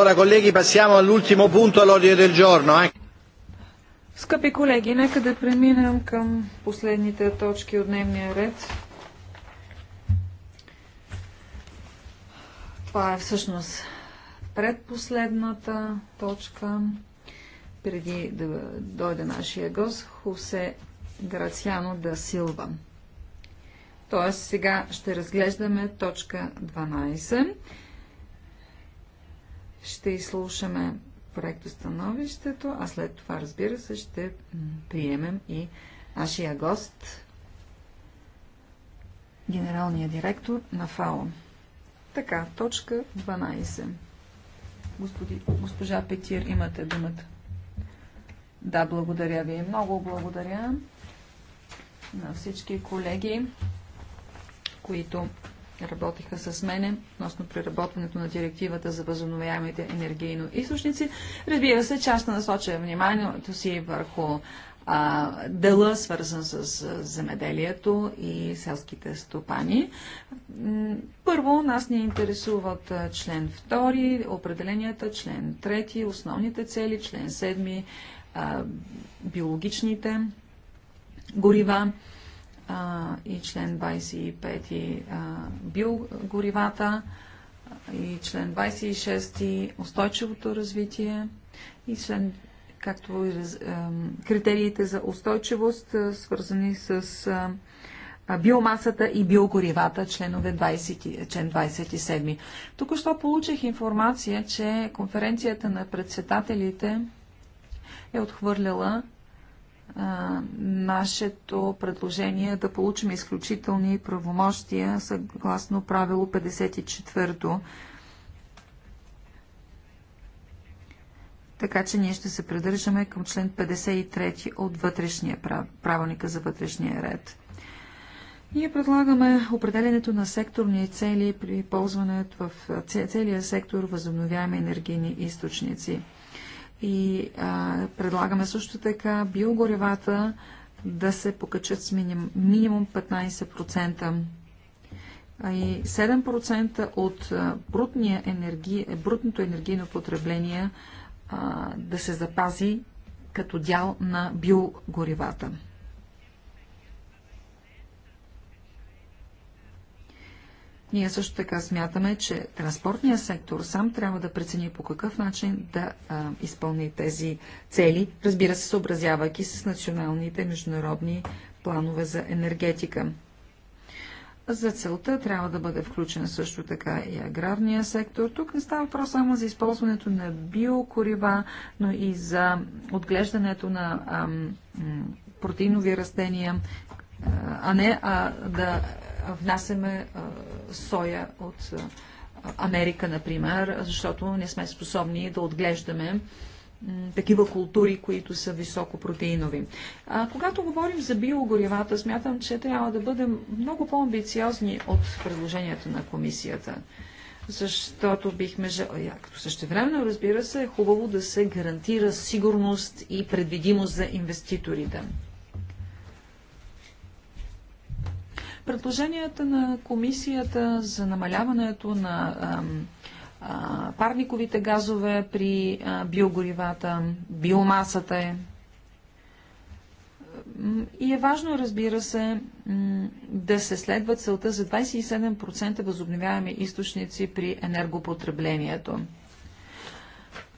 Allora, colleghi, passiamo all'ultimo punto all'ordine del giorno. Eh? Скъпи колеги, нека да преминем към последните точки от дневния ред. Това е всъщност предпоследната точка, преди да дойде нашия гост Хусе Грациано да Силва. Тоест сега ще разглеждаме точка 12. Ще изслушаме проектостановището, а след това, разбира се, ще приемем и нашия гост, генералния директор на ФАО. Така, точка 12. Господи, госпожа Петир, имате думата. Да, благодаря ви. Много благодаря на всички колеги, които работиха с мене относно преработването на директивата за възобновяемите енергийно източници. Разбира се, част на насоча вниманието си върху а, дела, свързан с земеделието и селските стопани. Първо, нас ни интересуват член 2, определенията, член 3, основните цели, член 7, а, биологичните горива и член 25 биогоривата и член 26 устойчивото развитие и член както и раз, критериите за устойчивост, свързани с биомасата и биогоривата, членове 20, член 27. Тук, що получих информация, че конференцията на председателите е отхвърляла нашето предложение е да получим изключителни правомощия съгласно правило 54. Така че ние ще се придържаме към член 53 от вътрешния прав... правилника за вътрешния ред. Ние предлагаме определенето на секторни цели при ползването в целия сектор възобновяеми енергийни източници – и а, предлагаме също така биогоревата да се покачат с миним, минимум 15%. А и 7% от брутния енерги, брутното енергийно потребление а, да се запази като дял на биогоривата. Ние също така смятаме, че транспортния сектор сам трябва да прецени по какъв начин да а, изпълни тези цели, разбира се, съобразявайки с националните международни планове за енергетика. За целта трябва да бъде включен също така и аграрния сектор. Тук не става въпрос само за използването на биокорива, но и за отглеждането на ам, протеинови растения, а не а, да внасяме соя от Америка, например, защото не сме способни да отглеждаме такива култури, които са високопротеинови. А, когато говорим за биогоривата, смятам, че трябва да бъдем много по-амбициозни от предложенията на комисията. Защото бихме, като същевременно, разбира се, е хубаво да се гарантира сигурност и предвидимост за инвеститорите. Да. Предложенията на комисията за намаляването на парниковите газове при биогоривата, биомасата е. И е важно, разбира се, да се следва целта за 27% възобновяеми източници при енергопотреблението.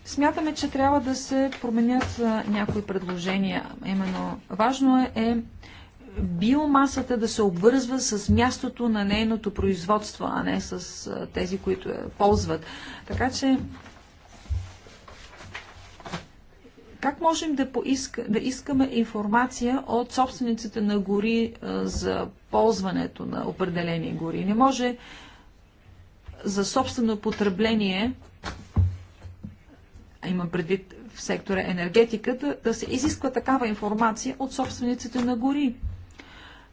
Смятаме, че трябва да се променят някои предложения. Именно важно е, е биомасата да се обвързва с мястото на нейното производство, а не с тези, които я ползват. Така че, как можем да, поиска, да искаме информация от собствениците на гори за ползването на определени гори? Не може за собствено потребление, а имам предвид в сектора енергетиката, да се изисква такава информация от собствениците на гори.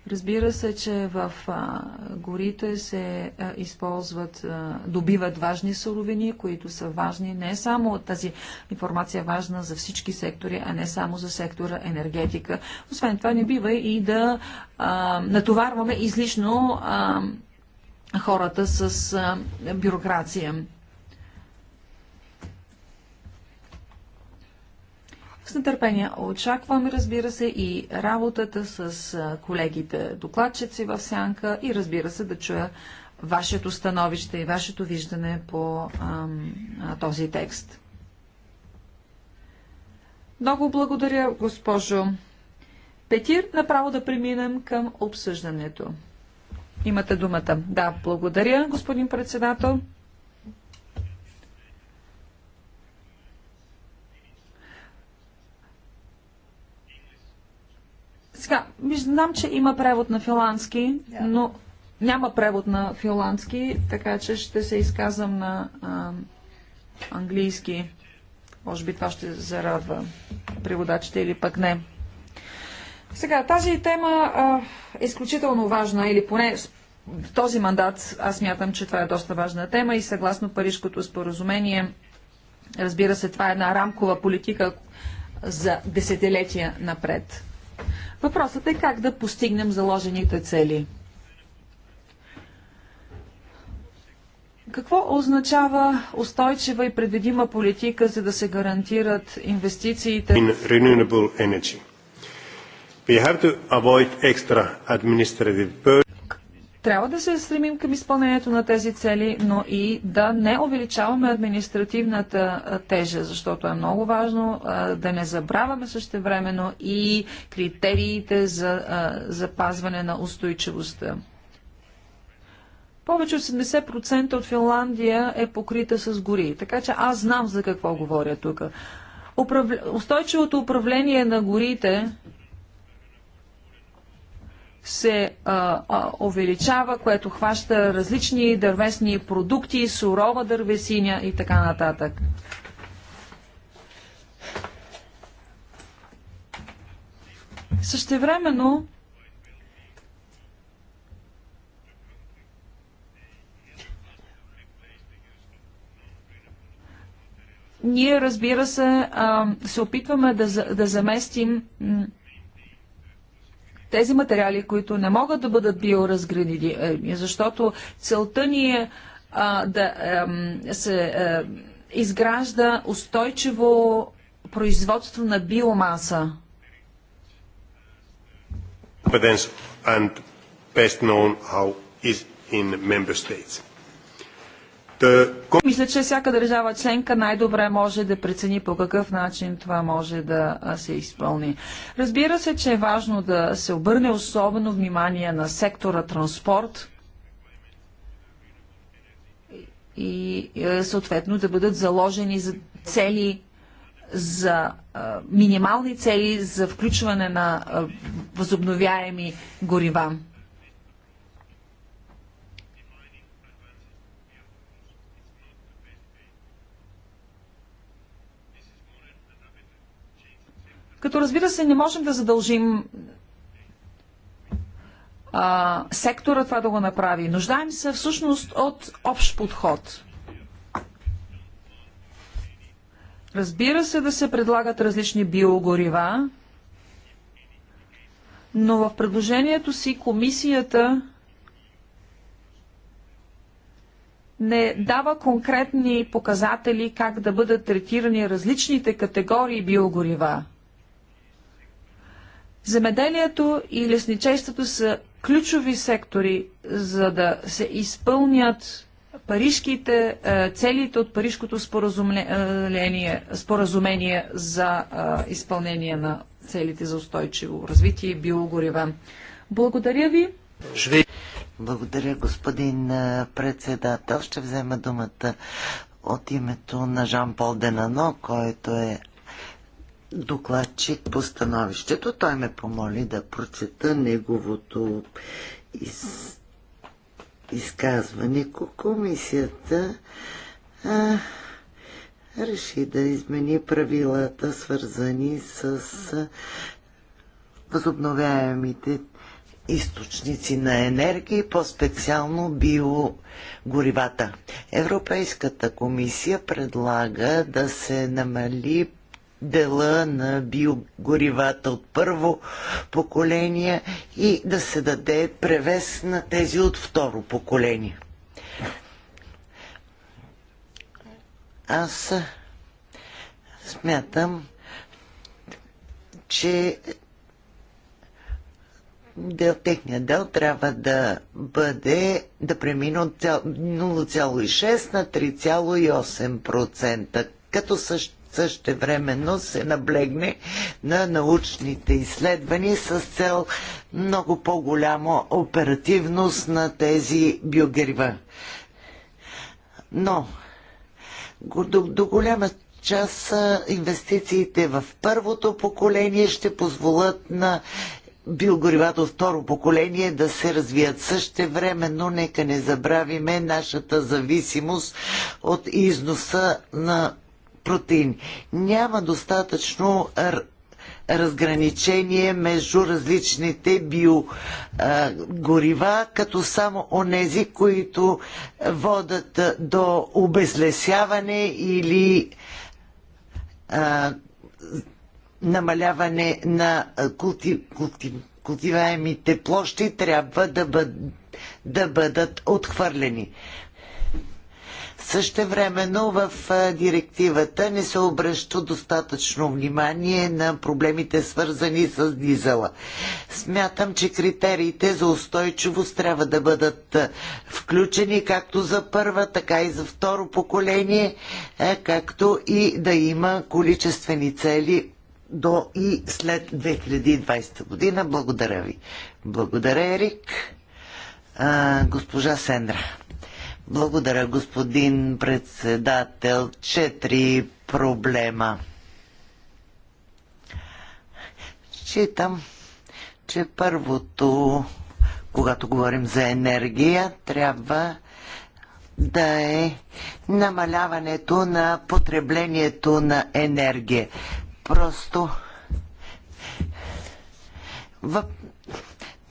Разбира се, че в а, горите се а, използват, а, добиват важни суровини, които са важни не само тази информация е важна за всички сектори, а не само за сектора енергетика. Освен това не бива и да а, натоварваме излишно а, хората с а, бюрокрация. С нетърпение очаквам, разбира се, и работата с колегите докладчици в Сянка и разбира се да чуя вашето становище и вашето виждане по ам, този текст. Много благодаря, госпожо Петир. Направо да преминем към обсъждането. Имате думата. Да, благодаря, господин председател. Сега, знам, че има превод на филандски, yeah. но няма превод на филандски, така че ще се изказвам на а, английски. Може би това ще зарадва преводачите или пък не. Сега, тази тема а, е изключително важна, или поне в този мандат аз мятам, че това е доста важна тема и съгласно Парижското споразумение, разбира се, това е една рамкова политика за десетилетия напред. Въпросът е как да постигнем заложените цели. Какво означава устойчива и предвидима политика, за да се гарантират инвестициите? In renewable energy. We have to avoid extra administrative burden. Трябва да се стремим към изпълнението на тези цели, но и да не увеличаваме административната тежа, защото е много важно да не забравяме същевременно и критериите за запазване на устойчивостта. Повече от 70% от Финландия е покрита с гори, така че аз знам за какво говоря тук. Устойчивото управление на горите се а, а, увеличава, което хваща различни дървесни продукти, сурова дървесиня и така нататък. Същевременно ние, разбира се, а, се опитваме да, да заместим тези материали, които не могат да бъдат биоразгранени, е, защото целта ни е а, да а, се а, е, изгражда устойчиво производство на биомаса. And best known how is in member states. Е, Мисля, че всяка държава членка най-добре може да прецени по какъв начин това може да се изпълни. Разбира се, че е важно да се обърне особено внимание на сектора транспорт и е, съответно да бъдат заложени за цели за минимални цели за включване на възобновяеми горива. Като разбира се, не можем да задължим а, сектора това да го направи. Нуждаем се всъщност от общ подход. Разбира се да се предлагат различни биогорива, но в предложението си комисията не дава конкретни показатели как да бъдат третирани различните категории биогорива. Земеделието и лесничеството са ключови сектори, за да се изпълнят парижките е, целите от Парижкото споразумение, е, споразумение за е, изпълнение на целите за устойчиво развитие и биогорива. Благодаря ви. Благодаря, господин председател. Ще взема думата от името на Жан-Пол Денано, който е докладчик по становището. Той ме помоли да прочета неговото из... изказване. Комисията а, реши да измени правилата, свързани с възобновяемите източници на енергия и по-специално биогоривата. Европейската комисия предлага да се намали дела на биогоривата от първо поколение и да се даде превес на тези от второ поколение. Аз смятам, че дел, техният дел трябва да бъде, да премине от 0,6 на 3,8%, като също същевременно се наблегне на научните изследвания с цел много по-голяма оперативност на тези биогрива. Но до, до голяма част инвестициите в първото поколение ще позволят на биогоривата от второ поколение да се развият. Също време, но нека не забравиме нашата зависимост от износа на протеини. Няма достатъчно разграничение между различните биогорива, като само онези, които водат до обезлесяване или а, намаляване на култи, култи, култиваемите площи трябва да, бъд, да бъдат отхвърлени. Също времено в директивата не се обръща достатъчно внимание на проблемите свързани с дизела. Смятам, че критериите за устойчивост трябва да бъдат включени както за първа, така и за второ поколение, както и да има количествени цели до и след 2020 година. Благодаря ви. Благодаря, Ерик. А, госпожа Сендра. Благодаря, господин председател. Четири проблема. Считам, че първото, когато говорим за енергия, трябва да е намаляването на потреблението на енергия. Просто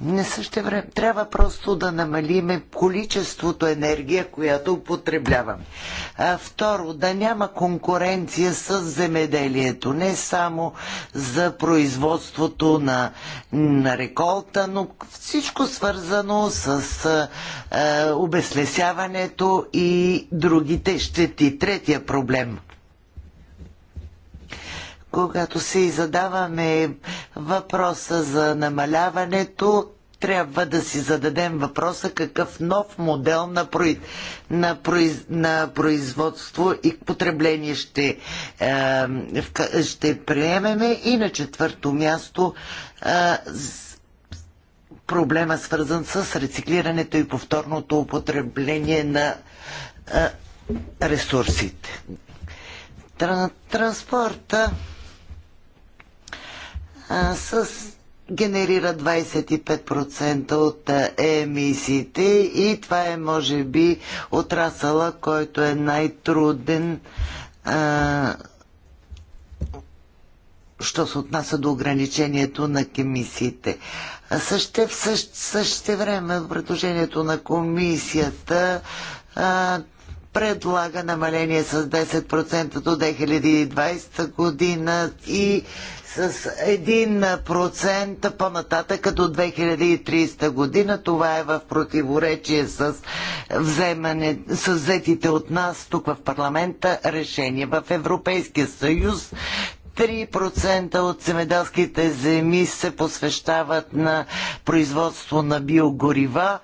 не също време. Трябва просто да намалиме количеството енергия, която употребяваме. А, второ, да няма конкуренция с земеделието. Не само за производството на, на реколта, но всичко свързано с а, а, обеслесяването и другите щети. Третия проблем – когато си задаваме въпроса за намаляването, трябва да си зададем въпроса какъв нов модел на, произ... на, произ... на производство и потребление ще, е, ще приемеме. И на четвърто място е, проблема свързан с рециклирането и повторното употребление на е, ресурсите. Транспорта с генерира 25% от емисиите и това е може би отрасъла, който е най-труден що се отнася до ограничението на емисиите. Съще, същ, време предложението на комисията а, предлага намаление с 10% до 2020 година и с 1% по-нататък до 2030 година. Това е в противоречие с, вземане, с взетите от нас тук в парламента решения. В Европейския съюз 3% от земеделските земи се посвещават на производство на биогорива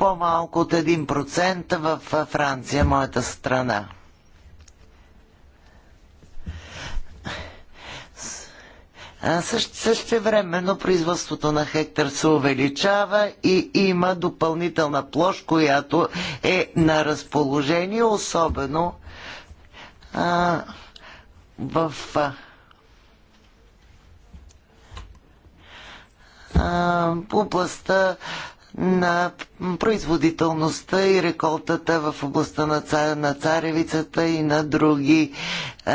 по-малко от 1% в Франция, моята страна. Също, също времено производството на хектар се увеличава и има допълнителна площ, която е на разположение, особено а, в а, областта на производителността и реколтата в областта на, цар, на царевицата и на други е,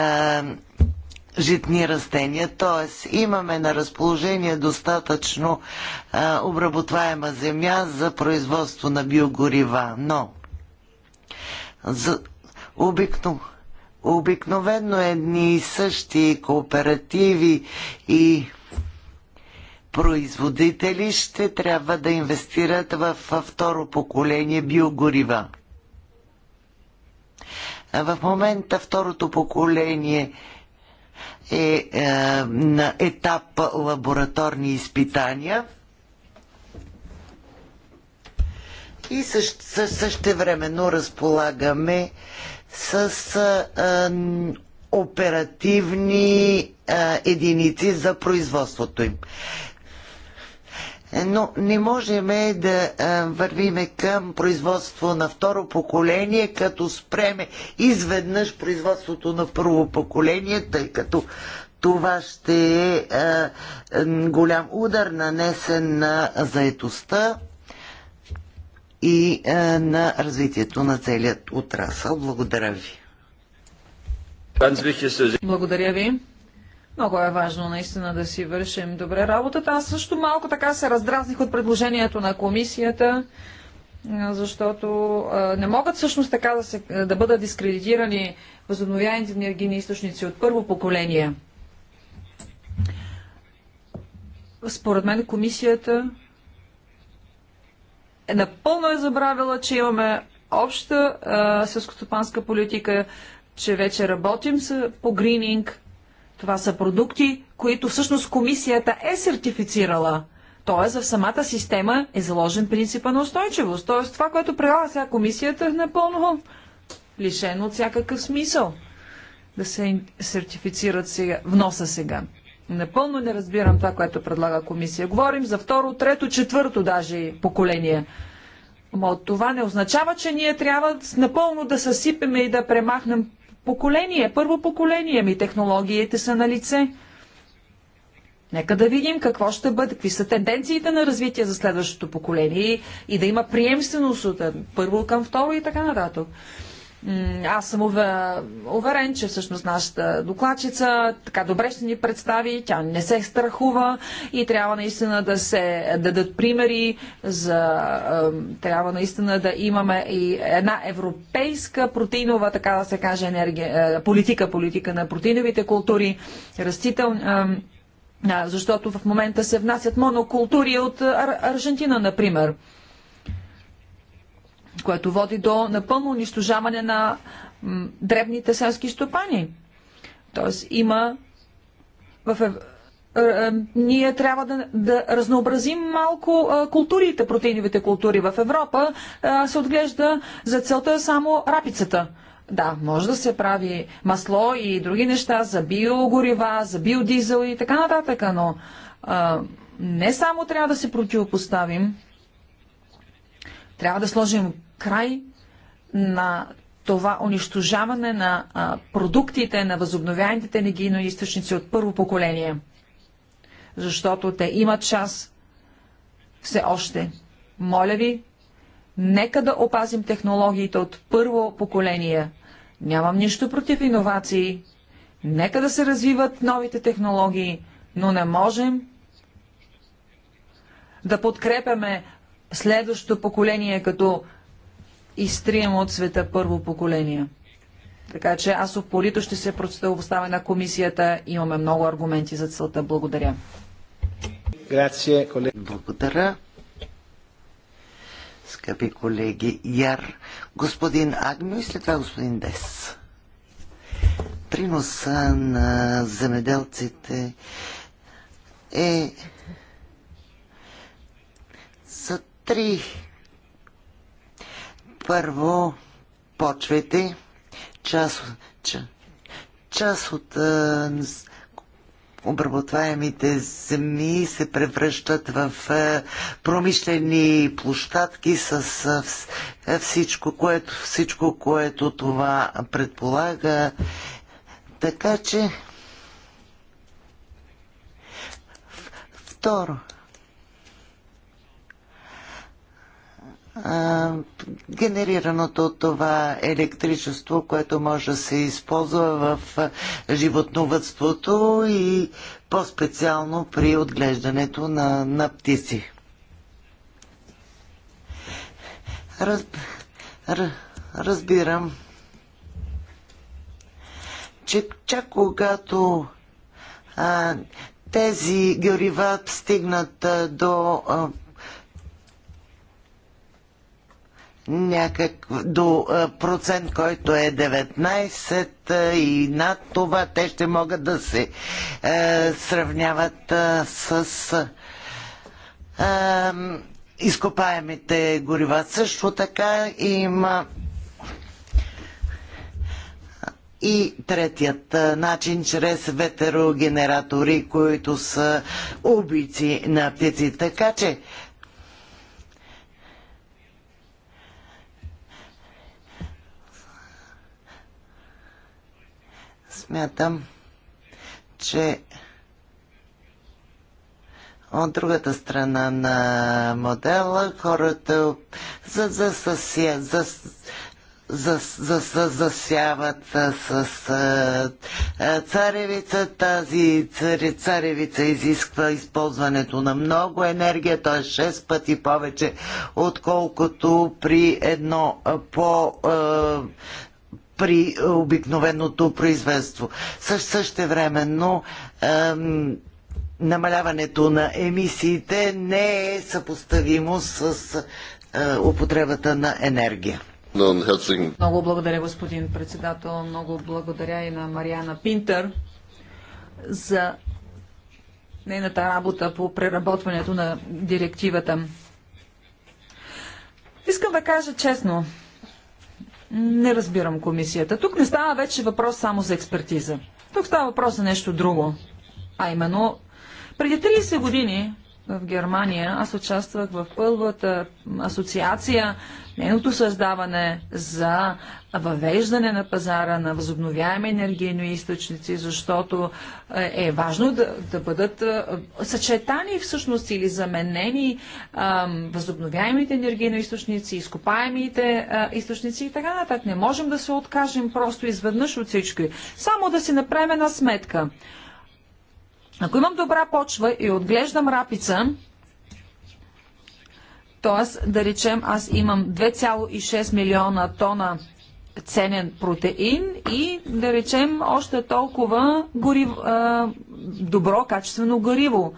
житни растения. Тоест, имаме на разположение достатъчно е, обработваема земя за производство на биогорива, но за, обикно, обикновено едни и същи кооперативи и производители ще трябва да инвестират в второ поколение биогорива. В момента второто поколение е, е на етап лабораторни изпитания и също, времено разполагаме с е, оперативни единици за производството им но не можем да вървиме към производство на второ поколение, като спреме изведнъж производството на първо поколение, тъй като това ще е голям удар нанесен на заетостта и на развитието на целият отрасъл. Благодаря ви. Благодаря ви. Много е важно наистина да си вършим добре работата. Аз също малко така се раздразних от предложението на комисията, защото не могат всъщност така да, се, да бъдат дискредитирани възобновяемите енергийни източници от първо поколение. Според мен комисията е напълно е забравила, че имаме обща селскостопанска политика, че вече работим по грининг – това са продукти, които всъщност комисията е сертифицирала. Тоест в самата система е заложен принципа на устойчивост. Т.е. това, което предлага сега комисията е напълно лишено от всякакъв смисъл да се сертифицират сега, вноса сега. Напълно не разбирам това, което предлага комисия. Говорим за второ, трето, четвърто даже поколение. Но това не означава, че ние трябва напълно да съсипеме и да премахнем поколение, първо поколение ми технологиите са на лице. Нека да видим какво ще бъде, какви са тенденциите на развитие за следващото поколение и да има приемственост от първо към второ и така нататък. Аз съм уверен, че всъщност нашата докладчица така добре ще ни представи, тя не се страхува и трябва наистина да се дадат примери за... Трябва наистина да имаме и една европейска протеинова, така да се каже, енергия, е, политика, политика на протеиновите култури, растител, защото в момента се внасят монокултури от Аржентина, например което води до напълно унищожаване на дребните селски стопани. Тоест има в е, е, ние трябва да, да разнообразим малко е, културите, протеиновите култури в Европа. се отглежда за целта само рапицата. Да, може да се прави масло и други неща за биогорива, за биодизел и така нататък, но а, не само трябва да се противопоставим, трябва да сложим край на това унищожаване на продуктите на възобновяемите енергийно източници от първо поколение, защото те имат час все още. Моля ви, нека да опазим технологиите от първо поколение. Нямам нищо против иновации. Нека да се развиват новите технологии, но не можем да подкрепяме следващото поколение като изтрием от света първо поколение. Така че аз упорито ще се противопоставя на комисията. Имаме много аргументи за целта. Благодаря. Грация, Благодаря. Скъпи колеги, Яр, господин Агнио и след това господин Дес. Приноса на земеделците е за три първо, почвайте. Част, част, част от а, обработваемите земи се превръщат в промишлени площадки с всичко, което, всичко, което това предполага. Така че. Второ. генерираното от това електричество, което може да се използва в животновътството и по-специално при отглеждането на, на птици. Раз, разбирам, че чак когато а, тези горива стигнат а, до а, Някакъв до процент, който е 19 и над това те ще могат да се е, сравняват е, с е, изкопаемите горива. Също така има и третият начин, чрез ветерогенератори, които са убийци на птици. Така че смятам, че от другата страна на модела хората за, за, за, за, за, за, засяват с а, царевица. Тази царевица изисква използването на много енергия, т.е. 6 пъти повече, отколкото при едно по а, при обикновеното производство. Също същевременно ем, намаляването на емисиите не е съпоставимо с е, употребата на енергия. Много благодаря, господин председател. Много благодаря и на Мариана Пинтер за нейната работа по преработването на директивата. Искам да кажа честно, не разбирам комисията. Тук не става вече въпрос само за експертиза. Тук става въпрос за нещо друго. А именно, преди 30 години в Германия. Аз участвах в първата асоциация, нейното създаване за въвеждане на пазара на възобновяеми енергийни източници, защото е, е важно да, да бъдат е, съчетани всъщност или заменени възобновяемите енергийни източници, изкопаемите е, източници и така нататък. Не можем да се откажем просто изведнъж от всички. Само да си направим една сметка. Ако имам добра почва и отглеждам рапица, т.е. да речем аз имам 2,6 милиона тона ценен протеин и да речем още толкова горив, а, добро качествено гориво.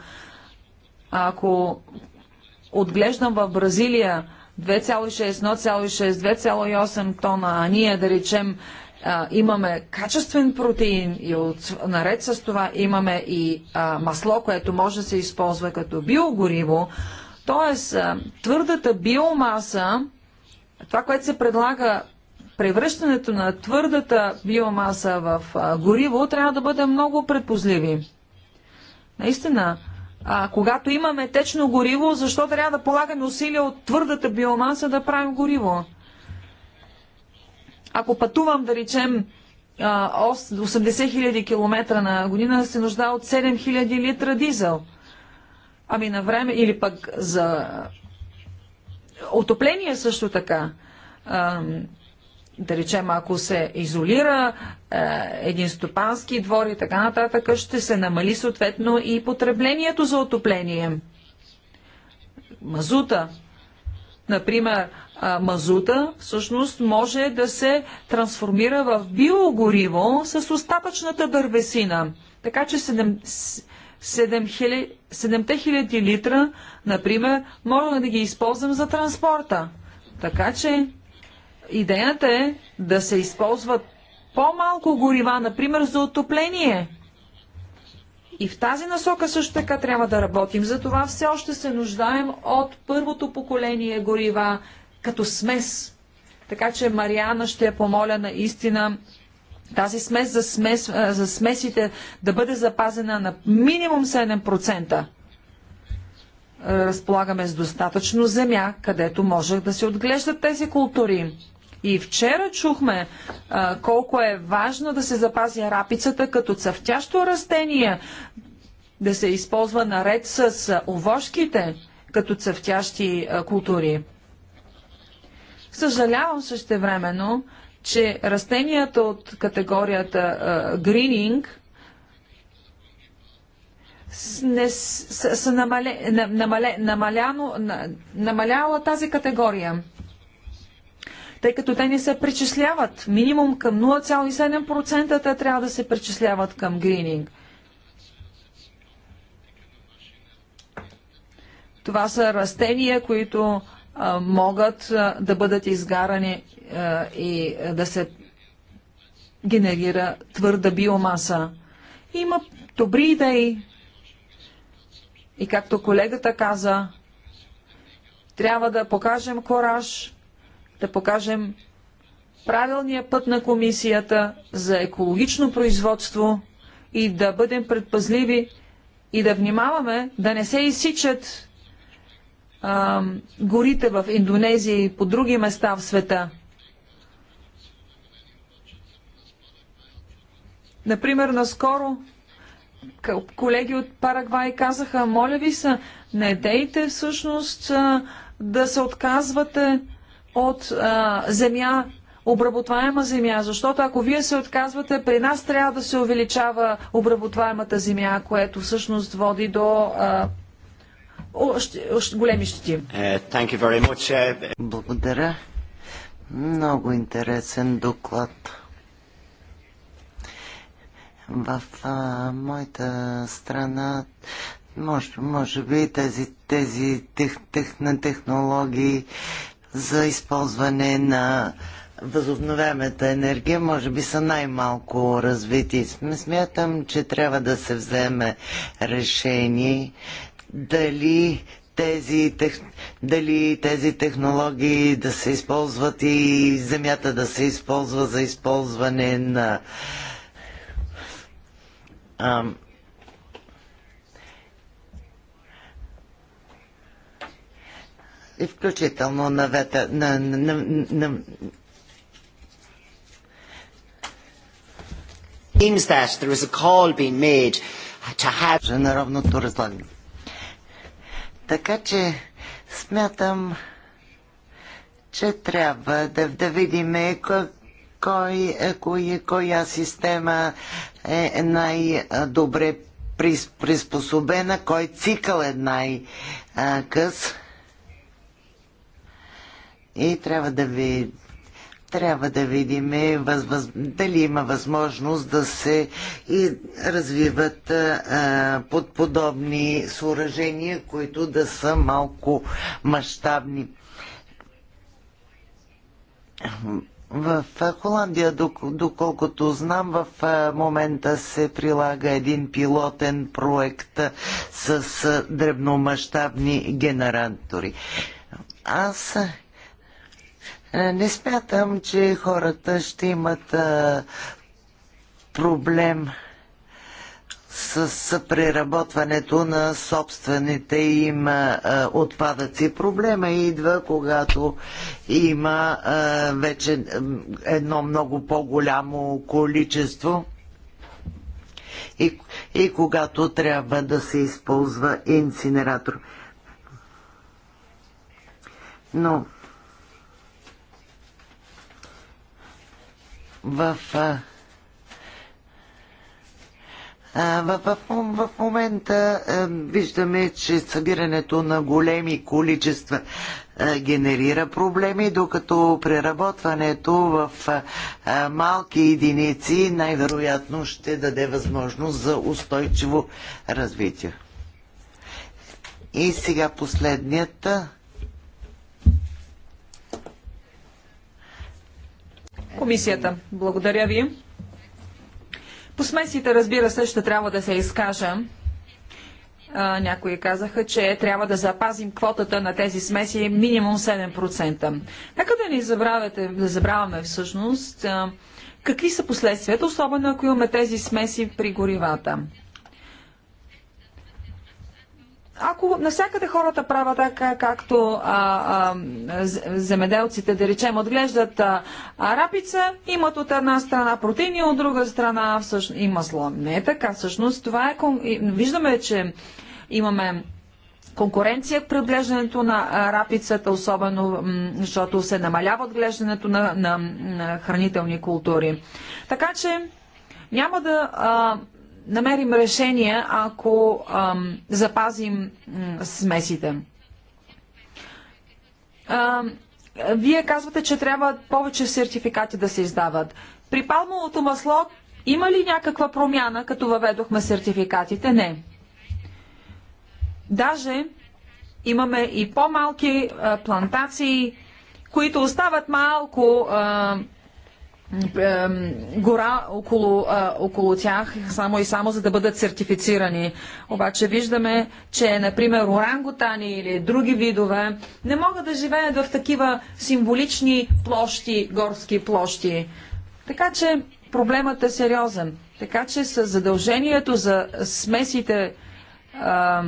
Ако отглеждам в Бразилия 2,6, 1,6, 2,8 тона, а ние да речем а, имаме качествен протеин и от, наред с това имаме и а, масло, което може да се използва като биогориво. Тоест, а, твърдата биомаса, това, което се предлага превръщането на твърдата биомаса в а, гориво, трябва да бъде много предпозливи. Наистина, а, когато имаме течно гориво, защо трябва да полагаме усилия от твърдата биомаса да правим гориво? Ако пътувам, да речем, 80 000 км на година, се нужда от 7 000 литра дизел. Ами на време, или пък за отопление също така. да речем, ако се изолира един стопански двор и така нататък, ще се намали съответно и потреблението за отопление. Мазута, например, а, мазута всъщност може да се трансформира в биогориво с остатъчната дървесина. Така че 7, 7000, 7000 литра, например, можем да ги използвам за транспорта. Така че идеята е да се използват по-малко горива, например, за отопление. И в тази насока също така трябва да работим. Затова все още се нуждаем от първото поколение горива като смес. Така че Мариана ще я помоля наистина тази смес за, смес за смесите да бъде запазена на минимум 7%. Разполагаме с достатъчно земя, където може да се отглеждат тези култури. И вчера чухме а, колко е важно да се запази рапицата като цъфтящо растение, да се използва наред с овошките като цъфтящи а, култури. Съжалявам същевременно, че растенията от категорията а, грининг не, са, са намале, намале, намаляно, намаляла тази категория, тъй като те не се причисляват. Минимум към 0,7% те трябва да се причисляват към грининг. Това са растения, които могат да бъдат изгарани и да се генерира твърда биомаса. Има добри идеи. И както колегата каза, трябва да покажем кораж, да покажем правилния път на комисията за екологично производство и да бъдем предпазливи и да внимаваме да не се изсичат а, горите в Индонезия и по други места в света. Например, наскоро колеги от Парагвай казаха, моля ви се, не дейте всъщност да се отказвате от а, земя, обработваема земя, защото ако вие се отказвате, при нас трябва да се увеличава обработваемата земя, което всъщност води до а, големи щети. Е, е, е. Благодаря. Много интересен доклад. В а, моята страна може, може би тези, тези тех, тех, на технологии за използване на възобновяемата енергия може би са най-малко развити. Смятам, че трябва да се вземе решение дали тези, тех, дали тези технологии да се използват и земята да се използва за използване на ам, и включително на, вета, на, на, на, на Seems that there is a call being made to have... ...на равното разлагане. Така че смятам, че трябва да, да видим е, кой, кой, е, кой, е, коя система е най-добре приспособена, кой цикъл е най-къс. И трябва да ви трябва да видим е, въз, въз, дали има възможност да се и развиват а, под подобни съоръжения, които да са малко мащабни. В Холандия, доколкото знам, в момента се прилага един пилотен проект с дребномащабни генератори. Аз е, не смятам, че хората ще имат е, проблем с преработването на собствените им е, отпадъци. Проблема идва, когато има вече едно много по-голямо количество и, и когато трябва да се използва инцинератор. Но в в, в, в момента виждаме, че събирането на големи количества генерира проблеми, докато преработването в малки единици най-вероятно ще даде възможност за устойчиво развитие. И сега последният комисията. Благодаря ви. По смесите, разбира се, ще трябва да се изкажа. А, някои казаха, че трябва да запазим квотата на тези смеси минимум 7%. Нека да ни забравяте, да забравяме всъщност а, какви са последствията, особено ако имаме тези смеси при горивата ако навсякъде хората правят така, както а, а, земеделците, да речем, отглеждат а, рапица, имат от една страна протеини, от друга страна всъщност, и масло. Не е така. Всъщност това е... Виждаме, че имаме конкуренция при отглеждането на рапицата, особено защото се намалява отглеждането на, на, на хранителни култури. Така че няма да а, намерим решение, ако ам, запазим смесите. Ам, вие казвате, че трябва повече сертификати да се издават. При палмовото масло има ли някаква промяна, като въведохме сертификатите? Не. Даже имаме и по-малки плантации, които остават малко а, гора около, а, е, около тях, само и само за да бъдат сертифицирани. Обаче виждаме, че, например, оранготани или други видове не могат да живеят в такива символични площи, горски площи. Така че проблемът е сериозен. Така че с задължението за смесите а,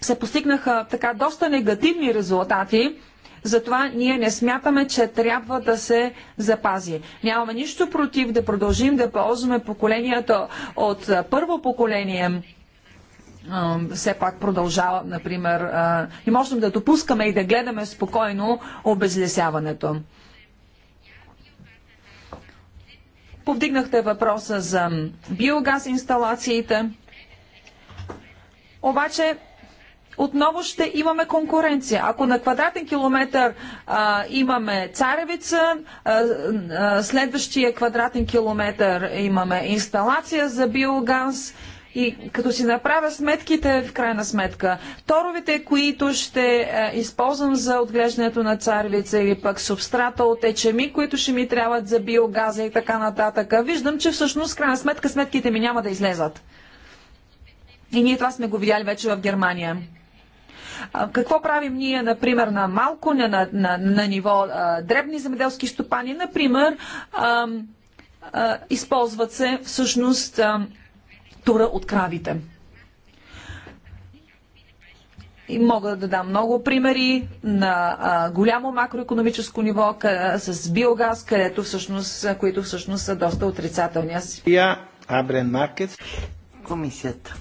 се постигнаха така доста негативни резултати затова ние не смятаме, че трябва да се запази. Нямаме нищо против да продължим да ползваме поколенията от първо поколение все пак продължава, например, и можем да допускаме и да гледаме спокойно обезлесяването. Повдигнахте въпроса за биогаз инсталациите. Обаче отново ще имаме конкуренция. Ако на квадратен километр а, имаме царевица, а, а, следващия квадратен километр имаме инсталация за биогаз. И като си направя сметките, в крайна сметка, торовете, които ще е, използвам за отглеждането на царевица или пък субстрата от ечеми, които ще ми трябват за биогаза и така нататък, виждам, че всъщност, в крайна сметка, сметките ми няма да излезат. И ние това сме го видяли вече в Германия. Какво правим ние, например, на малко, на, на, на, на ниво а, дребни земеделски стопани? Например, а, а, използват се всъщност а, тура от кравите. И мога да дам много примери на а, голямо макроекономическо ниво къ, с биогаз, където всъщност, които всъщност са доста отрицателни. Аз... Комисията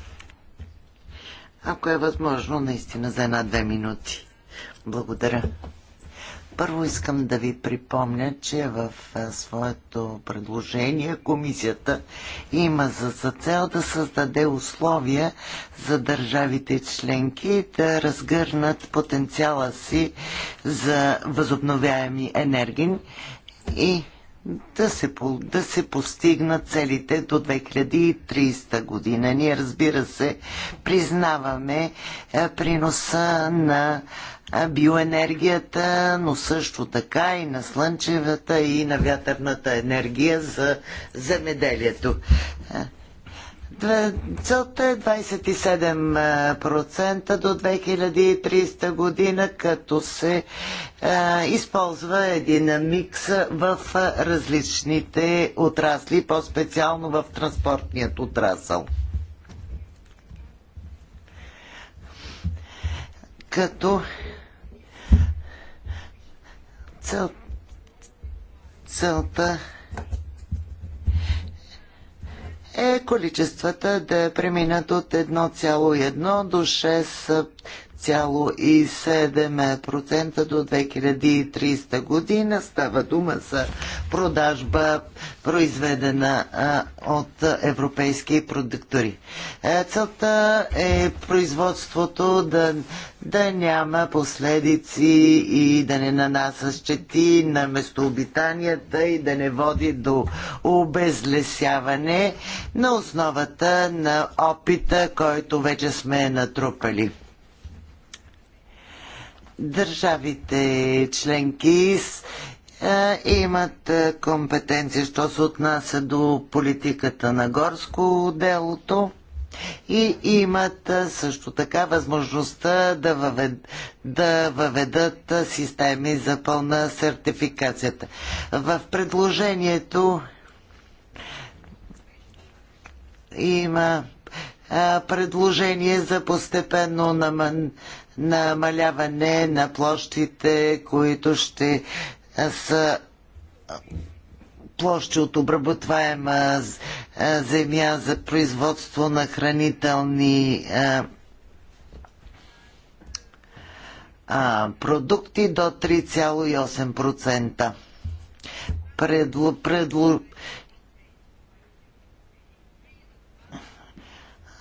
ако е възможно, наистина за една-две минути. Благодаря. Първо искам да ви припомня, че в своето предложение комисията има за, цел да създаде условия за държавите членки да разгърнат потенциала си за възобновяеми енергии и да се, да се постигнат целите до 2300 година. Ние, разбира се, признаваме е, приноса на е, биоенергията, но също така и на слънчевата и на вятърната енергия за земеделието. Е, Целта е 27% до 2300 година, като се използва един микс в различните отрасли, по-специално в транспортният отрасъл. Като цел, целта е количествата да преминат от 1,1 до 6 6,7% до 2300 година. Става дума за продажба, произведена от европейски продуктори. Целта е производството да, да няма последици и да не нанася щети на местообитанията и да не води до обезлесяване на основата на опита, който вече сме натрупали. Държавите членки е, имат е, компетенция, що се отнася до политиката на горско делото и имат е, също така възможността да, въвед, да въведат системи за пълна сертификацията. В предложението има предложение за постепенно намаляване на площите, които ще са площи от обработваема е, земя за производство на хранителни е, продукти до 3,8%. Предло, предло,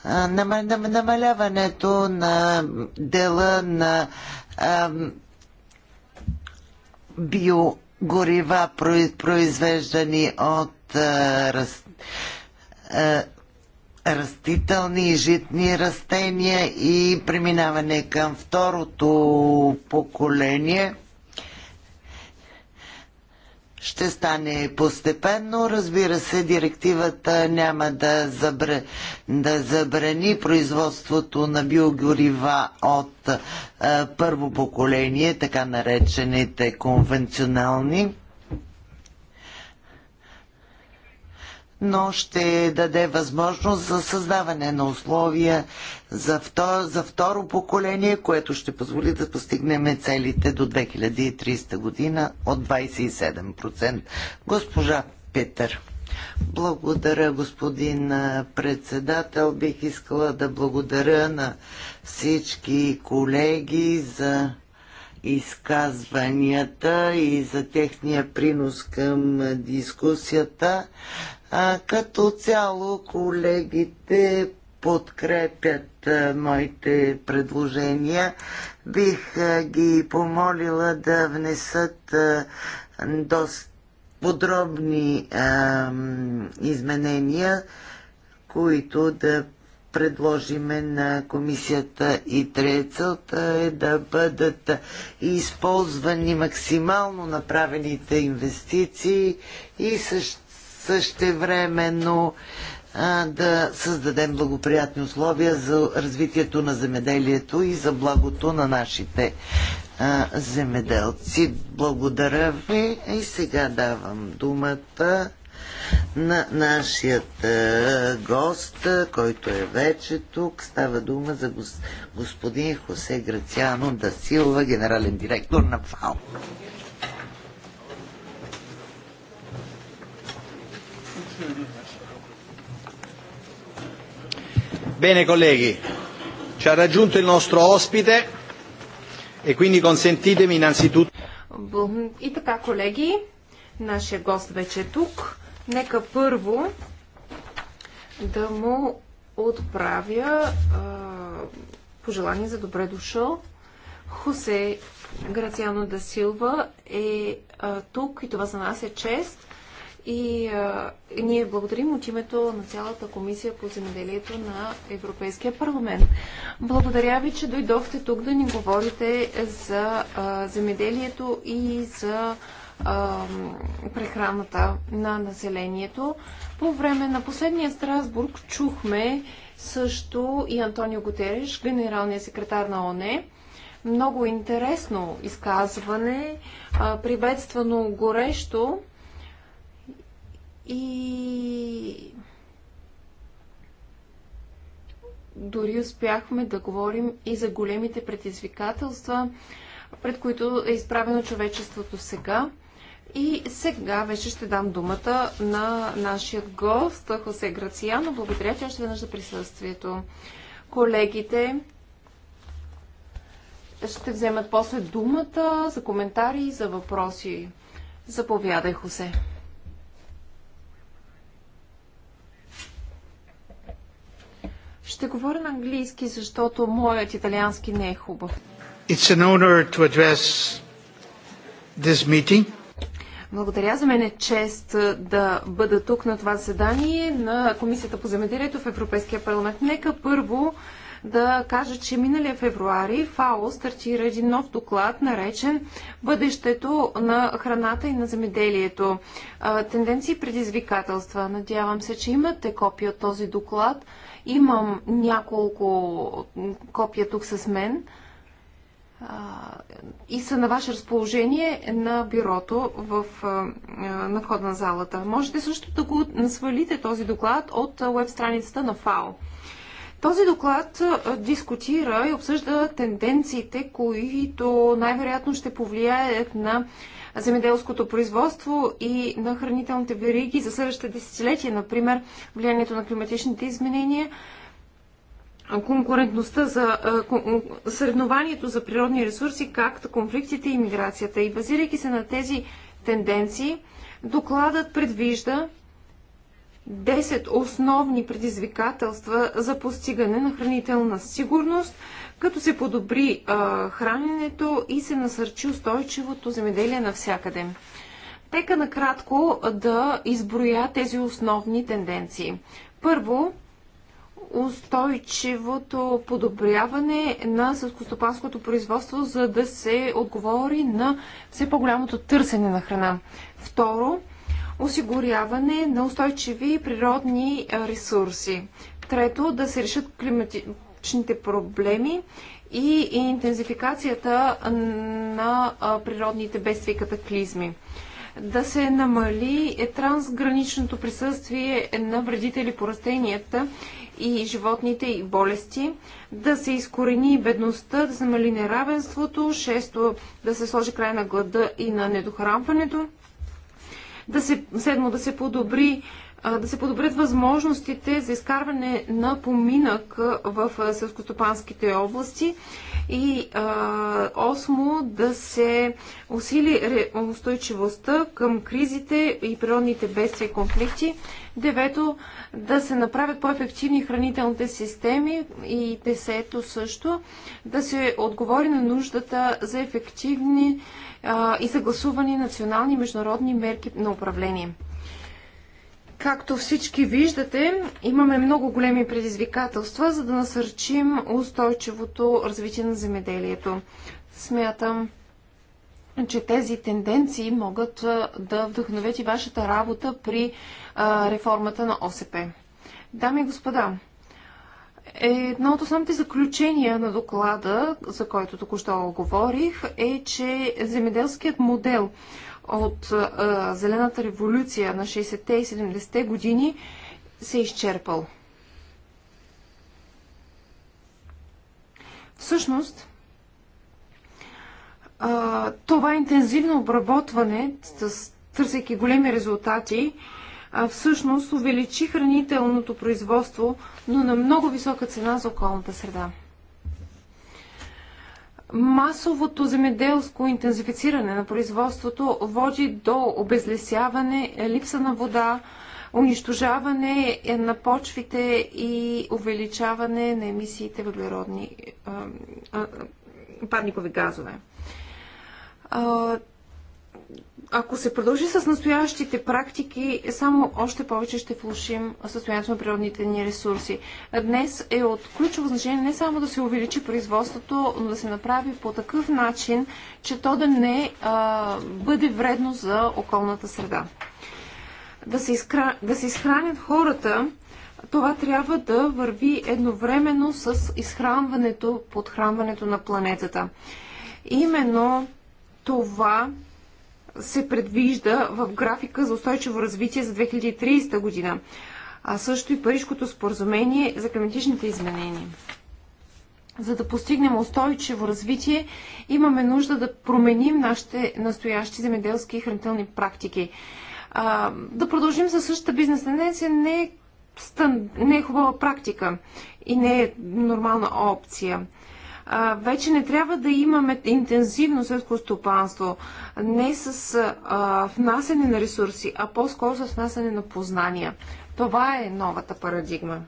намаляването на дела на биогорива, произвеждани от растителни и житни растения и преминаване към второто поколение – ще стане постепенно. Разбира се, директивата няма да, забра... да забрани производството на биогорива от а, първо поколение, така наречените конвенционални. но ще даде възможност за създаване на условия за второ, за второ поколение, което ще позволи да постигнем целите до 2030 година от 27%. Госпожа Петър. Благодаря, господин председател. Бих искала да благодаря на всички колеги за изказванията и за техния принос към дискусията. А, като цяло колегите подкрепят а, моите предложения. Бих а, ги помолила да внесат а, доста подробни а, изменения, които да предложиме на комисията и Трецата е да бъдат използвани максимално направените инвестиции и също същевременно а, да създадем благоприятни условия за развитието на земеделието и за благото на нашите а, земеделци. Благодаря ви и сега давам думата на нашият гост, който е вече тук. Става дума за господин Хосе Грациано Дасилва, генерален директор на ФАО. Bene colleghi, ci ha raggiunto il nostro ospite e quindi consentitemi innanzitutto. И така, колеги, нашия гост вече е тук. Нека първо да му отправя а, пожелание за добре дошъл. Хосе Грациано да Силва е а, тук и това за нас е чест. И а, ние благодарим от името на цялата комисия по земеделието на Европейския парламент. Благодаря ви, че дойдохте тук да ни говорите за а, земеделието и за а, прехраната на населението. По време на последния Страсбург чухме също и Антонио Гутереш, генералния секретар на ОНЕ. Много интересно изказване, приветствано горещо и дори успяхме да говорим и за големите предизвикателства, пред които е изправено човечеството сега. И сега вече ще дам думата на нашия гост Хосе Грациано. Благодаря ти още веднъж за присъствието. Колегите ще вземат после думата за коментари и за въпроси. Заповядай, Хосе. Ще говоря на английски, защото моят италиански не е хубав. It's an honor to address this meeting. Благодаря. За мен е чест е, да бъда тук на това заседание на Комисията по земеделието в Европейския парламент. Нека първо да кажа, че миналия февруари ФАО стартира един нов доклад, наречен Бъдещето на храната и на земеделието. Тенденции и предизвикателства. Надявам се, че имате копия от този доклад. Имам няколко копия тук с мен и са на ваше разположение на бюрото в, на входа на залата. Можете също да го свалите този доклад от веб страницата на ФАО. Този доклад дискутира и обсъжда тенденциите, които най-вероятно ще повлияят на земеделското производство и на хранителните вериги за следващите десетилетия, например влиянието на климатичните изменения, конкурентността за съревнованието за природни ресурси, както конфликтите и миграцията. И базирайки се на тези тенденции, докладът предвижда 10 основни предизвикателства за постигане на хранителна сигурност – като се подобри а, храненето и се насърчи устойчивото земеделие навсякъде. Тека накратко да изброя тези основни тенденции. Първо, устойчивото подобряване на съскостопанското производство, за да се отговори на все по-голямото търсене на храна. Второ, осигуряване на устойчиви природни ресурси. Трето, да се решат климати екологичните проблеми и интензификацията на природните бедствия и катаклизми. Да се намали е трансграничното присъствие на вредители по растенията и животните и болести, да се изкорени бедността, да се намали неравенството, шесто да се сложи край на глада и на недохранването, да се, седмо да се подобри да се подобрят възможностите за изкарване на поминък в селскостопанските области и осмо да се усили устойчивостта към кризите и природните бедствия и конфликти. Девето, да се направят по-ефективни хранителните системи и десето също, да се отговори на нуждата за ефективни и съгласувани национални и международни мерки на управление. Както всички виждате, имаме много големи предизвикателства, за да насърчим устойчивото развитие на земеделието. Смятам, че тези тенденции могат да вдъхновят и вашата работа при а, реформата на ОСП. Дами и господа, е едно от основните заключения на доклада, за който току-що говорих, е, че земеделският модел от а, Зелената революция на 60-те и 70-те години се е изчерпал. Всъщност, а, това интензивно обработване, с, търсейки големи резултати, а, всъщност увеличи хранителното производство, но на много висока цена за околната среда масовото земеделско интензифициране на производството води до обезлесяване, липса на вода, унищожаване на почвите и увеличаване на емисиите въглеродни а, а, парникови газове. А, ако се продължи с настоящите практики, само още повече ще влушим състоянието на природните ни ресурси. Днес е от ключово значение не само да се увеличи производството, но да се направи по такъв начин, че то да не а, бъде вредно за околната среда. Да се, изкра... да се изхранят хората, това трябва да върви едновременно с изхранването, подхранването на планетата. Именно това се предвижда в графика за устойчиво развитие за 2030 година, а също и Парижкото споразумение за климатичните изменения. За да постигнем устойчиво развитие, имаме нужда да променим нашите настоящи земеделски и хранителни практики. А, да продължим със същата бизнес тенденция не е, стън, не е хубава практика и не е нормална опция вече не трябва да имаме интензивно селско стопанство, не с а, внасене на ресурси, а по-скоро с внасене на познания. Това е новата парадигма.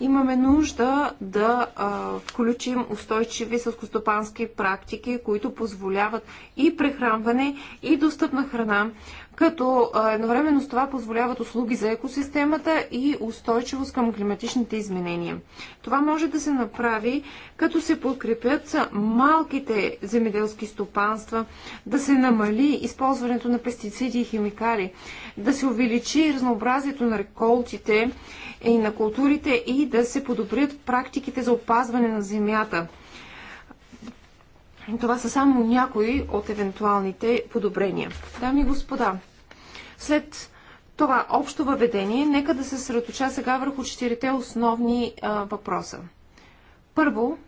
Имаме нужда да а, включим устойчиви сълскостопански практики, които позволяват и прехранване, и достъпна храна, като едновременно с това позволяват услуги за екосистемата и устойчивост към климатичните изменения. Това може да се направи, като се подкрепят малките земеделски стопанства, да се намали използването на пестициди и химикали, да се увеличи разнообразието на реколтите и на културите и да се подобрят практиките за опазване на земята – това са само някои от евентуалните подобрения. Дами и господа, след това общо въведение, нека да се средоточа сега върху четирите основни а, въпроса. Първо,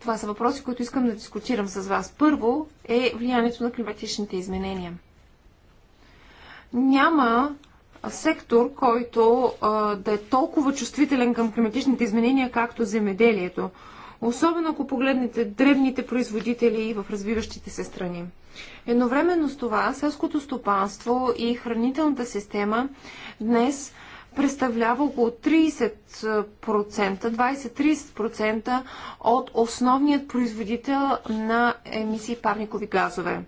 това са въпроси, които искам да дискутирам с вас. Първо е влиянието на климатичните изменения. Няма сектор, който а, да е толкова чувствителен към климатичните изменения, както земеделието. Особено ако погледнете древните производители в развиващите се страни. Едновременно с това, селското стопанство и хранителната система днес представлява около 30%, 20-30% от основният производител на емисии парникови газове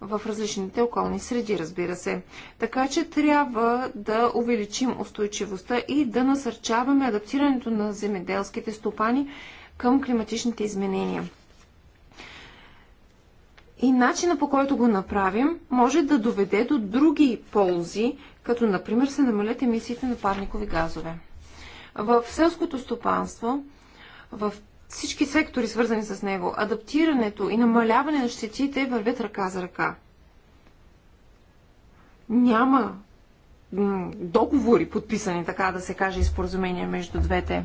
в различните околни среди, разбира се. Така че трябва да увеличим устойчивостта и да насърчаваме адаптирането на земеделските стопани към климатичните изменения. И начина по който го направим може да доведе до други ползи, като например се намалят емисиите на парникови газове. В селското стопанство, в всички сектори свързани с него, адаптирането и намаляване на щетите вървят ръка за ръка. Няма договори подписани, така да се каже, и споразумения между двете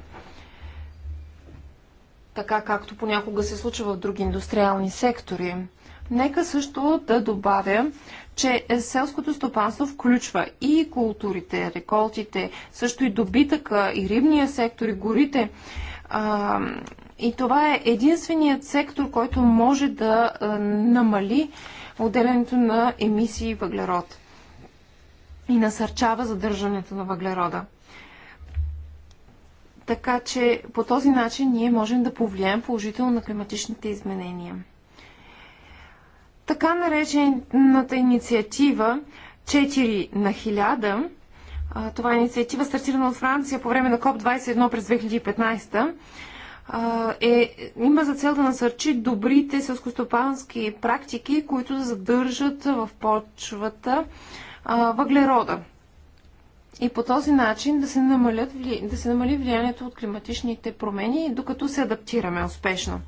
така както понякога се случва в други индустриални сектори. Нека също да добавя, че селското стопанство включва и културите, реколтите, също и добитъка, и рибния сектор, и горите. и това е единственият сектор, който може да намали отделянето на емисии въглерод и насърчава задържането на въглерода. Така че по този начин ние можем да повлияем положително на климатичните изменения. Така наречената инициатива 4 на 1000, това е инициатива стартирана от Франция по време на КОП-21 през 2015, е, има за цел да насърчи добрите селскостопански практики, които задържат в почвата въглерода и по този начин да се, намалят, да се намали влиянието от климатичните промени, докато се адаптираме успешно.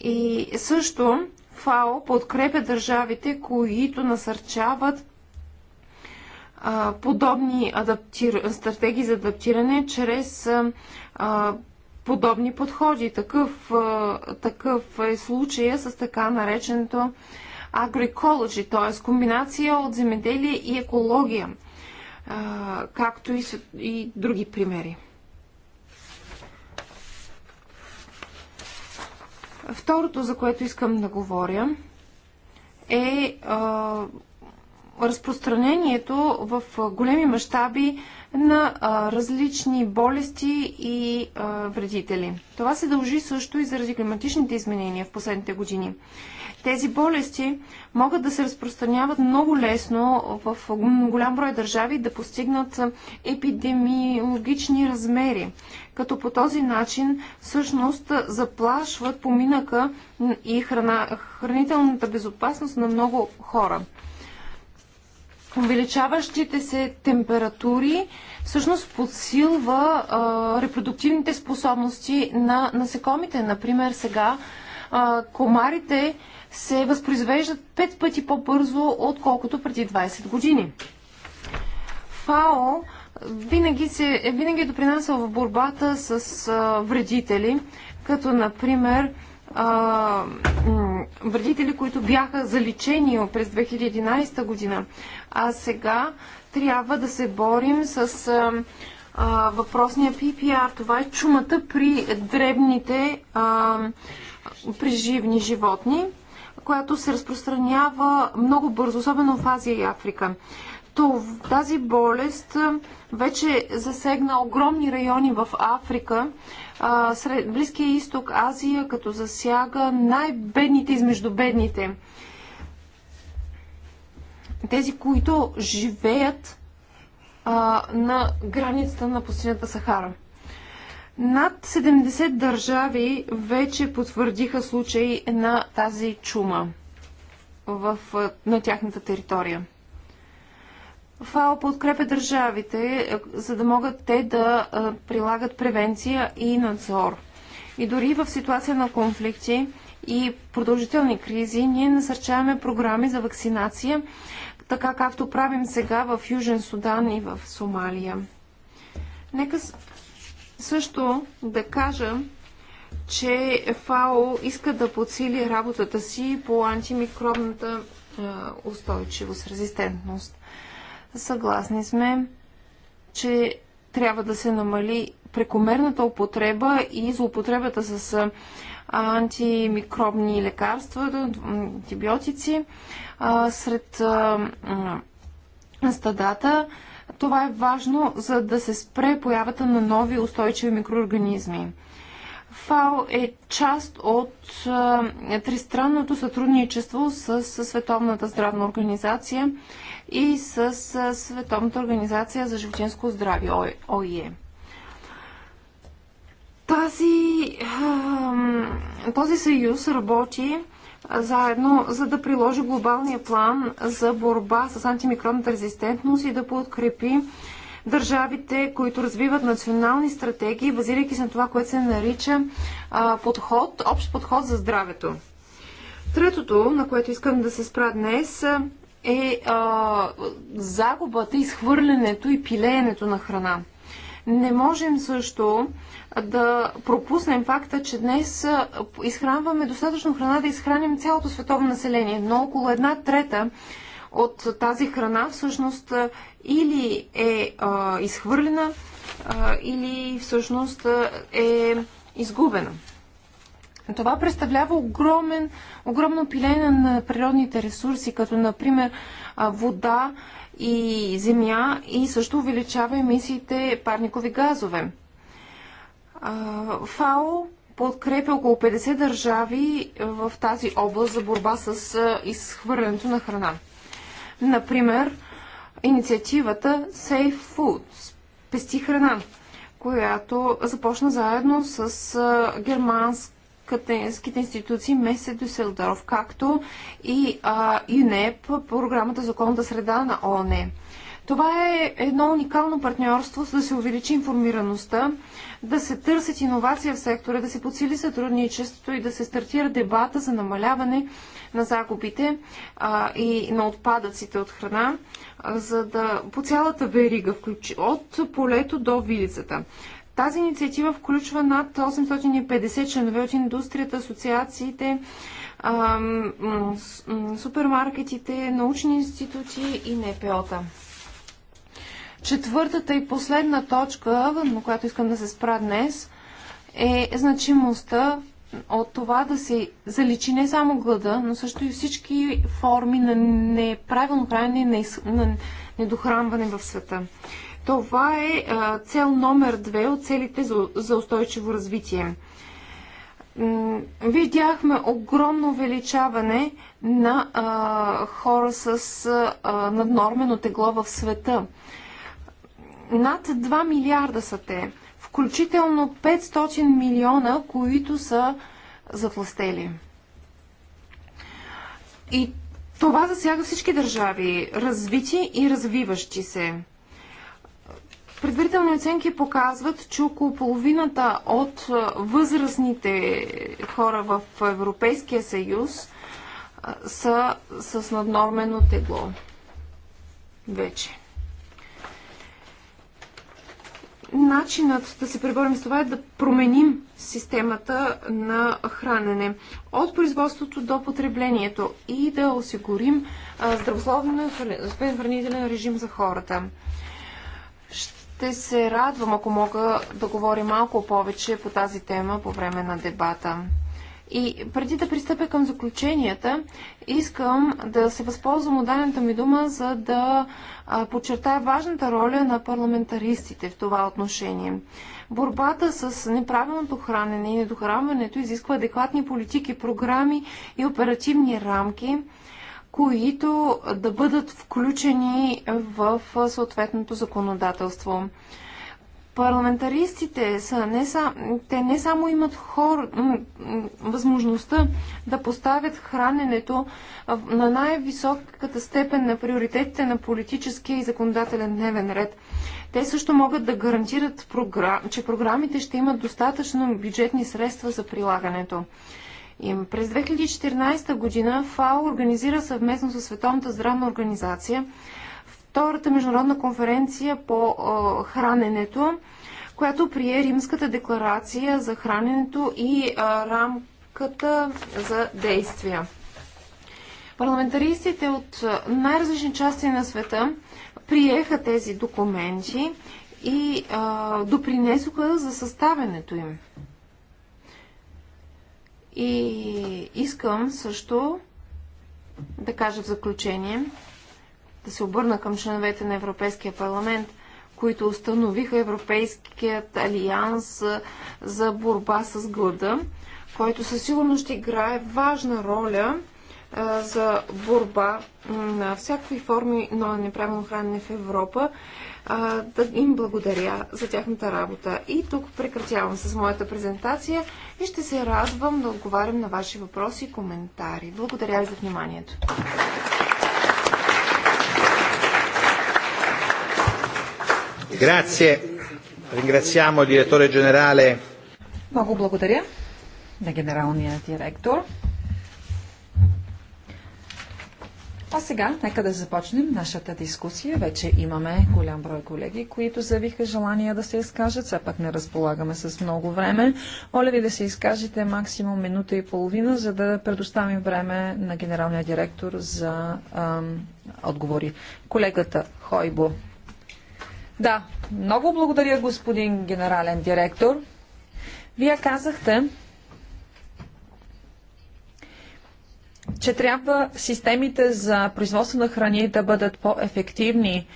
И също ФАО подкрепя държавите, които насърчават а, подобни адаптир... стратегии за адаптиране чрез а, подобни подходи. Такъв, а, такъв е случая с така нареченото agroecology, т.е. комбинация от земеделие и екология а, както и, и други примери. Второто, за което искам да говоря, е а, разпространението в големи мащаби на различни болести и вредители. Това се дължи също и заради климатичните изменения в последните години. Тези болести могат да се разпространяват много лесно в голям брой държави да постигнат епидемиологични размери, като по този начин всъщност заплашват поминъка и храна, хранителната безопасност на много хора увеличаващите се температури всъщност подсилва а, репродуктивните способности на насекомите. Например, сега а, комарите се възпроизвеждат пет пъти по-бързо, отколкото преди 20 години. ФАО винаги, се, винаги е допринасял в борбата с а, вредители, като например вредители, които бяха заличени през 2011 година. А сега трябва да се борим с а, а, въпросния PPR. Това е чумата при дребните а, преживни животни, която се разпространява много бързо, особено в Азия и Африка. тази болест вече засегна огромни райони в Африка, Близкия изток, Азия, като засяга най-бедните измежду бедните тези, които живеят а, на границата на пустинята Сахара. Над 70 държави вече потвърдиха случаи на тази чума в, на тяхната територия. ФАО подкрепя държавите, за да могат те да прилагат превенция и надзор. И дори в ситуация на конфликти и продължителни кризи, ние насърчаваме програми за вакцинация така както правим сега в Южен Судан и в Сомалия. Нека също да кажа, че ФАО иска да подсили работата си по антимикробната устойчивост, резистентност. Съгласни сме, че трябва да се намали прекомерната употреба и злоупотребата с антимикробни лекарства, антибиотици сред стадата. Това е важно, за да се спре появата на нови устойчиви микроорганизми. ФАО е част от тристранното сътрудничество с Световната здравна организация и с Световната организация за животинско здраве ОИЕ. Тази, този съюз работи заедно, за да приложи глобалния план за борба с антимикробната резистентност и да подкрепи държавите, които развиват национални стратегии, базирайки се на това, което се нарича подход, общ подход за здравето. Третото, на което искам да се спра днес, е а, загубата, изхвърлянето и пилеенето на храна. Не можем също да пропуснем факта, че днес изхранваме достатъчно храна да изхраним цялото световно население, но около една трета от тази храна всъщност или е а, изхвърлена, а, или всъщност е изгубена. Това представлява огромен, огромно пилене на природните ресурси, като например вода и земя и също увеличава емисиите парникови газове. ФАО подкрепя около 50 държави в тази област за борба с изхвърлянето на храна. Например, инициативата Safe Food, Пести храна, която започна заедно с германск катенските институции Месе Дюселдоров, както и а, ЮНЕП, програмата за околната среда на ООН. Това е едно уникално партньорство, за да се увеличи информираността, да се търсят иновация в сектора, да се подсили сътрудничеството и да се стартира дебата за намаляване на загубите а, и на отпадъците от храна, а, за да по цялата верига, включи, от полето до вилицата. Тази инициатива включва над 850 членове от индустрията, асоциациите, супермаркетите, научни институти и НПО-та. Четвъртата и последна точка, на която искам да се спра днес, е значимостта от това да се заличи не само глада, но също и всички форми на неправилно хранене и на недохранване в света. Това е цел номер две от целите за устойчиво развитие. Видяхме огромно увеличаване на хора с наднормено тегло в света. Над 2 милиарда са те, включително 500 милиона, които са затластели. И това засяга всички държави, развити и развиващи се. Предварителни оценки показват, че около половината от възрастните хора в Европейския съюз са с наднормено тегло. Вече. Начинът да се преборим с това е да променим системата на хранене от производството до потреблението и да осигурим здравословен хранителен режим за хората. Ще се радвам, ако мога да говоря малко повече по тази тема по време на дебата. И преди да пристъпя към заключенията, искам да се възползвам от дадената ми дума, за да подчертая важната роля на парламентаристите в това отношение. Борбата с неправилното хранене и недохранването изисква адекватни политики, програми и оперативни рамки – които да бъдат включени в съответното законодателство. Парламентаристите са не са, те не само имат хор, възможността да поставят храненето на най-високата степен на приоритетите на политическия и законодателен дневен ред. Те също могат да гарантират, че програмите ще имат достатъчно бюджетни средства за прилагането им. През 2014 година ФАО организира съвместно с Световната здравна организация втората международна конференция по храненето, която прие Римската декларация за храненето и рамката за действия. Парламентаристите от най-различни части на света приеха тези документи и а, допринесоха за съставянето им. И искам също да кажа в заключение, да се обърна към членовете на Европейския парламент, които установиха Европейският алианс за борба с глада, който със сигурност ще играе важна роля за борба на всякакви форми на неправилно хранене в Европа а, да им благодаря за тяхната работа. И тук прекратявам с моята презентация и ще се радвам да отговарям на ваши въпроси и коментари. Благодаря ви за вниманието. Grazie. Ringraziamo il direttore generale. Много благодаря на генералния директор. А сега, нека да започнем нашата дискусия. Вече имаме голям брой колеги, които завиха желание да се изкажат. Все пак не разполагаме с много време. Моля ви да се изкажете максимум минута и половина, за да предоставим време на генералния директор за ам, отговори. Колегата Хойбо. Да, много благодаря, господин генерален директор. Вие казахте, че трябва системите за производство на храни да бъдат по-ефективни.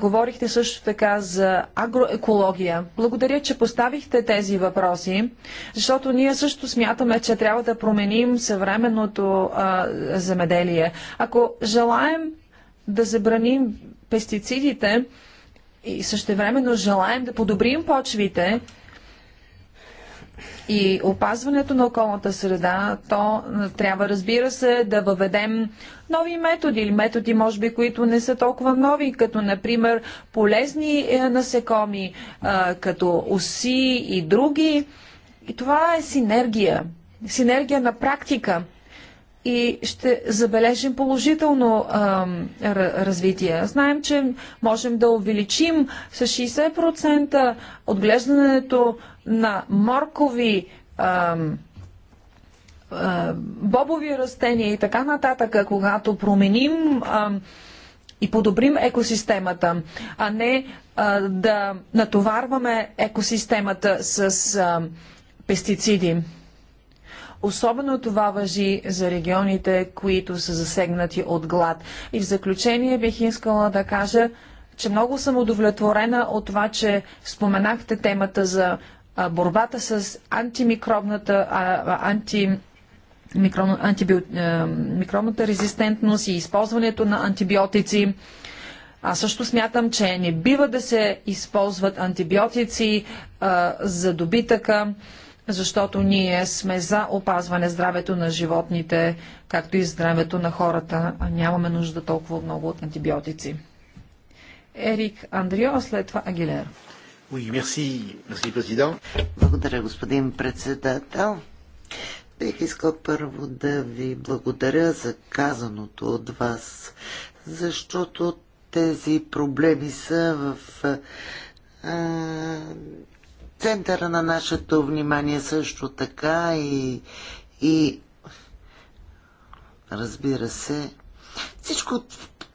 говорихте също така за агроекология. Благодаря, че поставихте тези въпроси, защото ние също смятаме, че трябва да променим съвременното а, земеделие. Ако желаем да забраним пестицидите и същевременно желаем да подобрим почвите, и опазването на околната среда, то трябва, разбира се, да въведем нови методи или методи, може би, които не са толкова нови, като, например, полезни е, насекоми, като оси и други. И това е синергия. Синергия на практика – и ще забележим положително а, развитие. Знаем, че можем да увеличим с 60% отглеждането на моркови, а, а, бобови растения и така нататък, когато променим а, и подобрим екосистемата, а не а, да натоварваме екосистемата с а, пестициди. Особено това въжи за регионите, които са засегнати от глад. И в заключение бих искала да кажа, че много съм удовлетворена от това, че споменахте темата за борбата с антимикробната, анти, микро, микробната резистентност и използването на антибиотици. Аз също смятам, че не бива да се използват антибиотици а, за добитъка защото ние сме за опазване здравето на животните, както и здравето на хората. А нямаме нужда толкова много от антибиотици. Ерик Андрио, след това Агилер. Oui, merci. Merci, Благодаря, господин председател. Бих искал първо да ви благодаря за казаното от вас, защото тези проблеми са в а, центъра на нашето внимание също така и, и разбира се, всичко,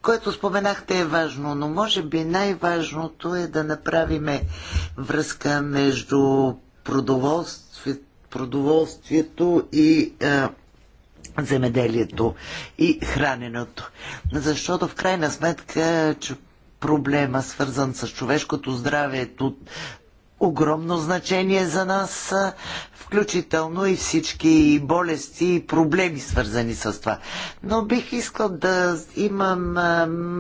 което споменахте е важно, но може би най-важното е да направиме връзка между продоволствие, продоволствието и е, земеделието и храненето. Защото в крайна сметка проблема, свързан с човешкото здраве, е огромно значение за нас, включително и всички болести и проблеми, свързани с това. Но бих искал да имам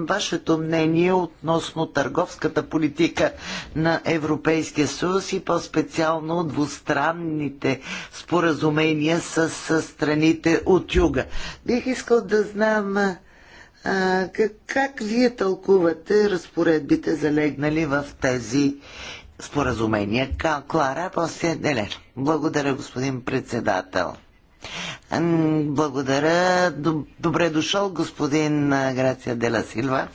вашето мнение относно търговската политика на Европейския съюз и по-специално двустранните споразумения с, страните от юга. Бих искал да знам как, как вие тълкувате разпоредбите, залегнали в тези споразумение. Клара Босия Делер. Благодаря, господин председател. Благодаря. Добре дошъл, господин Грация Дела Силва.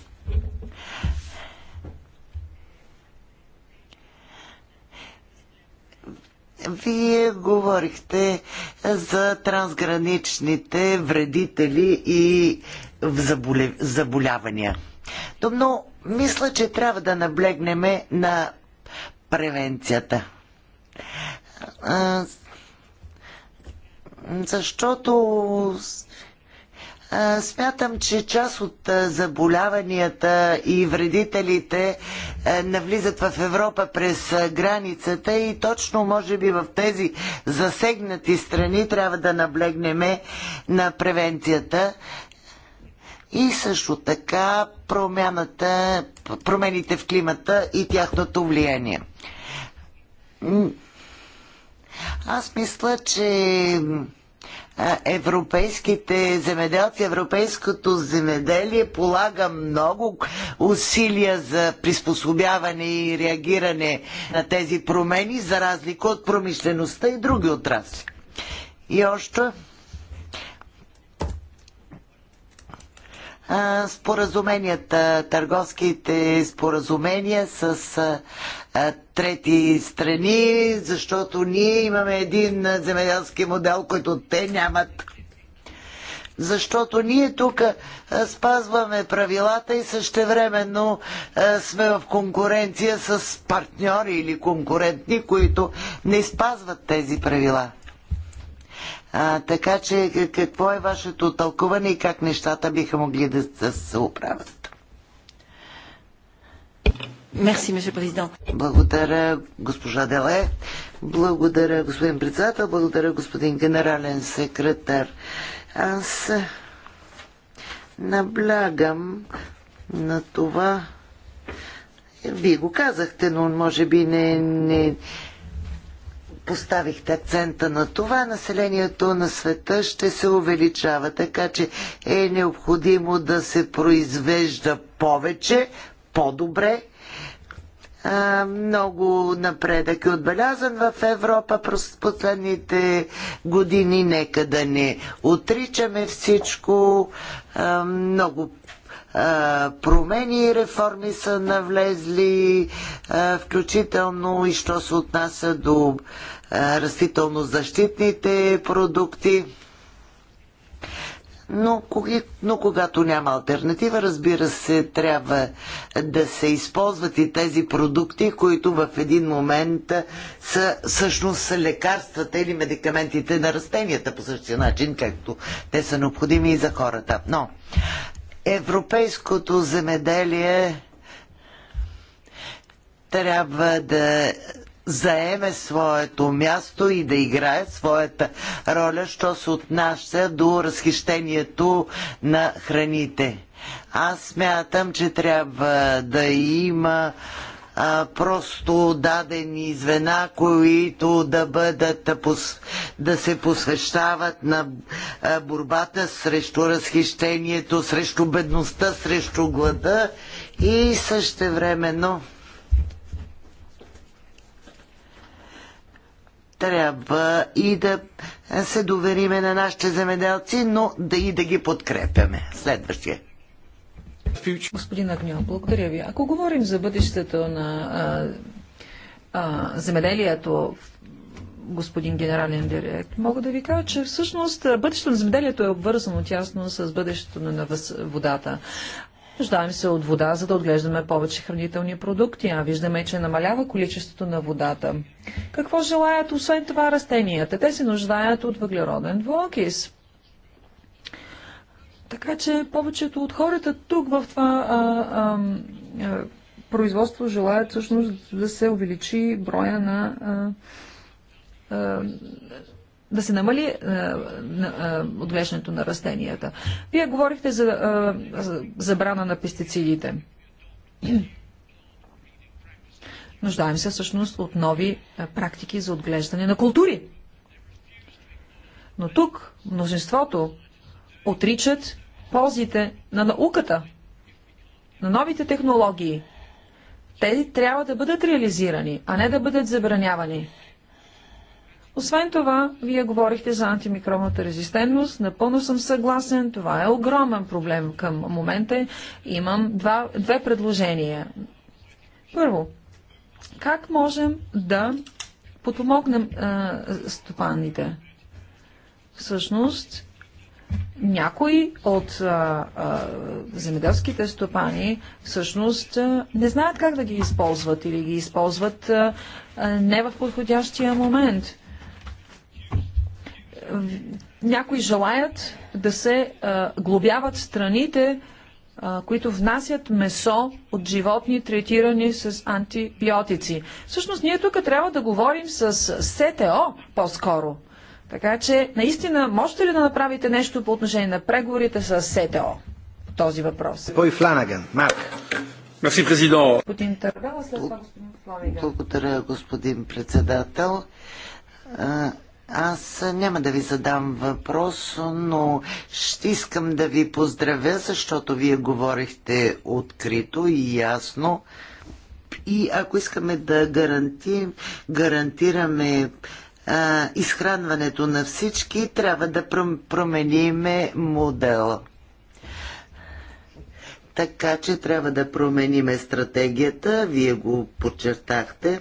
Вие говорихте за трансграничните вредители и заболявания. Но мисля, че трябва да наблегнеме на превенцията. А, защото а, смятам, че част от заболяванията и вредителите а, навлизат в Европа през границата и точно може би в тези засегнати страни трябва да наблегнеме на превенцията и също така промяната, промените в климата и тяхното влияние. Аз мисля, че европейските земеделци, европейското земеделие полага много усилия за приспособяване и реагиране на тези промени, за разлика от промишлеността и други отрасли. И още споразуменията, търговските споразумения с трети страни, защото ние имаме един земеделски модел, който те нямат. Защото ние тук спазваме правилата и същевременно сме в конкуренция с партньори или конкурентни, които не спазват тези правила. А, така че какво е вашето тълкуване и как нещата биха могли да се оправят? Мерси, месье президент. Благодаря, госпожа Деле. Благодаря, господин председател. Благодаря, господин генерален секретар. Аз наблягам на това. Вие го казахте, но може би не, не, поставихте акцента на това, населението на света ще се увеличава, така че е необходимо да се произвежда повече, по-добре. много напредък е отбелязан в Европа през последните години. Нека да не отричаме всичко. А, много промени и реформи са навлезли, включително и що се отнася до растително-защитните продукти. Но, но когато няма альтернатива, разбира се, трябва да се използват и тези продукти, които в един момент са всъщност лекарствата или медикаментите на растенията по същия начин, както те са необходими и за хората. Но европейското земеделие трябва да заеме своето място и да играе своята роля, що се отнася до разхищението на храните. Аз смятам, че трябва да има а, просто дадени звена, които да бъдат да се посвещават на борбата срещу разхищението, срещу бедността, срещу глада и същевременно времено трябва и да се довериме на нашите земеделци, но да и да ги подкрепяме. Следващия. Господин Агньо, благодаря ви. Ако говорим за бъдещето на а, а, земеделието, господин генерален директ, мога да ви кажа, че всъщност бъдещето на земеделието е обвързано тясно с бъдещето на водата. Нуждаем се от вода, за да отглеждаме повече хранителни продукти, а виждаме, че намалява количеството на водата. Какво желаят освен това растенията? Те се нуждаят от въглероден двуокис. Така че повечето от хората тук в това а, а, а, производство желаят всъщност да се увеличи броя на а, да се намали е, е, отглеждането на растенията. Вие говорихте за е, забрана на пестицидите. Нуждаем се всъщност от нови практики за отглеждане на култури. Но тук множеството отричат ползите на науката, на новите технологии. Те трябва да бъдат реализирани, а не да бъдат забранявани. Освен това, вие говорихте за антимикробната резистентност. Напълно съм съгласен. Това е огромен проблем към момента. Имам два, две предложения. Първо, как можем да подпомогнем а, стопаните? Всъщност, някои от а, а, земеделските стопани всъщност а, не знаят как да ги използват или ги използват а, а, не в подходящия момент някои желаят да се а, глобяват страните, а, които внасят месо от животни, третирани с антибиотици. Всъщност ние тук трябва да говорим с СТО по-скоро. Така че, наистина, можете ли да направите нещо по отношение на преговорите с СТО по този въпрос? Кой е Фланаган, Марк. Мерси, президент. Господин Търгал, след това господин Фланаган. Благодаря, господин председател. Аз няма да ви задам въпрос, но ще искам да ви поздравя, защото вие говорихте открито и ясно. И ако искаме да гарантим, гарантираме а, изхранването на всички, трябва да промениме модела. Така че трябва да промениме стратегията, вие го подчертахте.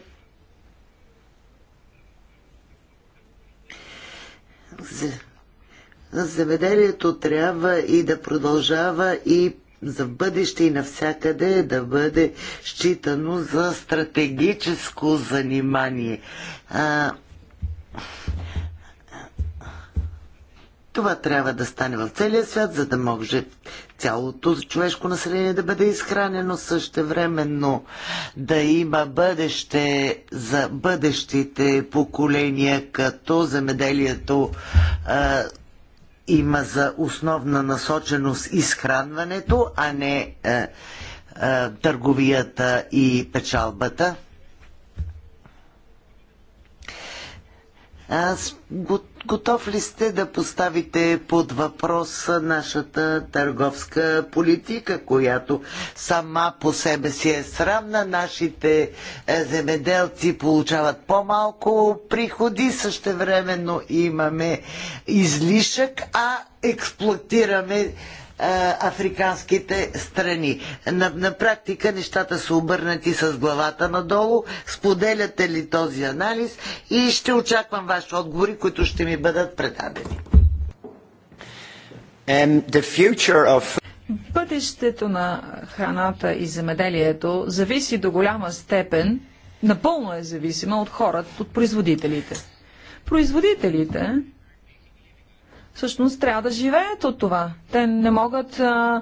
Заведението трябва и да продължава и за бъдеще и навсякъде да бъде считано за стратегическо занимание. А, Това трябва да стане в целия свят, за да може цялото човешко население да бъде изхранено същевременно, да има бъдеще за бъдещите поколения, като земеделието а, има за основна насоченост изхранването, а не а, а, търговията и печалбата. Аз го готов ли сте да поставите под въпрос нашата търговска политика, която сама по себе си е срамна? Нашите е, земеделци получават по-малко приходи, същевременно имаме излишък, а експлуатираме африканските страни. На, на практика нещата са обърнати с главата надолу. Споделяте ли този анализ и ще очаквам ваши отговори, които ще ми бъдат предадени. Of... Бъдещето на храната и земеделието зависи до голяма степен, напълно е зависимо от хората, от производителите. Производителите всъщност трябва да живеят от това. Те не могат. А,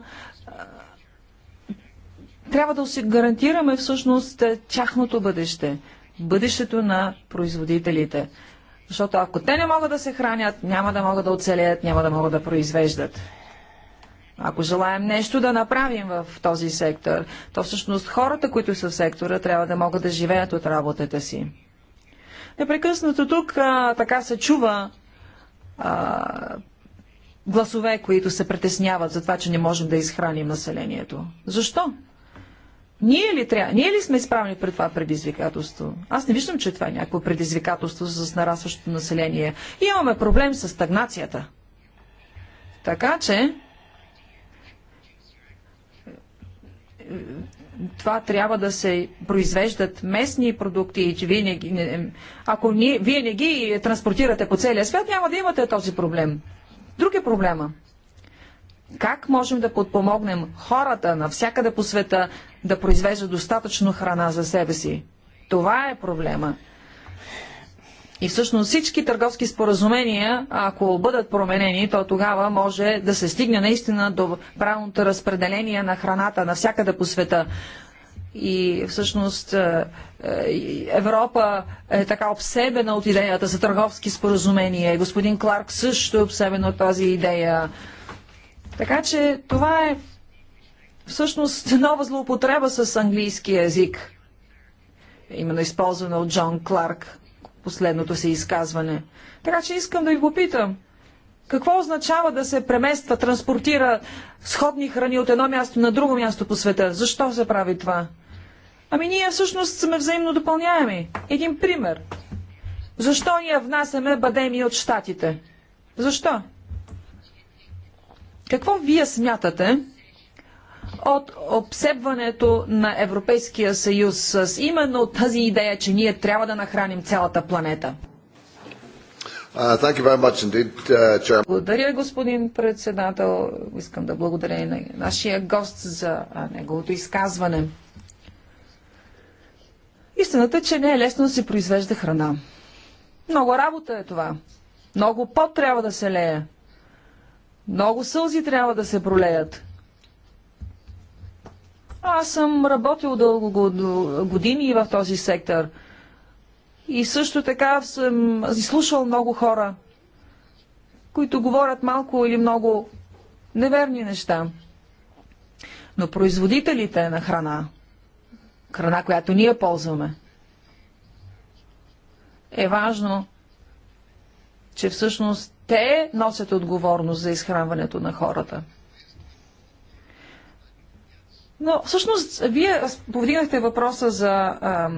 трябва да си гарантираме всъщност е, тяхното бъдеще, бъдещето на производителите. Защото ако те не могат да се хранят, няма да могат да оцелеят, няма да могат да произвеждат. Ако желаем нещо да направим в този сектор, то всъщност хората, които са в сектора, трябва да могат да живеят от работата си. Непрекъснато тук а, така се чува а, гласове, които се притесняват за това, че не можем да изхраним населението. Защо? Ние ли, трябва, ние ли сме изправени пред това предизвикателство? Аз не виждам, че това е някакво предизвикателство за нарастващото население. И имаме проблем с стагнацията. Така че това трябва да се произвеждат местни продукти и че вие не, не, ако ни, вие не ги транспортирате по целия свят, няма да имате този проблем. Друг е проблема. Как можем да подпомогнем хората навсякъде по света да произвеждат достатъчно храна за себе си? Това е проблема. И всъщност всички търговски споразумения, ако бъдат променени, то тогава може да се стигне наистина до правилното разпределение на храната навсякъде по света. И всъщност е, е, Европа е така обсебена от идеята за търговски споразумения. Господин Кларк също е обсебен от тази идея. Така че това е всъщност нова злоупотреба с английски язик, именно използвана от Джон Кларк последното си изказване. Така че искам да ви попитам, какво означава да се премества, транспортира сходни храни от едно място на друго място по света? Защо се прави това? Ами ние всъщност сме взаимно допълняеми. Един пример. Защо ние внасяме бадеми от щатите? Защо? Какво вие смятате, от обсебването на Европейския съюз с именно тази идея, че ние трябва да нахраним цялата планета? Uh, uh, благодаря, господин председател. Искам да благодаря и на нашия гост за неговото изказване. Истината е, че не е лесно да се произвежда храна. Много работа е това. Много пот трябва да се лее. Много сълзи трябва да се пролеят. Аз съм работил дълго години в този сектор. И също така съм изслушал много хора, които говорят малко или много неверни неща. Но производителите на храна, храна, която ние ползваме, е важно, че всъщност те носят отговорност за изхранването на хората. Но всъщност вие повдигнахте въпроса за а,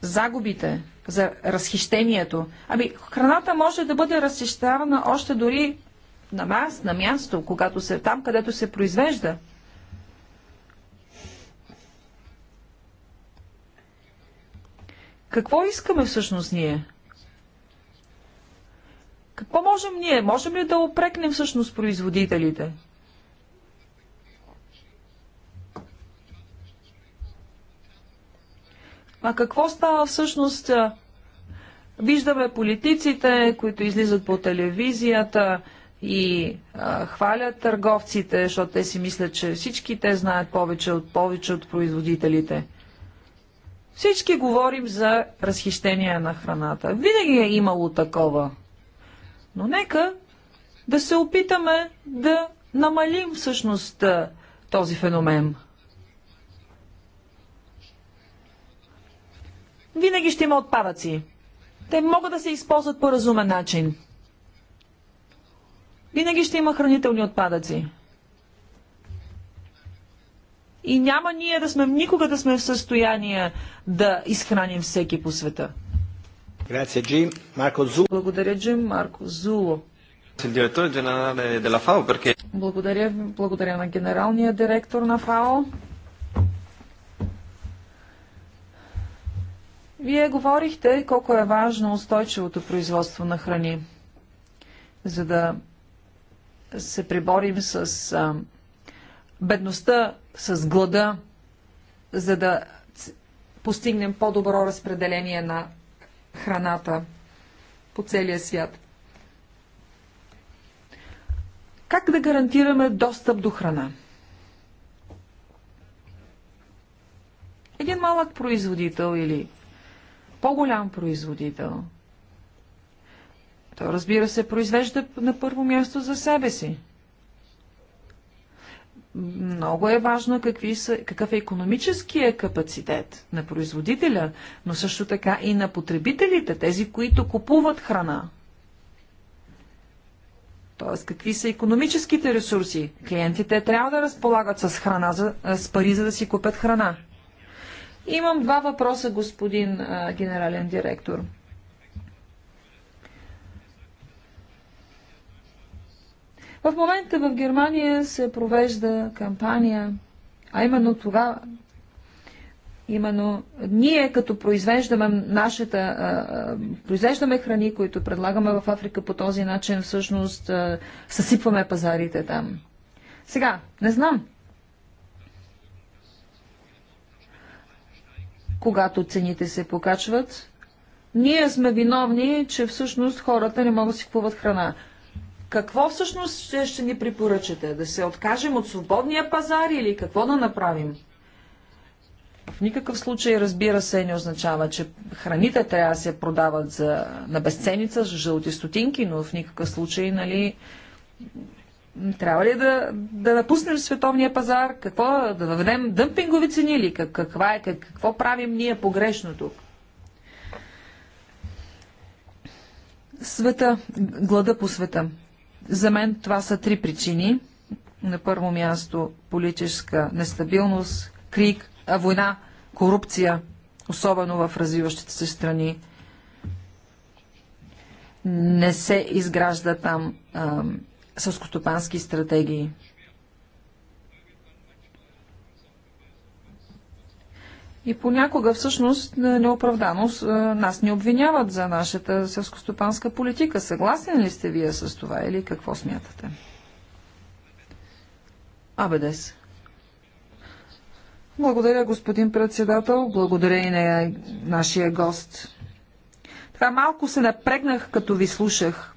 загубите, за разхищението. Ами храната може да бъде разхищавана още дори на място, на място, когато се там, където се произвежда. Какво искаме всъщност ние? Какво можем ние? Можем ли да опрекнем всъщност производителите? А какво става всъщност? Е, виждаме политиците, които излизат по телевизията и а, е, хвалят търговците, защото те си мислят, че всички те знаят повече от повече от производителите. Всички говорим за разхищение на храната. Винаги е имало такова. Но нека да се опитаме да намалим всъщност е, този феномен. винаги ще има отпадъци. Те могат да се използват по разумен начин. Винаги ще има хранителни отпадъци. И няма ние да сме никога да сме в състояние да изхраним всеки по света. Grazie, Благодаря, Джим. Марко Зуло. Благодаря, благодаря на генералния директор на ФАО. Вие говорихте колко е важно устойчивото производство на храни, за да се приборим с а, бедността, с глада, за да постигнем по-добро разпределение на храната по целия свят. Как да гарантираме достъп до храна? Един малък производител или по-голям производител. То, разбира се, произвежда на първо място за себе си. Много е важно какви са, какъв е економическия капацитет на производителя, но също така и на потребителите, тези, които купуват храна. Тоест, какви са економическите ресурси? Клиентите трябва да разполагат с, храна, с пари, за да си купят храна. Имам два въпроса, господин генерален директор. В момента в Германия се провежда кампания, а именно това, именно ние като произвеждаме нашата, произвеждаме храни, които предлагаме в Африка по този начин, всъщност съсипваме пазарите там. Сега, не знам, когато цените се покачват, ние сме виновни, че всъщност хората не могат да си купуват храна. Какво всъщност ще, ще ни препоръчате? Да се откажем от свободния пазар или какво да направим? В никакъв случай, разбира се, не означава, че храните трябва да се продават за, на безценица, за жълти стотинки, но в никакъв случай, нали, трябва ли да, да напуснем световния пазар? Какво, да въведем дъмпингови цени или как, каква е, как, какво правим ние погрешно тук? Света, глада по света. За мен това са три причини. На първо място политическа нестабилност, крик, а война, корупция, особено в развиващите се страни. Не се изгражда там ам, сълскостопански стратегии. И понякога всъщност е неоправдано е, нас ни обвиняват за нашата селскостопанска политика. Съгласен ли сте вие с това или какво смятате? Абедес. Благодаря, господин председател. Благодаря и на нашия гост. Така малко се напрегнах, като ви слушах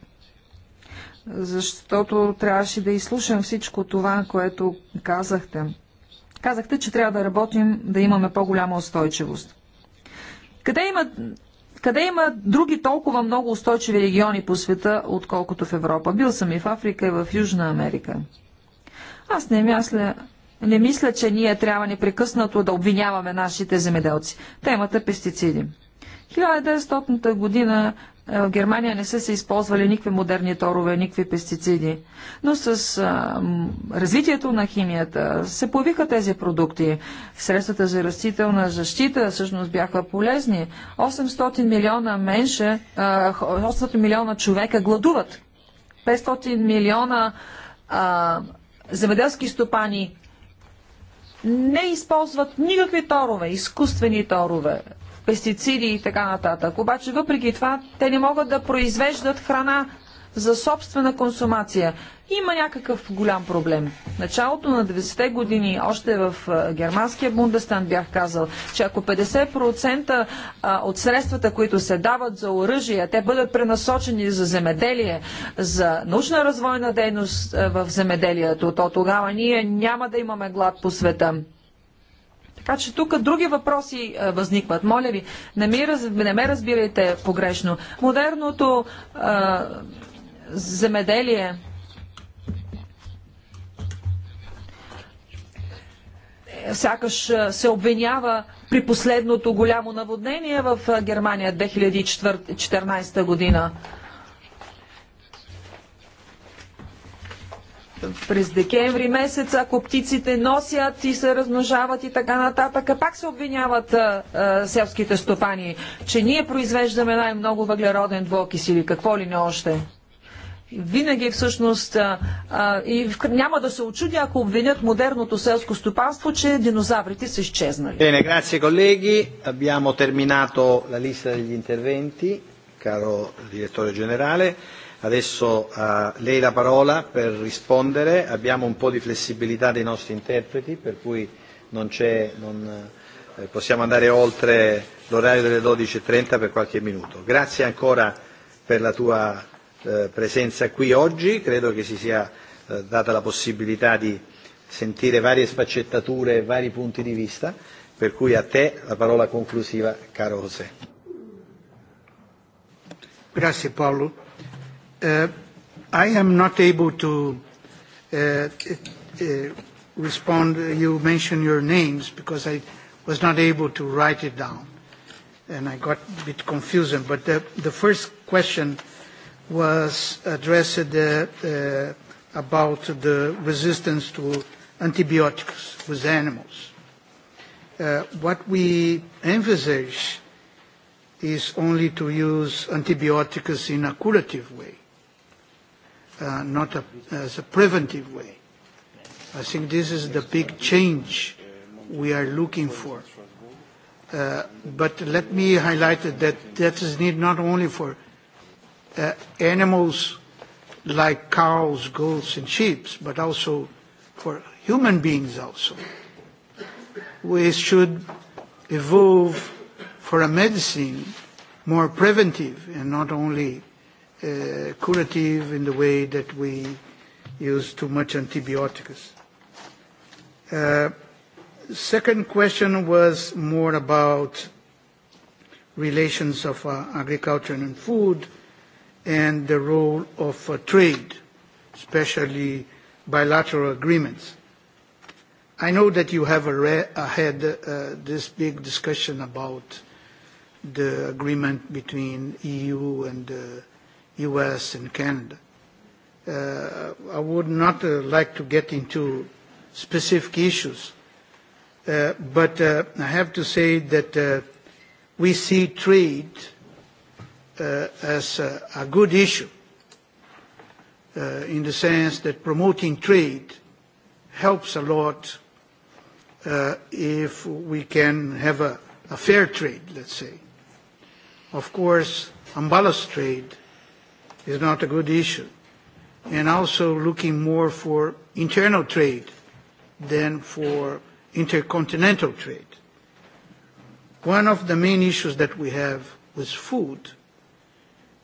защото трябваше да изслушам всичко това, което казахте. Казахте, че трябва да работим, да имаме по-голяма устойчивост. Къде има, къде има други толкова много устойчиви региони по света, отколкото в Европа? Бил съм и в Африка, и в Южна Америка. Аз не мисля, не мисля, че ние трябва непрекъснато да обвиняваме нашите земеделци. Темата пестициди. 1900-та година е, в Германия не са се използвали никакви модерни торове, никакви пестициди. Но с а, развитието на химията се появиха тези продукти. Средствата за растителна защита всъщност бяха полезни. 800 милиона менше, а, 800 милиона човека гладуват. 500 милиона а, земеделски стопани не използват никакви торове, изкуствени торове пестициди и така нататък. Обаче, въпреки това, те не могат да произвеждат храна за собствена консумация. Има някакъв голям проблем. В началото на 90-те години, още в германския Бундестан бях казал, че ако 50% от средствата, които се дават за оръжие, те бъдат пренасочени за земеделие, за научна развойна дейност в земеделието, то тогава ние няма да имаме глад по света. Така че тук други въпроси а, е, възникват. Моля ви, не, ми, раз... не ме разбирайте погрешно. Модерното а, е, земеделие сякаш е, се обвинява при последното голямо наводнение в Германия 2014 година. през декември месец, ако птиците носят и се размножават и така нататък, а пак се обвиняват а, а, селските стопани, че ние произвеждаме най-много въглероден двокис или какво ли не още. Винаги всъщност а, а, и в, няма да се очуди, ако обвинят модерното селско стопанство, че динозаврите са изчезнали. Bene, grazie colleghi. Abbiamo terminato la lista degli interventi, caro direttore generale. Adesso a lei la parola per rispondere. Abbiamo un po' di flessibilità dei nostri interpreti, per cui non c'è, non, eh, possiamo andare oltre l'orario delle 12.30 per qualche minuto. Grazie ancora per la tua eh, presenza qui oggi. Credo che si sia eh, data la possibilità di sentire varie sfaccettature e vari punti di vista, per cui a te la parola conclusiva, caro José. Grazie Paolo I am not able to uh, uh, respond. You mentioned your names because I was not able to write it down. And I got a bit confused. But the, the first question was addressed uh, uh, about the resistance to antibiotics with animals. Uh, what we envisage is only to use antibiotics in a curative way uh, not a, as a preventive way. I think this is the big change we are looking for. Uh, but let me highlight that that is need not only for uh, animals like cows, goats, and sheep, but also for human beings also. We should evolve for a medicine more preventive and not only uh, curative in the way that we use too much antibiotics. Uh, second question was more about relations of uh, agriculture and food and the role of uh, trade, especially bilateral agreements. I know that you have a re- had uh, this big discussion about the agreement between EU and the US and Canada. Uh, I would not uh, like to get into specific issues, uh, but uh, I have to say that uh, we see trade uh, as a, a good issue uh, in the sense that promoting trade helps a lot uh, if we can have a, a fair trade, let's say. Of course, unbalanced trade is not a good issue. And also looking more for internal trade than for intercontinental trade. One of the main issues that we have with food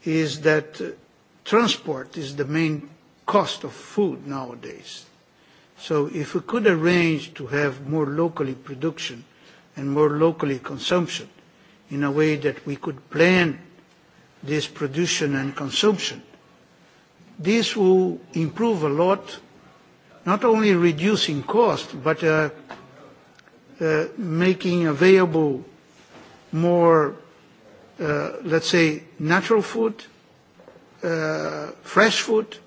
is that transport is the main cost of food nowadays. So if we could arrange to have more locally production and more locally consumption in a way that we could plan this production and consumption. This will improve a lot, not only reducing cost, but uh, uh, making available more, uh, let's say, natural food, uh, fresh food.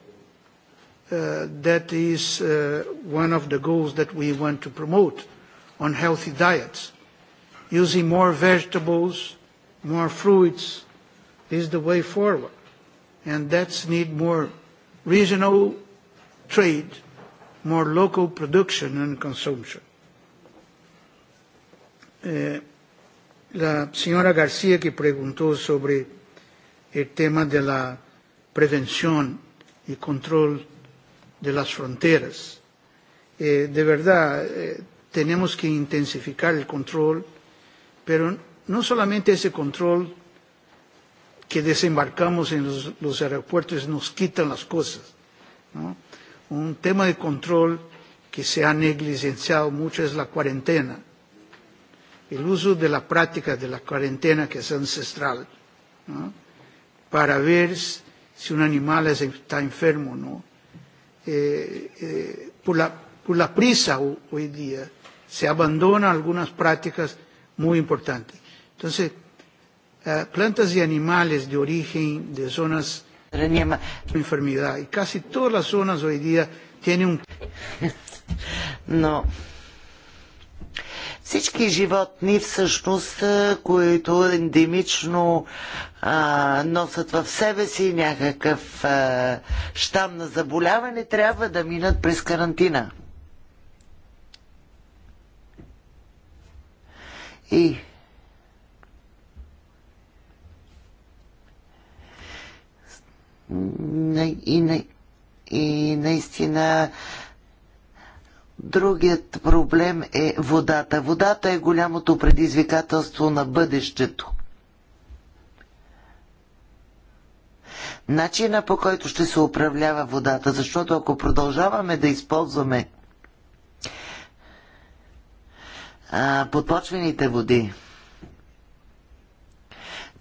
Uh, that is uh, one of the goals that we want to promote on healthy diets, using more vegetables, more fruits, is the way forward. And that's need more regional trade, more local production and consumption. Eh, la señora García que preguntó sobre el tema de la prevención y control de las fronteras. Eh, de verdad, eh, tenemos que intensificar el control, pero no solamente ese control que desembarcamos en los, los aeropuertos nos quitan las cosas. ¿no? Un tema de control que se ha negligenciado mucho es la cuarentena. El uso de la práctica de la cuarentena que es ancestral ¿no? para ver si un animal está enfermo o no. Eh, eh, por, la, por la prisa hoy día se abandonan algunas prácticas muy importantes. Entonces, Eh, plantas y animales de origen de zonas de enfermedad. Y casi todas las zonas hoy día tienen un... No. Всички животни всъщност, е, които ендемично а, носят в себе си някакъв а, е, щам на заболяване, трябва да минат през карантина. И и, на, и наистина другият проблем е водата. Водата е голямото предизвикателство на бъдещето. Начина по който ще се управлява водата, защото ако продължаваме да използваме а, подпочвените води,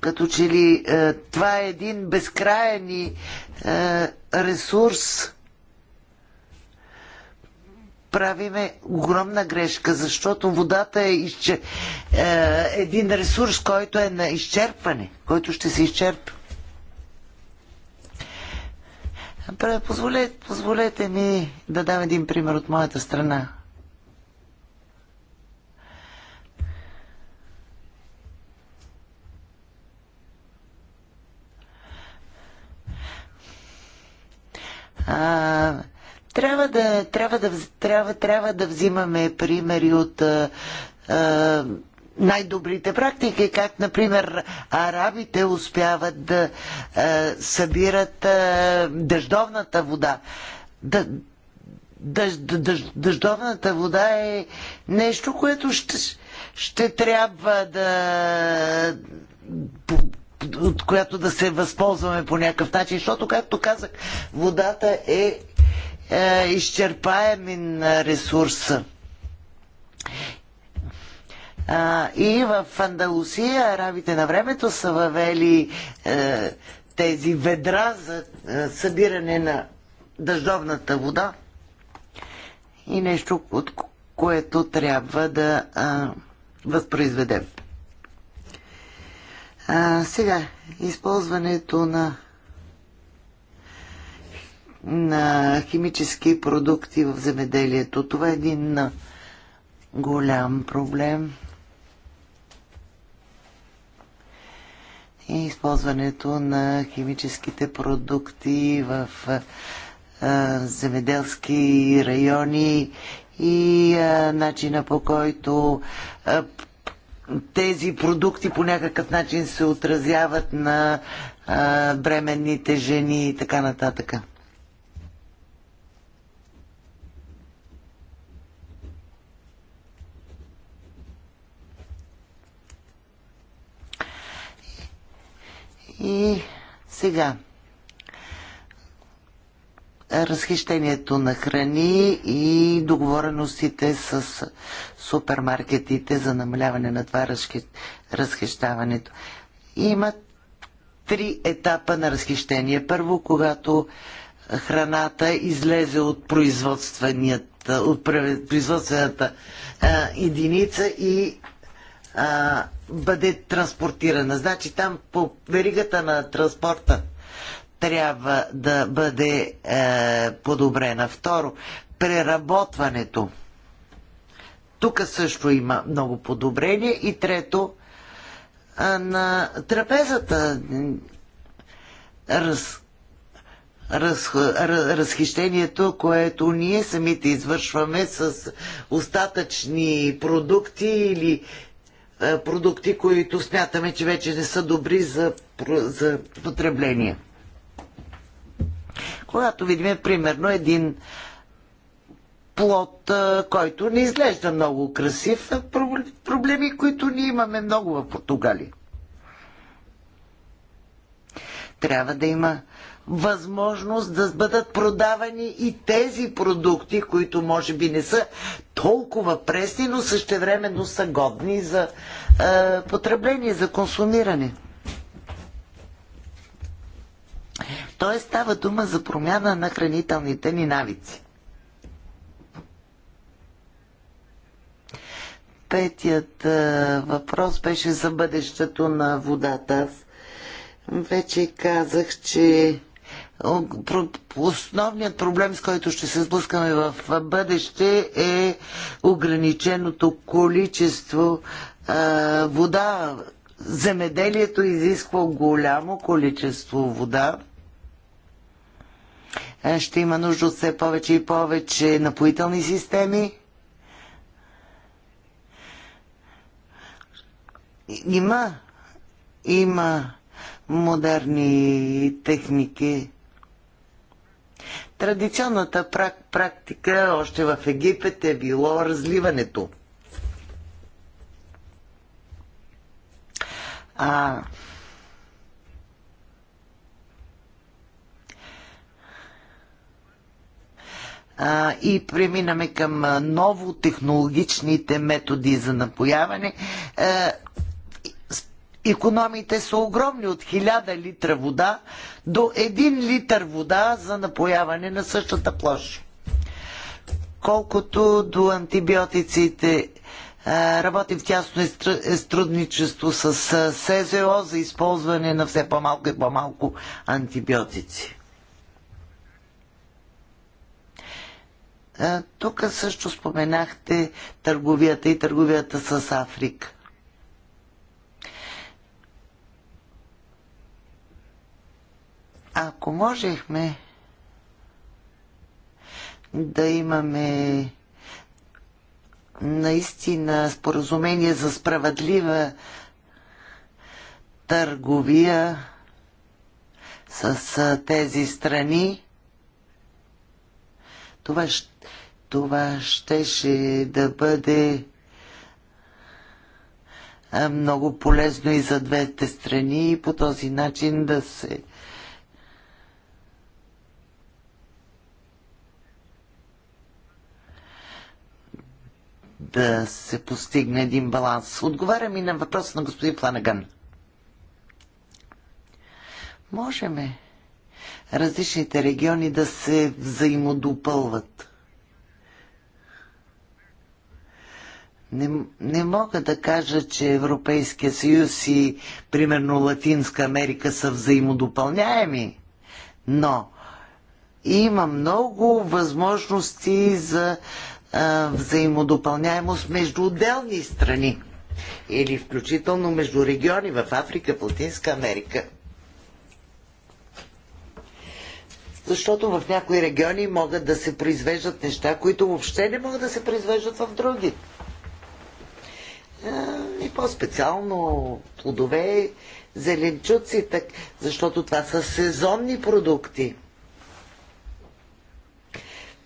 като че ли е, това е един безкраен е, ресурс, правиме огромна грешка, защото водата е, изче... е един ресурс, който е на изчерпване, който ще се изчерпа. Позволете, позволете ми да дам един пример от моята страна. А, трябва да, трябва, да, трябва, трябва да взимаме примери от а, най-добрите практики, как, например, арабите успяват да а, събират а, дъждовната вода. Да, дъж, дъж, дъждовната вода е нещо, което ще, ще трябва да от която да се възползваме по някакъв начин, защото, както казах, водата е, е изчерпаемен ресурс. А, и в Андалусия арабите на времето са въвели е, тези ведра за е, събиране на дъждовната вода и нещо, от което трябва да е, възпроизведем. А, сега, използването на на химически продукти в земеделието. Това е един голям проблем. И използването на химическите продукти в а, земеделски райони и а, начина по който а, тези продукти по някакъв начин се отразяват на а, бременните жени и така нататък. И сега разхищението на храни и договореностите с супермаркетите за намаляване на това разхищаването. Има три етапа на разхищение. Първо, когато храната излезе от производствената, от производствената а, единица и а, бъде транспортирана. Значи там по веригата на транспорта трябва да бъде е, подобрена. Второ, преработването. Тук също има много подобрение. И трето, е, на трапезата раз, раз, раз, разхищението, което ние самите извършваме с остатъчни продукти или е, продукти, които смятаме, че вече не са добри за, за потребление когато видим примерно един плод, който не изглежда много красив, проблеми, които ние имаме много в Португалия. Трябва да има възможност да бъдат продавани и тези продукти, които може би не са толкова пресни, но същевременно са годни за е, потребление, за консумиране. т.е. става дума за промяна на хранителните ни навици. Петият е, въпрос беше за бъдещето на водата. Аз вече казах, че основният проблем, с който ще се сблъскаме в бъдеще е ограниченото количество е, вода. Земеделието изисква голямо количество вода е, ще има нужда от все повече и повече напоителни системи. Има, има модерни техники. Традиционната практика още в Египет е било разливането. А и преминаме към ново технологичните методи за напояване. Економите са огромни от 1000 литра вода до 1 литър вода за напояване на същата площ. Колкото до антибиотиците, работим в тясно сътрудничество с СЗО за използване на все по-малко и по-малко антибиотици. Тук също споменахте търговията и търговията с Африка. Ако можехме да имаме наистина споразумение за справедлива търговия с тези страни, това ще това щеше да бъде много полезно и за двете страни и по този начин да се да се постигне един баланс. Отговарям и на въпроса на господин Планаган. Можеме различните региони да се взаимодопълват. Не, не мога да кажа, че Европейския съюз и, примерно, Латинска Америка са взаимодопълняеми, но има много възможности за а, взаимодопълняемост между отделни страни или включително между региони в Африка, в Латинска Америка. Защото в някои региони могат да се произвеждат неща, които въобще не могат да се произвеждат в други и по-специално плодове, зеленчуци, так, защото това са сезонни продукти.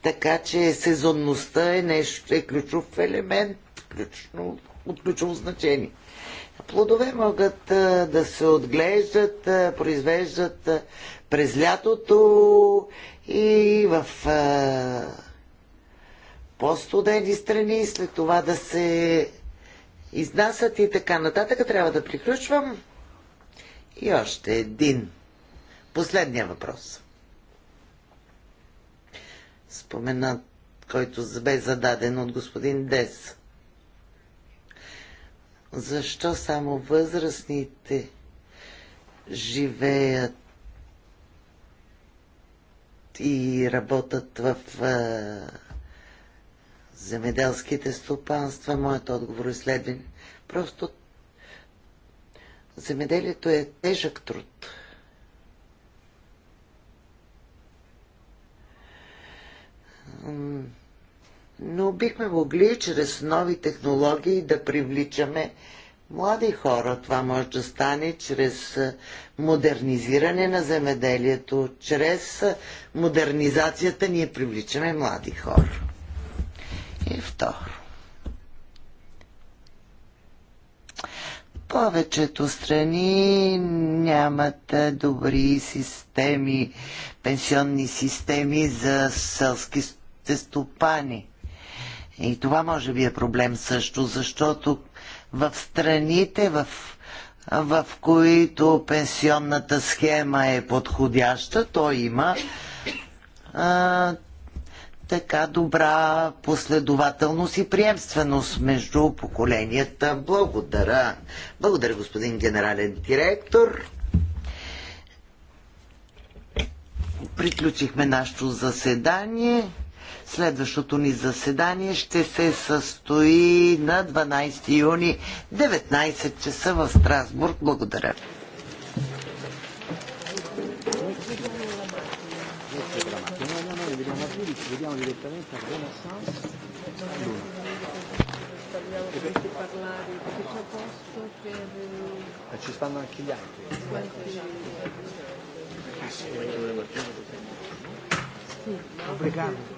Така че сезонността е, нещо, е ключов елемент, ключно, от ключово значение. Плодове могат а, да се отглеждат, а, произвеждат а, през лятото и в по-студени страни, след това да се изнасят и така нататък. Трябва да приключвам. И още един. Последния въпрос. Споменат, който бе зададен от господин Дес. Защо само възрастните живеят и работят в земеделските стопанства. Моят отговор е следен. Просто земеделието е тежък труд. Но бихме могли чрез нови технологии да привличаме млади хора. Това може да стане чрез модернизиране на земеделието. Чрез модернизацията ние привличаме млади хора. И второ. Повечето страни нямат добри системи, пенсионни системи за селски стопани. И това може би е проблем също, защото в страните, в, в които пенсионната схема е подходяща, то има а, така добра последователност и приемственост между поколенията. Благодаря. Благодаря, господин генерален директор. Приключихме нашето заседание. Следващото ни заседание ще се състои на 12 юни 19 часа в Страсбург. Благодаря. Vediamo direttamente a Renaissance. Allora. Ci stanno anche gli altri. Obrigado.